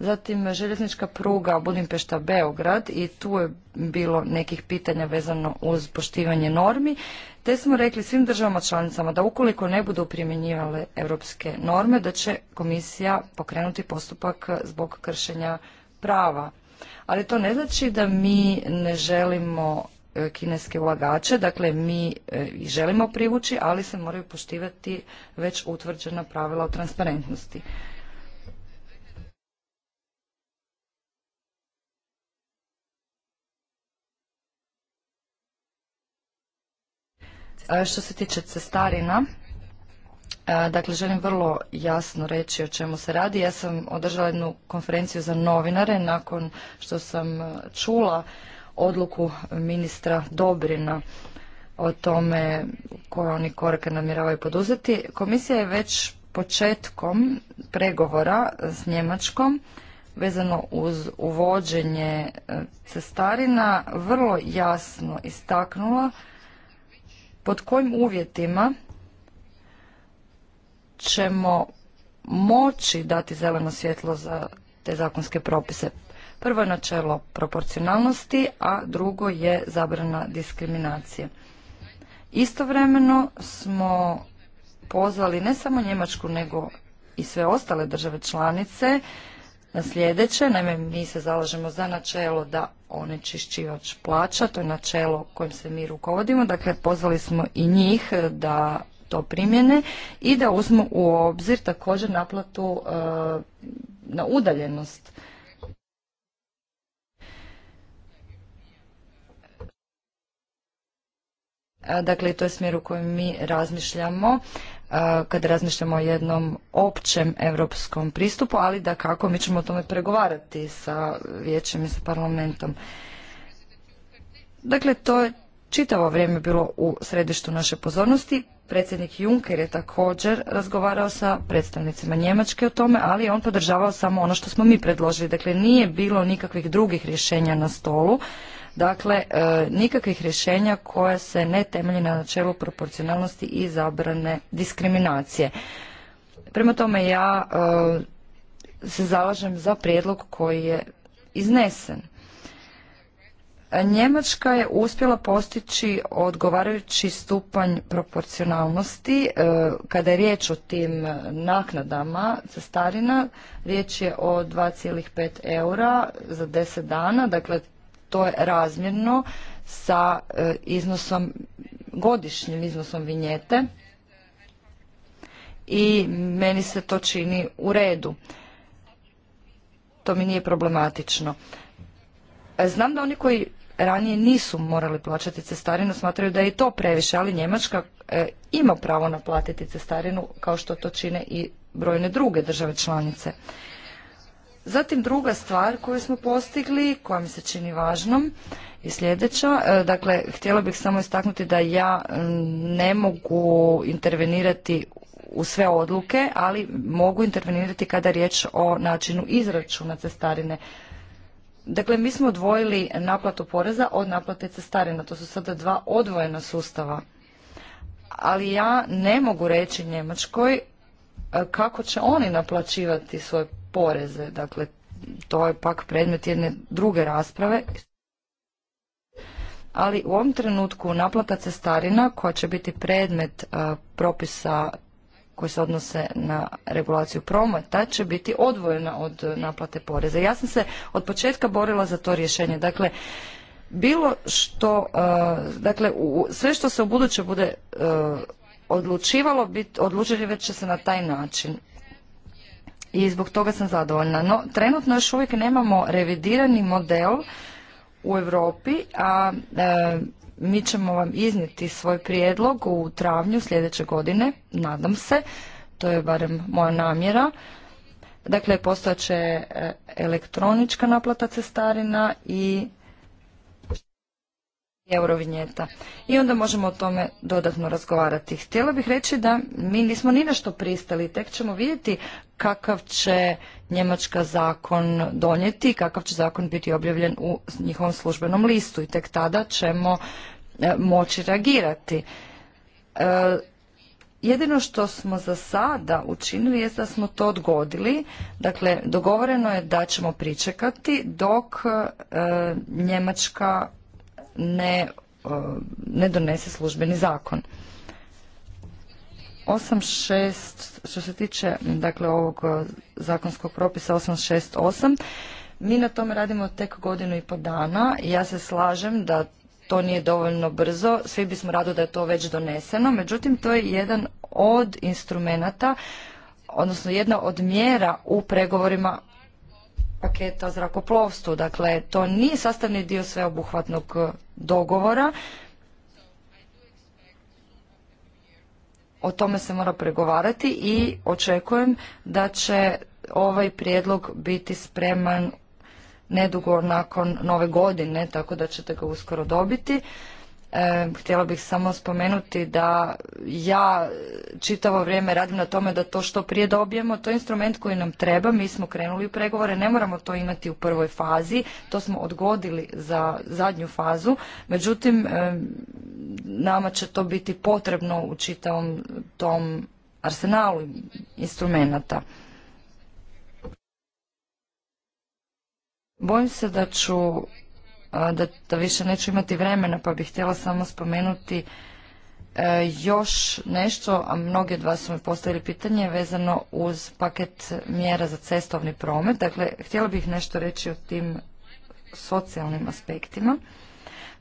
Zatim željeznička pruga Budimpešta-Beograd i tu je bilo nekih pitanja vezano uz poštivanje normi, te smo rekli svim državama članicama da ukoliko ne budu primjenjivale europske norme, da će komisija pokrenuti postupak zbog kršenja prava. Ali to ne znači da mi ne želimo e, kineske ulagače, dakle mi e, i želimo privući, ali se moraju poštivati već utvrđena pravila o transparentnosti. E, što se tiče cestarina, e, dakle želim vrlo jasno reći o čemu se radi. Ja sam održala jednu konferenciju za novinare nakon što sam e, čula odluku ministra Dobrina o tome koje oni korake namjeravaju poduzeti. Komisija je već početkom pregovora s Njemačkom vezano uz uvođenje cestarina vrlo jasno istaknula pod kojim uvjetima ćemo moći dati zeleno svjetlo za te zakonske propise. Prvo je načelo proporcionalnosti, a drugo je zabrana diskriminacije. Istovremeno smo pozvali ne samo Njemačku nego i sve ostale države članice na sljedeće. Naime, mi se zalažemo za načelo da onečišćivač plaća, to je načelo kojim se mi rukovodimo. Dakle, pozvali smo i njih e, da to primjene i da uzmu u obzir također naplatu e, na udaljenost. E, dakle, to je smjer u kojem mi razmišljamo kada razmišljamo o jednom općem europskom pristupu, ali da kako mi ćemo o tome pregovarati sa vijećem i sa parlamentom. Dakle, to je čitavo vrijeme bilo u središtu naše pozornosti. Predsjednik Juncker je također razgovarao sa predstavnicima Njemačke o tome, ali je on podržavao samo ono što smo mi predložili. Dakle, nije bilo nikakvih drugih rješenja na stolu. Dakle, e, nikakvih rješenja koja se ne temelji na načelu proporcionalnosti i zabrane diskriminacije. Prema tome ja e, se zalažem za prijedlog koji je iznesen. Njemačka je uspjela postići odgovarajući stupanj proporcionalnosti e, kada je riječ o tim naknadama cestarina. Riječ je o 2,5 eura za 10 dana, dakle to je razmjerno sa e, iznosom, godišnjim iznosom vinjete i meni se to čini u redu. To mi nije problematično. E, znam da oni koji ranije nisu morali plaćati cestarinu, smatraju da je i to previše, ali Njemačka e, ima pravo naplatiti cestarinu kao što to čine i brojne druge države članice. Zatim druga stvar koju smo postigli, koja mi se čini važnom, je sljedeća. E, dakle, htjela bih samo istaknuti da ja ne mogu intervenirati u sve odluke, ali mogu intervenirati kada riječ o načinu izračuna cestarine. Dakle, mi smo odvojili naplatu poreza od naplate cestarina. To su sada dva odvojena sustava. Ali ja ne mogu reći Njemačkoj kako će oni naplaćivati svoje poreze. Dakle, to je pak predmet jedne druge rasprave. Ali u ovom trenutku naplata cestarina koja će biti predmet e, propisa koji se odnose na regulaciju prometa će biti odvojena od naplate poreza. Ja sam se od početka borila za to rješenje. Dakle, bilo što, e, dakle, u, sve što se u buduće bude e, odlučivalo, bit, odlučivat će se na taj način. I zbog toga sam zadovoljna. No, trenutno još uvijek nemamo revidirani model u Europi, a e, mi ćemo vam iznijeti svoj prijedlog u travnju sljedeće godine, nadam se, to je barem moja namjera. Dakle, će e, elektronička naplata cestarina i eurovinjeta. I onda možemo o tome dodatno razgovarati. Htjela bih reći da mi nismo ni na što pristali, tek ćemo vidjeti kakav će Njemačka zakon donijeti, kakav će zakon biti objavljen u njihovom službenom listu i tek tada ćemo e, moći reagirati. E, jedino što smo za sada učinili je da smo to odgodili. Dakle, dogovoreno je da ćemo pričekati dok e, Njemačka ne, e, ne donese službeni zakon. 8.6, što se tiče dakle, ovog e, zakonskog propisa 868, mi na tome radimo tek godinu i po dana. i Ja se slažem da to nije dovoljno brzo, svi bismo rado da je to već doneseno, međutim to je jedan od instrumenata, odnosno jedna od mjera u pregovorima paketa o zrakoplovstvu. Dakle, to nije sastavni dio sveobuhvatnog e, dogovora. O tome se mora pregovarati i očekujem da će ovaj prijedlog biti spreman nedugo nakon nove godine, tako da ćete ga uskoro dobiti. E, htjela bih samo spomenuti da ja čitavo vrijeme radim na tome da to što prije dobijemo, to je instrument koji nam treba, mi smo krenuli u pregovore, ne moramo to imati u prvoj fazi, to smo odgodili za zadnju fazu, međutim e, nama će to biti potrebno u čitavom tom arsenalu instrumenata. Bojim se da ću da, više neću imati vremena, pa bih htjela samo spomenuti e, još nešto, a mnogi od vas su mi postavili pitanje vezano uz paket mjera za cestovni promet. Dakle, htjela bih nešto reći o tim socijalnim aspektima.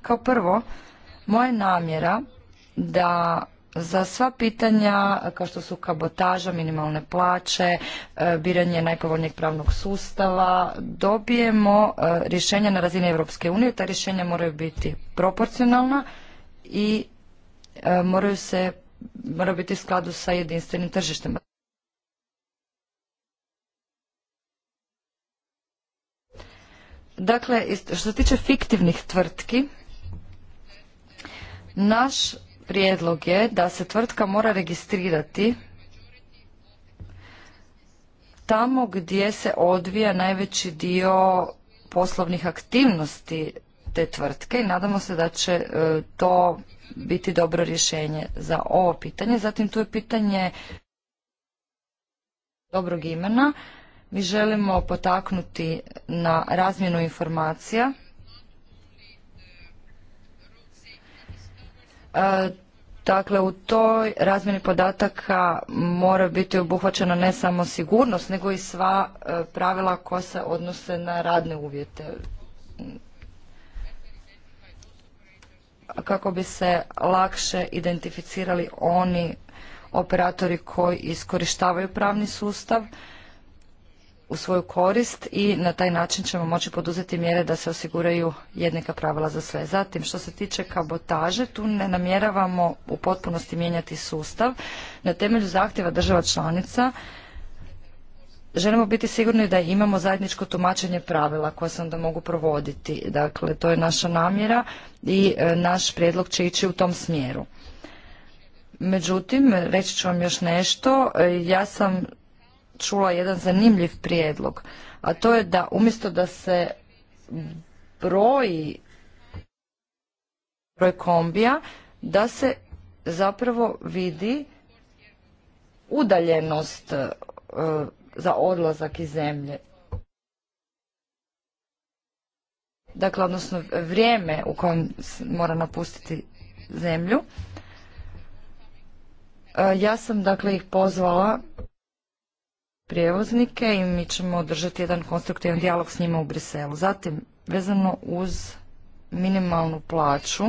Kao prvo, moja namjera da za sva pitanja kao što su kabotaža, minimalne plaće, e, biranje najpovoljnijeg pravnog sustava, dobijemo e, rješenja na razini Europske unije. Ta rješenja moraju biti proporcionalna i e, moraju se moraju biti u skladu sa jedinstvenim tržištem. Dakle, što se tiče fiktivnih tvrtki, naš prijedlog je da se tvrtka mora registrirati tamo gdje se odvija najveći dio poslovnih aktivnosti te tvrtke i nadamo se da će e, to biti dobro rješenje za ovo pitanje. Zatim tu je pitanje dobrog imena. Mi želimo potaknuti na razmjenu informacija E, dakle, u toj razmjeni podataka mora biti obuhvaćena ne samo sigurnost, nego i sva e, pravila koja se odnose na radne uvjete. Kako bi se lakše identificirali oni operatori koji iskorištavaju pravni sustav, u svoju korist i na taj način ćemo moći poduzeti mjere da se osiguraju jednaka pravila za sve. Zatim, što se tiče kabotaže, tu ne namjeravamo u potpunosti mijenjati sustav. Na temelju zahtjeva država članica želimo biti sigurni da imamo zajedničko tumačenje pravila koje se onda mogu provoditi. Dakle, to je naša namjera i e, naš prijedlog će ići u tom smjeru. Međutim, reći ću vam još nešto, e, ja sam čula jedan zanimljiv prijedlog, a to je da umjesto da se broji broj kombija, da se zapravo vidi udaljenost e, za odlazak iz zemlje. Dakle, odnosno vrijeme u kojem mora napustiti zemlju. E, ja sam, dakle, ih pozvala prijevoznike i mi ćemo održati jedan konstruktivan dijalog s njima u Briselu. Zatim, vezano uz minimalnu plaću,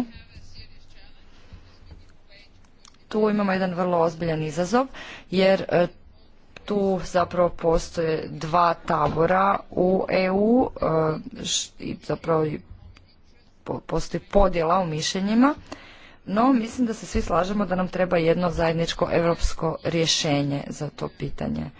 tu imamo jedan vrlo ozbiljan izazov, jer e, tu zapravo postoje dva tabora u EU e, i zapravo postoji podjela u mišljenjima, no mislim da se svi slažemo da nam treba jedno zajedničko europsko rješenje za to pitanje.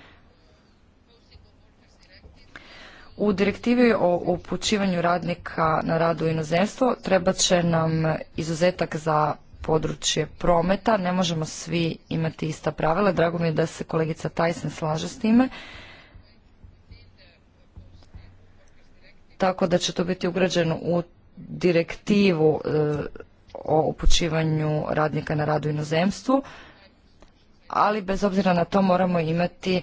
U direktivi o upućivanju radnika na radu u inozemstvo treba će nam izuzetak za područje prometa. Ne možemo svi imati ista pravila. Drago mi je da se kolegica Tyson slaže s time. Tako da će to biti ugrađeno u direktivu e, o upućivanju radnika na radu u inozemstvu. Ali bez obzira na to moramo imati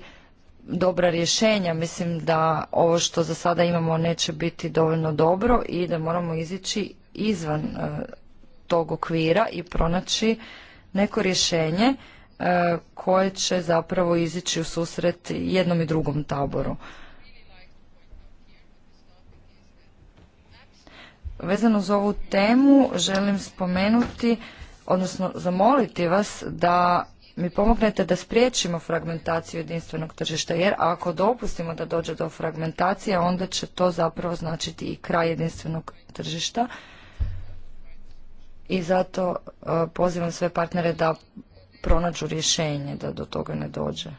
dobra rješenja. Mislim da ovo što za sada imamo neće biti dovoljno dobro i da moramo izići izvan e, tog okvira i pronaći neko rješenje e, koje će zapravo izići u susret jednom i drugom taboru. Vezano za ovu temu želim spomenuti, odnosno zamoliti vas da mi pomognete da spriječimo fragmentaciju jedinstvenog tržišta, jer ako dopustimo da dođe do fragmentacije, onda će to zapravo značiti i kraj jedinstvenog tržišta. I zato e, pozivam sve partnere da pronađu rješenje da do toga ne dođe.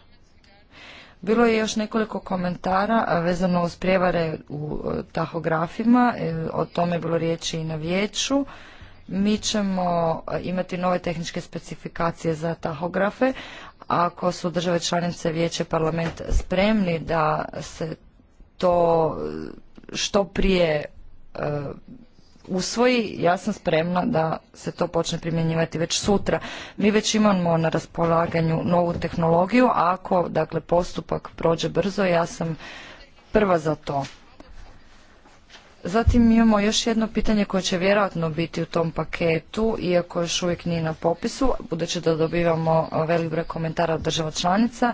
Bilo je još nekoliko komentara vezano uz prijevare u e, tahografima, e, o tome je bilo riječi i na vijeću. Mi ćemo e, imati nove tehničke specifikacije za tahografe. Ako su države članice vijeće parlament spremni da se to e, što prije e, usvoji, ja sam spremna da se to počne primjenjivati već sutra. Mi već imamo na raspolaganju novu tehnologiju, a ako dakle, postupak prođe brzo, ja sam prva za to. Zatim imamo još jedno pitanje koje će vjerojatno biti u tom paketu, iako još uvijek nije na popisu, budući da dobivamo e, velik broj komentara od država članica,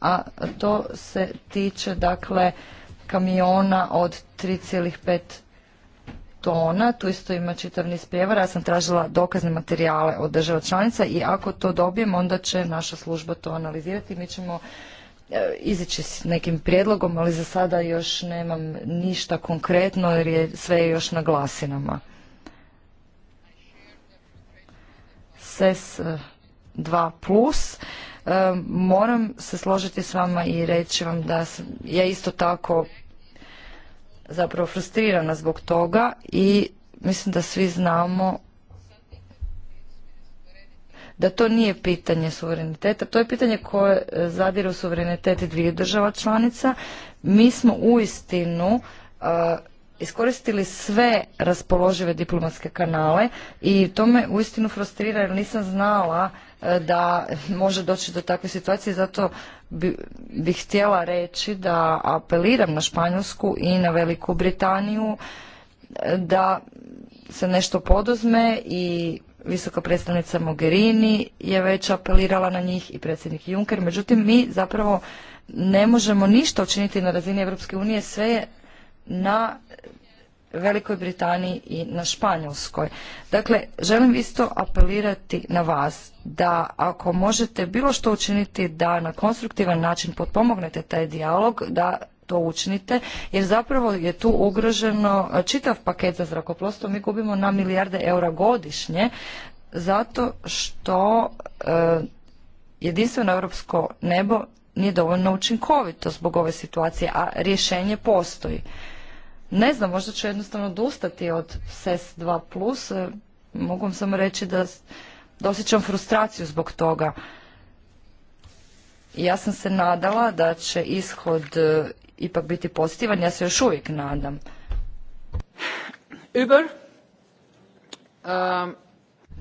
a to se tiče dakle kamiona od 3,5 tona. Tu isto ima čitav niz prijevara. Ja sam tražila dokazne materijale od država članica i ako to dobijemo, onda će naša služba to analizirati. Mi ćemo E, izići s nekim prijedlogom, ali za sada još nemam ništa konkretno jer je sve još na glasinama. SES 2 e, plus. E, moram se složiti s vama i reći vam da je ja isto tako zapravo frustrirana zbog toga i mislim da svi znamo da to nije pitanje suvereniteta, to je pitanje koje e, zadire u suverenitet dvije država članica. Mi smo uistinu e, iskoristili sve raspoložive diplomatske kanale i to me uistinu frustrira jer nisam znala e, da može doći do takve situacije zato bih htjela reći da apeliram na Španjolsku i na Veliku Britaniju da se nešto poduzme i visoka predstavnica Mogherini je već apelirala na njih i predsjednik Juncker. Međutim, mi zapravo ne možemo ništa učiniti na razini Europske unije, sve je na Velikoj Britaniji i na Španjolskoj. Dakle, želim isto apelirati na vas da ako možete bilo što učiniti da na konstruktivan način potpomognete taj dijalog, da to učinite, jer zapravo je tu ugroženo čitav paket za zrakoplovstvo. Mi gubimo na milijarde eura godišnje zato što e, jedinstveno europsko nebo nije dovoljno učinkovito zbog ove situacije, a rješenje postoji. Ne znam, možda ću jednostavno odustati od SES 2+, e e, mogu vam samo reći da dosjećam frustraciju zbog toga. Ja sam se nadala da će ishod ipak biti pozitivan, ja se još uvijek nadam. Uber? Um,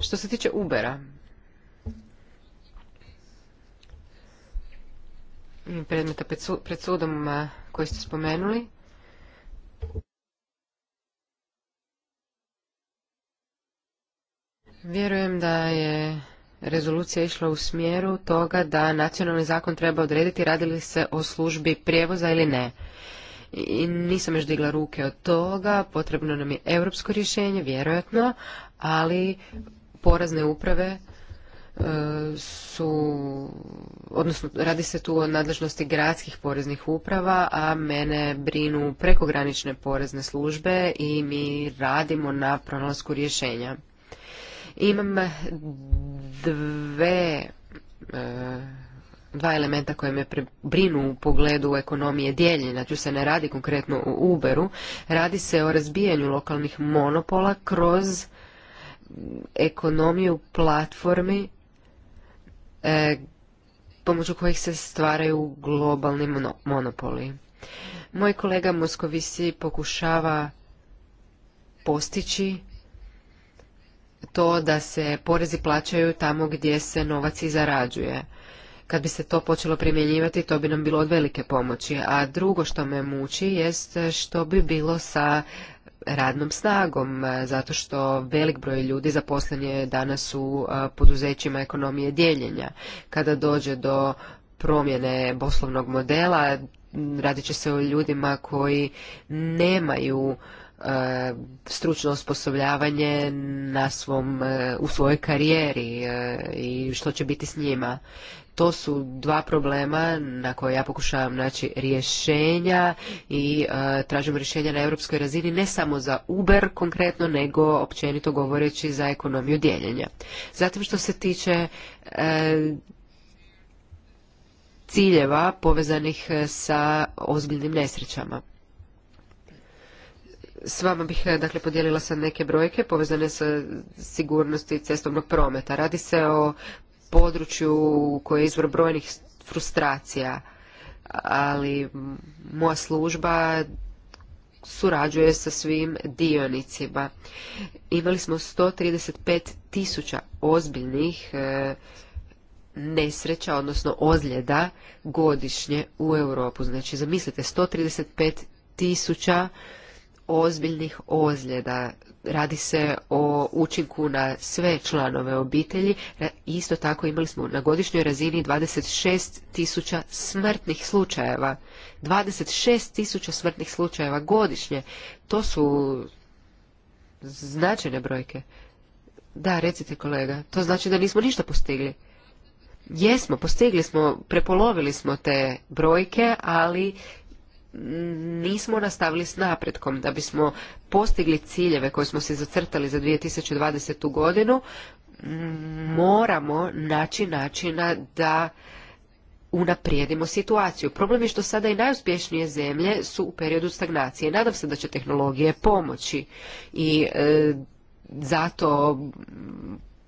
što se tiče Ubera, predmeta pred sudom uh, koji ste spomenuli, Vjerujem da je rezolucija je išla u smjeru toga da nacionalni zakon treba odrediti radi li se o službi prijevoza ili ne. I nisam još digla ruke od toga, potrebno nam je europsko rješenje, vjerojatno, ali porazne uprave e, su, odnosno radi se tu o nadležnosti gradskih poreznih uprava, a mene brinu prekogranične porezne službe i mi radimo na pronalasku rješenja. Imam dve e, dva elementa koje me brinu u pogledu ekonomije dijeljenja. znači se ne radi konkretno u Uberu, radi se o razbijanju lokalnih monopola kroz ekonomiju platformi e, pomoću kojih se stvaraju globalni monopoli. Moj kolega Moskovisi pokušava postići to da se porezi plaćaju tamo gdje se novac i zarađuje. Kad bi se to počelo primjenjivati, to bi nam bilo od velike pomoći. A drugo što me muči jest što bi bilo sa radnom snagom, zato što velik broj ljudi zaposlen je danas u poduzećima ekonomije dijeljenja. Kada dođe do promjene poslovnog modela, radit će se o ljudima koji nemaju E, stručno osposobljavanje e, u svojoj karijeri e, i što će biti s njima. To su dva problema na koje ja pokušavam naći rješenja i tražim rješenja na europskoj razini ne samo za Uber konkretno, nego općenito govoreći za ekonomiju dijeljenja. Zatim što se tiče ciljeva povezanih sa ozbiljnim nesrećama s vama bih e, dakle podijelila sam neke brojke povezane sa sigurnosti cestovnog prometa. Radi se o području koje je izvor brojnih frustracija, ali moja služba surađuje sa svim dionicima. Imali smo 135 tisuća ozbiljnih e, nesreća, odnosno ozljeda godišnje u Europu. Znači, zamislite, 135 tisuća ozbiljnih ozljeda. Radi se o učinku na sve članove obitelji. E, isto tako imali smo na godišnjoj razini 26 tisuća smrtnih slučajeva. 26 tisuća smrtnih slučajeva godišnje. To su značajne brojke. Da, recite kolega, to znači da nismo ništa postigli. Jesmo, postigli smo, prepolovili smo te brojke, ali nismo nastavili s napretkom da bismo postigli ciljeve koje smo se zacrtali za 2020. godinu moramo naći načina da unaprijedimo situaciju. Problem je što sada i najuspješnije zemlje su u periodu stagnacije. Nadam se da će tehnologije pomoći i e, zato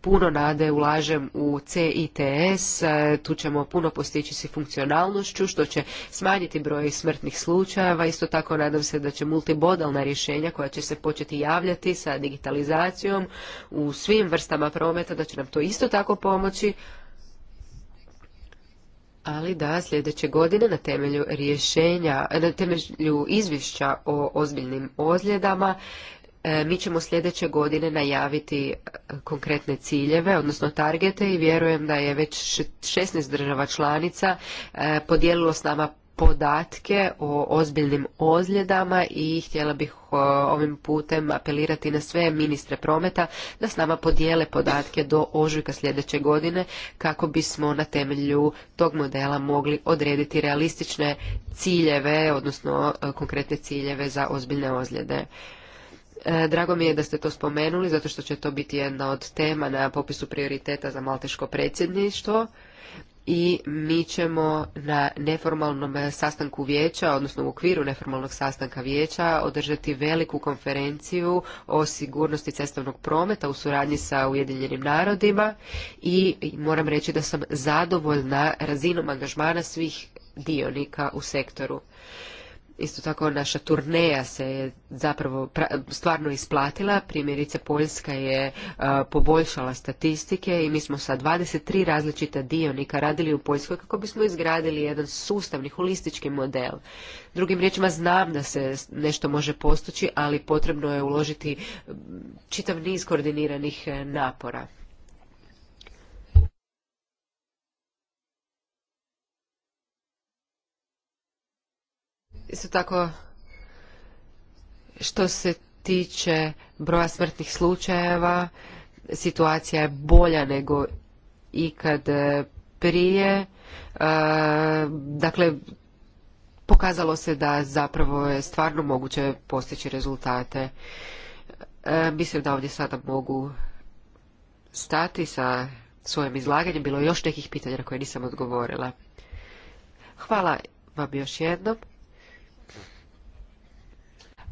puno nade ulažem u CITS, e, tu ćemo puno postići si funkcionalnošću, što će smanjiti broj smrtnih slučajeva, isto tako nadam se da će multibodalna rješenja koja će se početi javljati sa digitalizacijom u svim vrstama prometa, da će nam to isto tako pomoći, ali da sljedeće godine na temelju rješenja, na temelju izvješća o ozbiljnim ozljedama E, mi ćemo sljedeće godine najaviti e, konkretne ciljeve, odnosno targete i vjerujem da je već 16 država članica e, podijelilo s nama podatke o ozbiljnim ozljedama i htjela bih ovim putem apelirati na sve ministre prometa da s nama podijele podatke do ožujka sljedeće godine kako bismo na temelju tog modela mogli odrediti realistične ciljeve, odnosno konkretne ciljeve za ozbiljne ozljede. E, drago mi je da ste to spomenuli, zato što će to biti jedna od tema na popisu prioriteta za malteško predsjedništvo i mi ćemo na neformalnom e, sastanku vijeća, odnosno u okviru neformalnog sastanka vijeća, održati veliku konferenciju o sigurnosti cestovnog prometa u suradnji sa Ujedinjenim narodima i moram reći da sam zadovoljna razinom angažmana svih dionika u sektoru. Isto tako naša turneja se je zapravo stvarno isplatila, primjerice Poljska je e, poboljšala statistike i mi smo sa 23 različita dionika radili u Poljskoj kako bismo izgradili jedan sustavni holistički model. Drugim riječima znam da se nešto može postići, ali potrebno je uložiti čitav niz koordiniranih e, napora. isto tako što se tiče broja smrtnih slučajeva, situacija je bolja nego ikad e, prije. E, dakle, pokazalo se da zapravo je stvarno moguće postići rezultate. E, mislim da ovdje sada mogu stati sa svojim izlaganjem. Bilo je još nekih pitanja na koje nisam odgovorila. Hvala vam još jednom.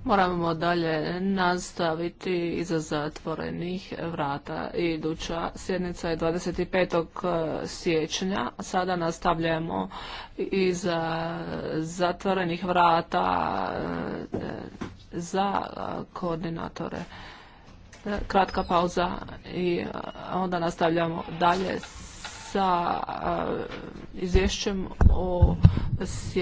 Moramo dalje nastaviti iza zatvorenih vrata. Iduća sjednica je 25. siječnja. Sada nastavljamo iza zatvorenih vrata e, za koordinatore. Kratka pauza i onda nastavljamo dalje sa e, izvješćem o sjednici.